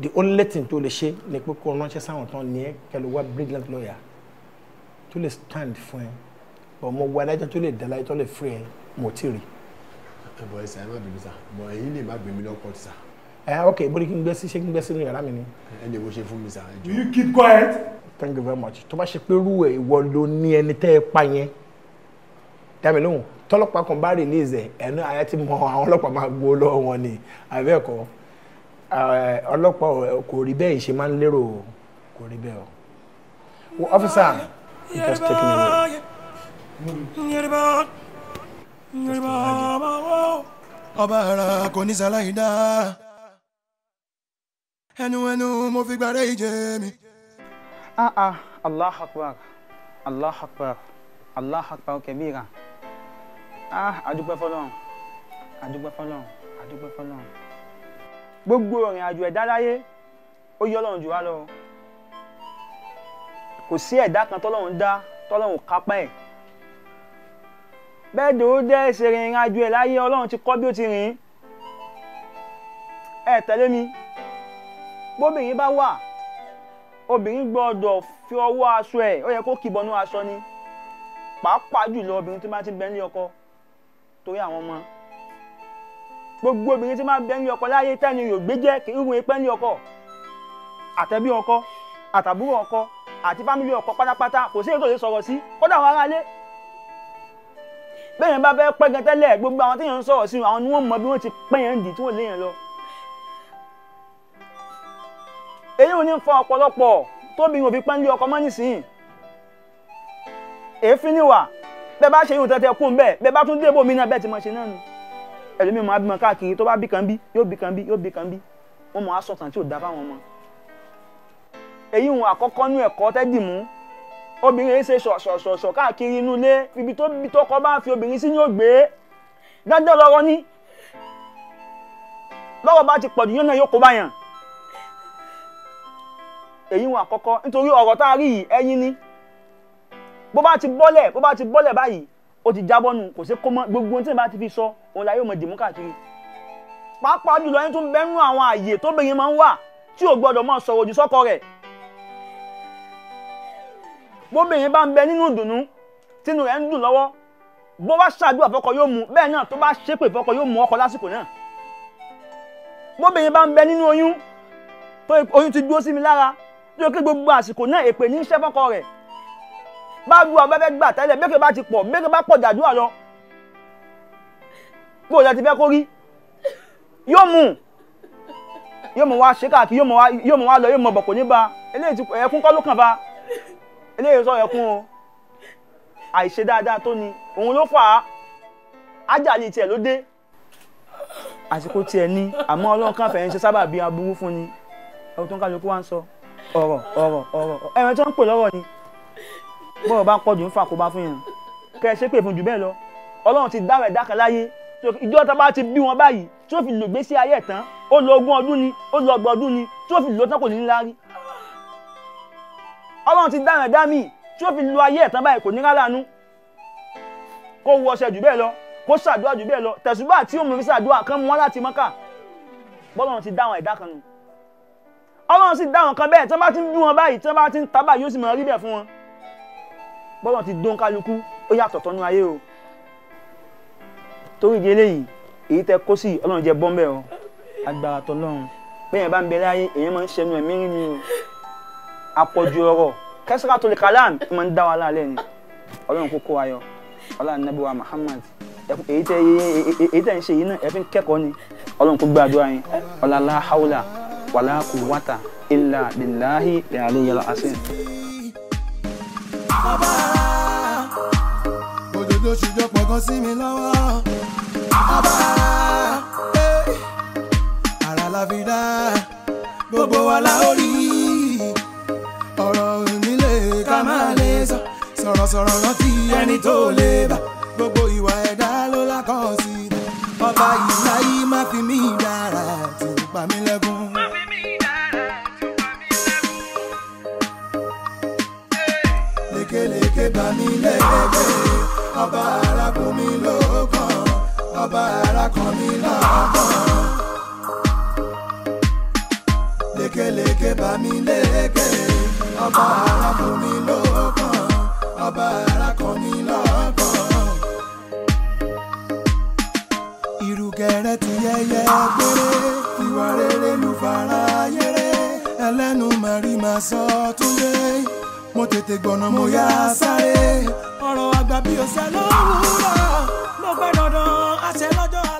A: the only thing tó lè ṣe ni pé kó ránṣẹ́ sáwọn tán ní ẹ kẹlẹ́ wá brilliant lawyer tó lè stand fún ẹ bọ̀ mo wá adájọ́ tó lè dàlá tó lè fún ẹ mo ti rí.
C: ẹ bọ
A: ẹsẹ ẹ má bèbí sá bọ èyí lè má gbèmí lọkọ ti sá. ẹ ok bóri kí n gbé sí ṣé kí n gbé sínú yàrá mi ni. ẹ lè wo ṣe fún mi sá. you keep quiet. thank you very much tó bá ṣe pé rú ẹ ìwọ ló ní ẹni tẹ́ ẹ pa yẹn dàmí lóhùn kan bá release ẹ̀ ẹ̀nu ayé ti mọ àwọn ọlọ́pàá máa gbó lọ́wọ́ wọn ni àbẹ́ẹ̀kọ́ ọlọ́pàá kò rí bẹ́ẹ̀ ṣe máa ń lérò kò rí bẹ́ẹ̀ o. Well, officer, just take me away. kò ní sáláì dá ẹnu ẹnu mo fi gbàrẹ́ ìjẹ mi. Ah, ah,
C: allah akbar allah
A: akbar allah akbar kẹbíra. Okay, ah àdúpẹ́ fọlọ́run àdúpẹ́ fọlọ́run àdúpẹ́ fọlọ́run gbogbo ìrìn àjò ẹ̀dá láyé ó yọ ọlọ́run jù wá lọ kò sí ẹ̀dá kan tọ́lọ́run dá tọ́lọ́run kápá ẹ̀ bẹ́ẹ̀ dòó dẹ́ ṣe rìn ìrìn àjò ẹ̀ láyé ọlọ́run ti kọ́ bí ó ti rìn ẹ̀ tẹ̀lé mi bóbìnrin bá wà obìnrin gbọ́dọ̀ fi ọwọ́ aṣọ ẹ̀ ó yẹ kó kìbọnú aṣọ ni pàápàá jùlọ obìnrin tó bá ti bẹ ní ọkọ torí àwọn ọmọ gbogbo obìnrin tí máa bẹ ní ọkọ láyé tẹ́ni yóò gbé jẹ́ kí irun ipẹ́ ní ọkọ àtẹ̀bí ọkọ àtàbúrò ọkọ àti fámìlì ọkọ pátápátá kò sí èrò lè sọ̀rọ̀ sí kódà àwọn aráalé bẹ́ẹ̀ yẹn bá fẹ́ pẹ́ gan tẹ́lẹ̀ gbogbo àwọn téèyàn ń sọ̀rọ̀ sí àwọn ni wọ́n mọ bí wọ́n ti pẹ́ yẹn ń dì tí wọ́n léèyàn lọ. èyí ò ní fa ọ̀pọ̀lọpọ̀ tóbi òfin pẹ́ńlí ọkọ mọ́ nísìnyí èéfín níwà tẹ bá ṣe yóò tẹ tẹ kó ń bẹ́ẹ̀ bẹ bá tún dé bòmí náà bẹ́ẹ̀ ti mọ̀ ṣe náà nù ẹlòmíì máa bímọ káàkiri tó bá bí kan bi yo bi kan bí yóò bí kan bí wọn mọ asọ̀tàn tí ò dá fáwọn ọmọ. èyí ibi tó bí tọkọ bá fi ti pọ̀jù yóò náà yóò kó a rí yìí ni. bó bá ti bọ́lẹ̀ bó bá ti bọ́lẹ̀ báyìí ó ti jábọ́ nù kò sí kó mọ́ gbogbo ohun tí ìbá ti fi sọ òun láyé òmò dìmú káàkiri pàápàá jùlọ ẹni tó ń bẹ́nu àwọn àyè tó bẹ̀yìn máa ń wà tí ò gbọ́dọ̀ máa sọ̀rọ̀ òdì sọ́kọ rẹ̀ bóbìnrin bá ń bẹ nínú ìdùnnú tínú rẹ̀ ń dùn lọ́wọ́ bó bá ṣàdúrà fọ́kọ yóò mú bẹ́ẹ̀ náà tó bá ṣépè fọ́kọ yóò mú ọkọ lásìkò náà bóbìnrin bá ń bẹ nínú oyún tó oyún ti dúró sí mi lára tó yẹ kí gbogbo àsìkò náà èpè ní í ṣẹ́ rẹ̀ bá lu àwọn bẹ́ẹ̀ gbà tẹ́lẹ̀ mẹ́kẹ́ bá ti pọ̀ mẹ́kẹ́ bá pọ̀ jàdúrà lọ bó ṣe ti fẹ́ kó rí yóò mú yóò mọ̀ wá ṣe káàkiri yóò mọ̀ wá lọ yóò mọ̀ bọ̀ kò ní ba eléyìí ti ẹkún kọ́ ló kàn ba eléyìí sọ ẹkún o àìṣe dáadáa tó ni òun ló fà á ájàlè tiẹ̀ ló dé àsìkò tiẹ̀ ni àmọ́ ọlọ́run kan fẹ̀yìn ṣe sábà bí aburú fún ni ọ̀rọ̀ tó ń kálukú wá ń sọ ọ̀rọ̀ ọ̀rọ̀ ọ̀rọ̀ ẹ̀rọ tó ń pè lọ́rọ̀ ni bọ́ọ̀ bá ń pọ̀jù ń fà kó bá fún yẹn kẹ́ ẹ ṣe pé fún jù bẹ́ẹ̀ lọ ọlọ́run ti dáwọ̀ ẹ̀dá kan láyé ìjọ tó bá ti bí wọn báyìí tó fi lògbé sí ayé ẹ̀tàn ó lò ogún ọdún ni ó lò ọgbọ̀n ọdún ni tó fi lò tán kò ní ńlá rí ọlọ́run ti dáwọ̀ ẹ̀dá míì tó fi lo ayé ẹ̀tàn báyìí kò ní rálánú kó wọ ọṣẹ jù bẹ́ẹ̀ lọ kó ṣàdúrà jù bẹ́ẹ̀ lọ tẹ̀sùbà tí ó mú fi ṣàdúrà kan mú wọn láti mọ́kà bọ́lọ́run ti dáwọ̀ ẹ̀dá kan nù ọlọ́run sì dáwọ̀ kan bẹ́ẹ̀ tí wọ́n bá ti ń bí wọn báyìí tí wọ́n bá ti ń tábà yóò sì mọ̀ rí bẹ́ẹ̀ fún wọn bọ́lọ̀ ti dún kálukú ó yàtọ̀ tọ́nú ayé o torí ìdí eléyìí èyí tẹ kó sí ọlọ́run jẹ bọ́m̀bẹ̀ o agbára tọlọ́run bẹ́ẹ̀ bá ń bẹ láyé èyí máa ń ṣẹnu ẹ̀mí rí ni o àpọ̀jù ọ̀rọ̀ kẹsàrà tó lè kàlán ó máa ń dá wa láàlẹ́ ni ọlọ́run kókó ayọ̀ ọlọ́run nàbẹ̀wá Muhammad èyí tẹ èyí tẹ ń ṣe yìí náà ẹ fi ń kẹ́kọ̀ọ́ ni ọlọ́run kó gbàdúrà yín ọlọ́lá haúlà wàlá kùwátà ìlà bìláhì ìrànlẹ́yẹlá àṣẹ
E: bàbá òdòdó ṣùjọ pọ̀kan sí mi lọ́wọ́ bàbá
A: ara eh. la fi dá gbogbo wa la ó rí ọ̀rọ̀ onílé ká máa lè sọ sọ̀rọ̀sọ̀rọ̀ rántí ẹni tó lè bá gbogbo ìwà ẹ̀dá ló lákọ̀ọ́ sí ọba ìlà yìí má fi mí dára tí mi pa mí lẹ́kún.
D: mi lékè ọba ara kò ní lọ́kàn ọba ara
A: kò ní lọ́kàn. ìrùgẹ̀rẹ̀ ti yẹyẹ gbére ìwà rere ló fara yẹrẹ ẹlẹ́nu màrí màá sọ túnde mo tètè gbọ̀nà mo yá sáré ọ̀rọ̀ àgbà bí òṣèlú wúrà
D: mo gbẹ́ dandan àṣẹ lọ́jọ́ àṣẹ.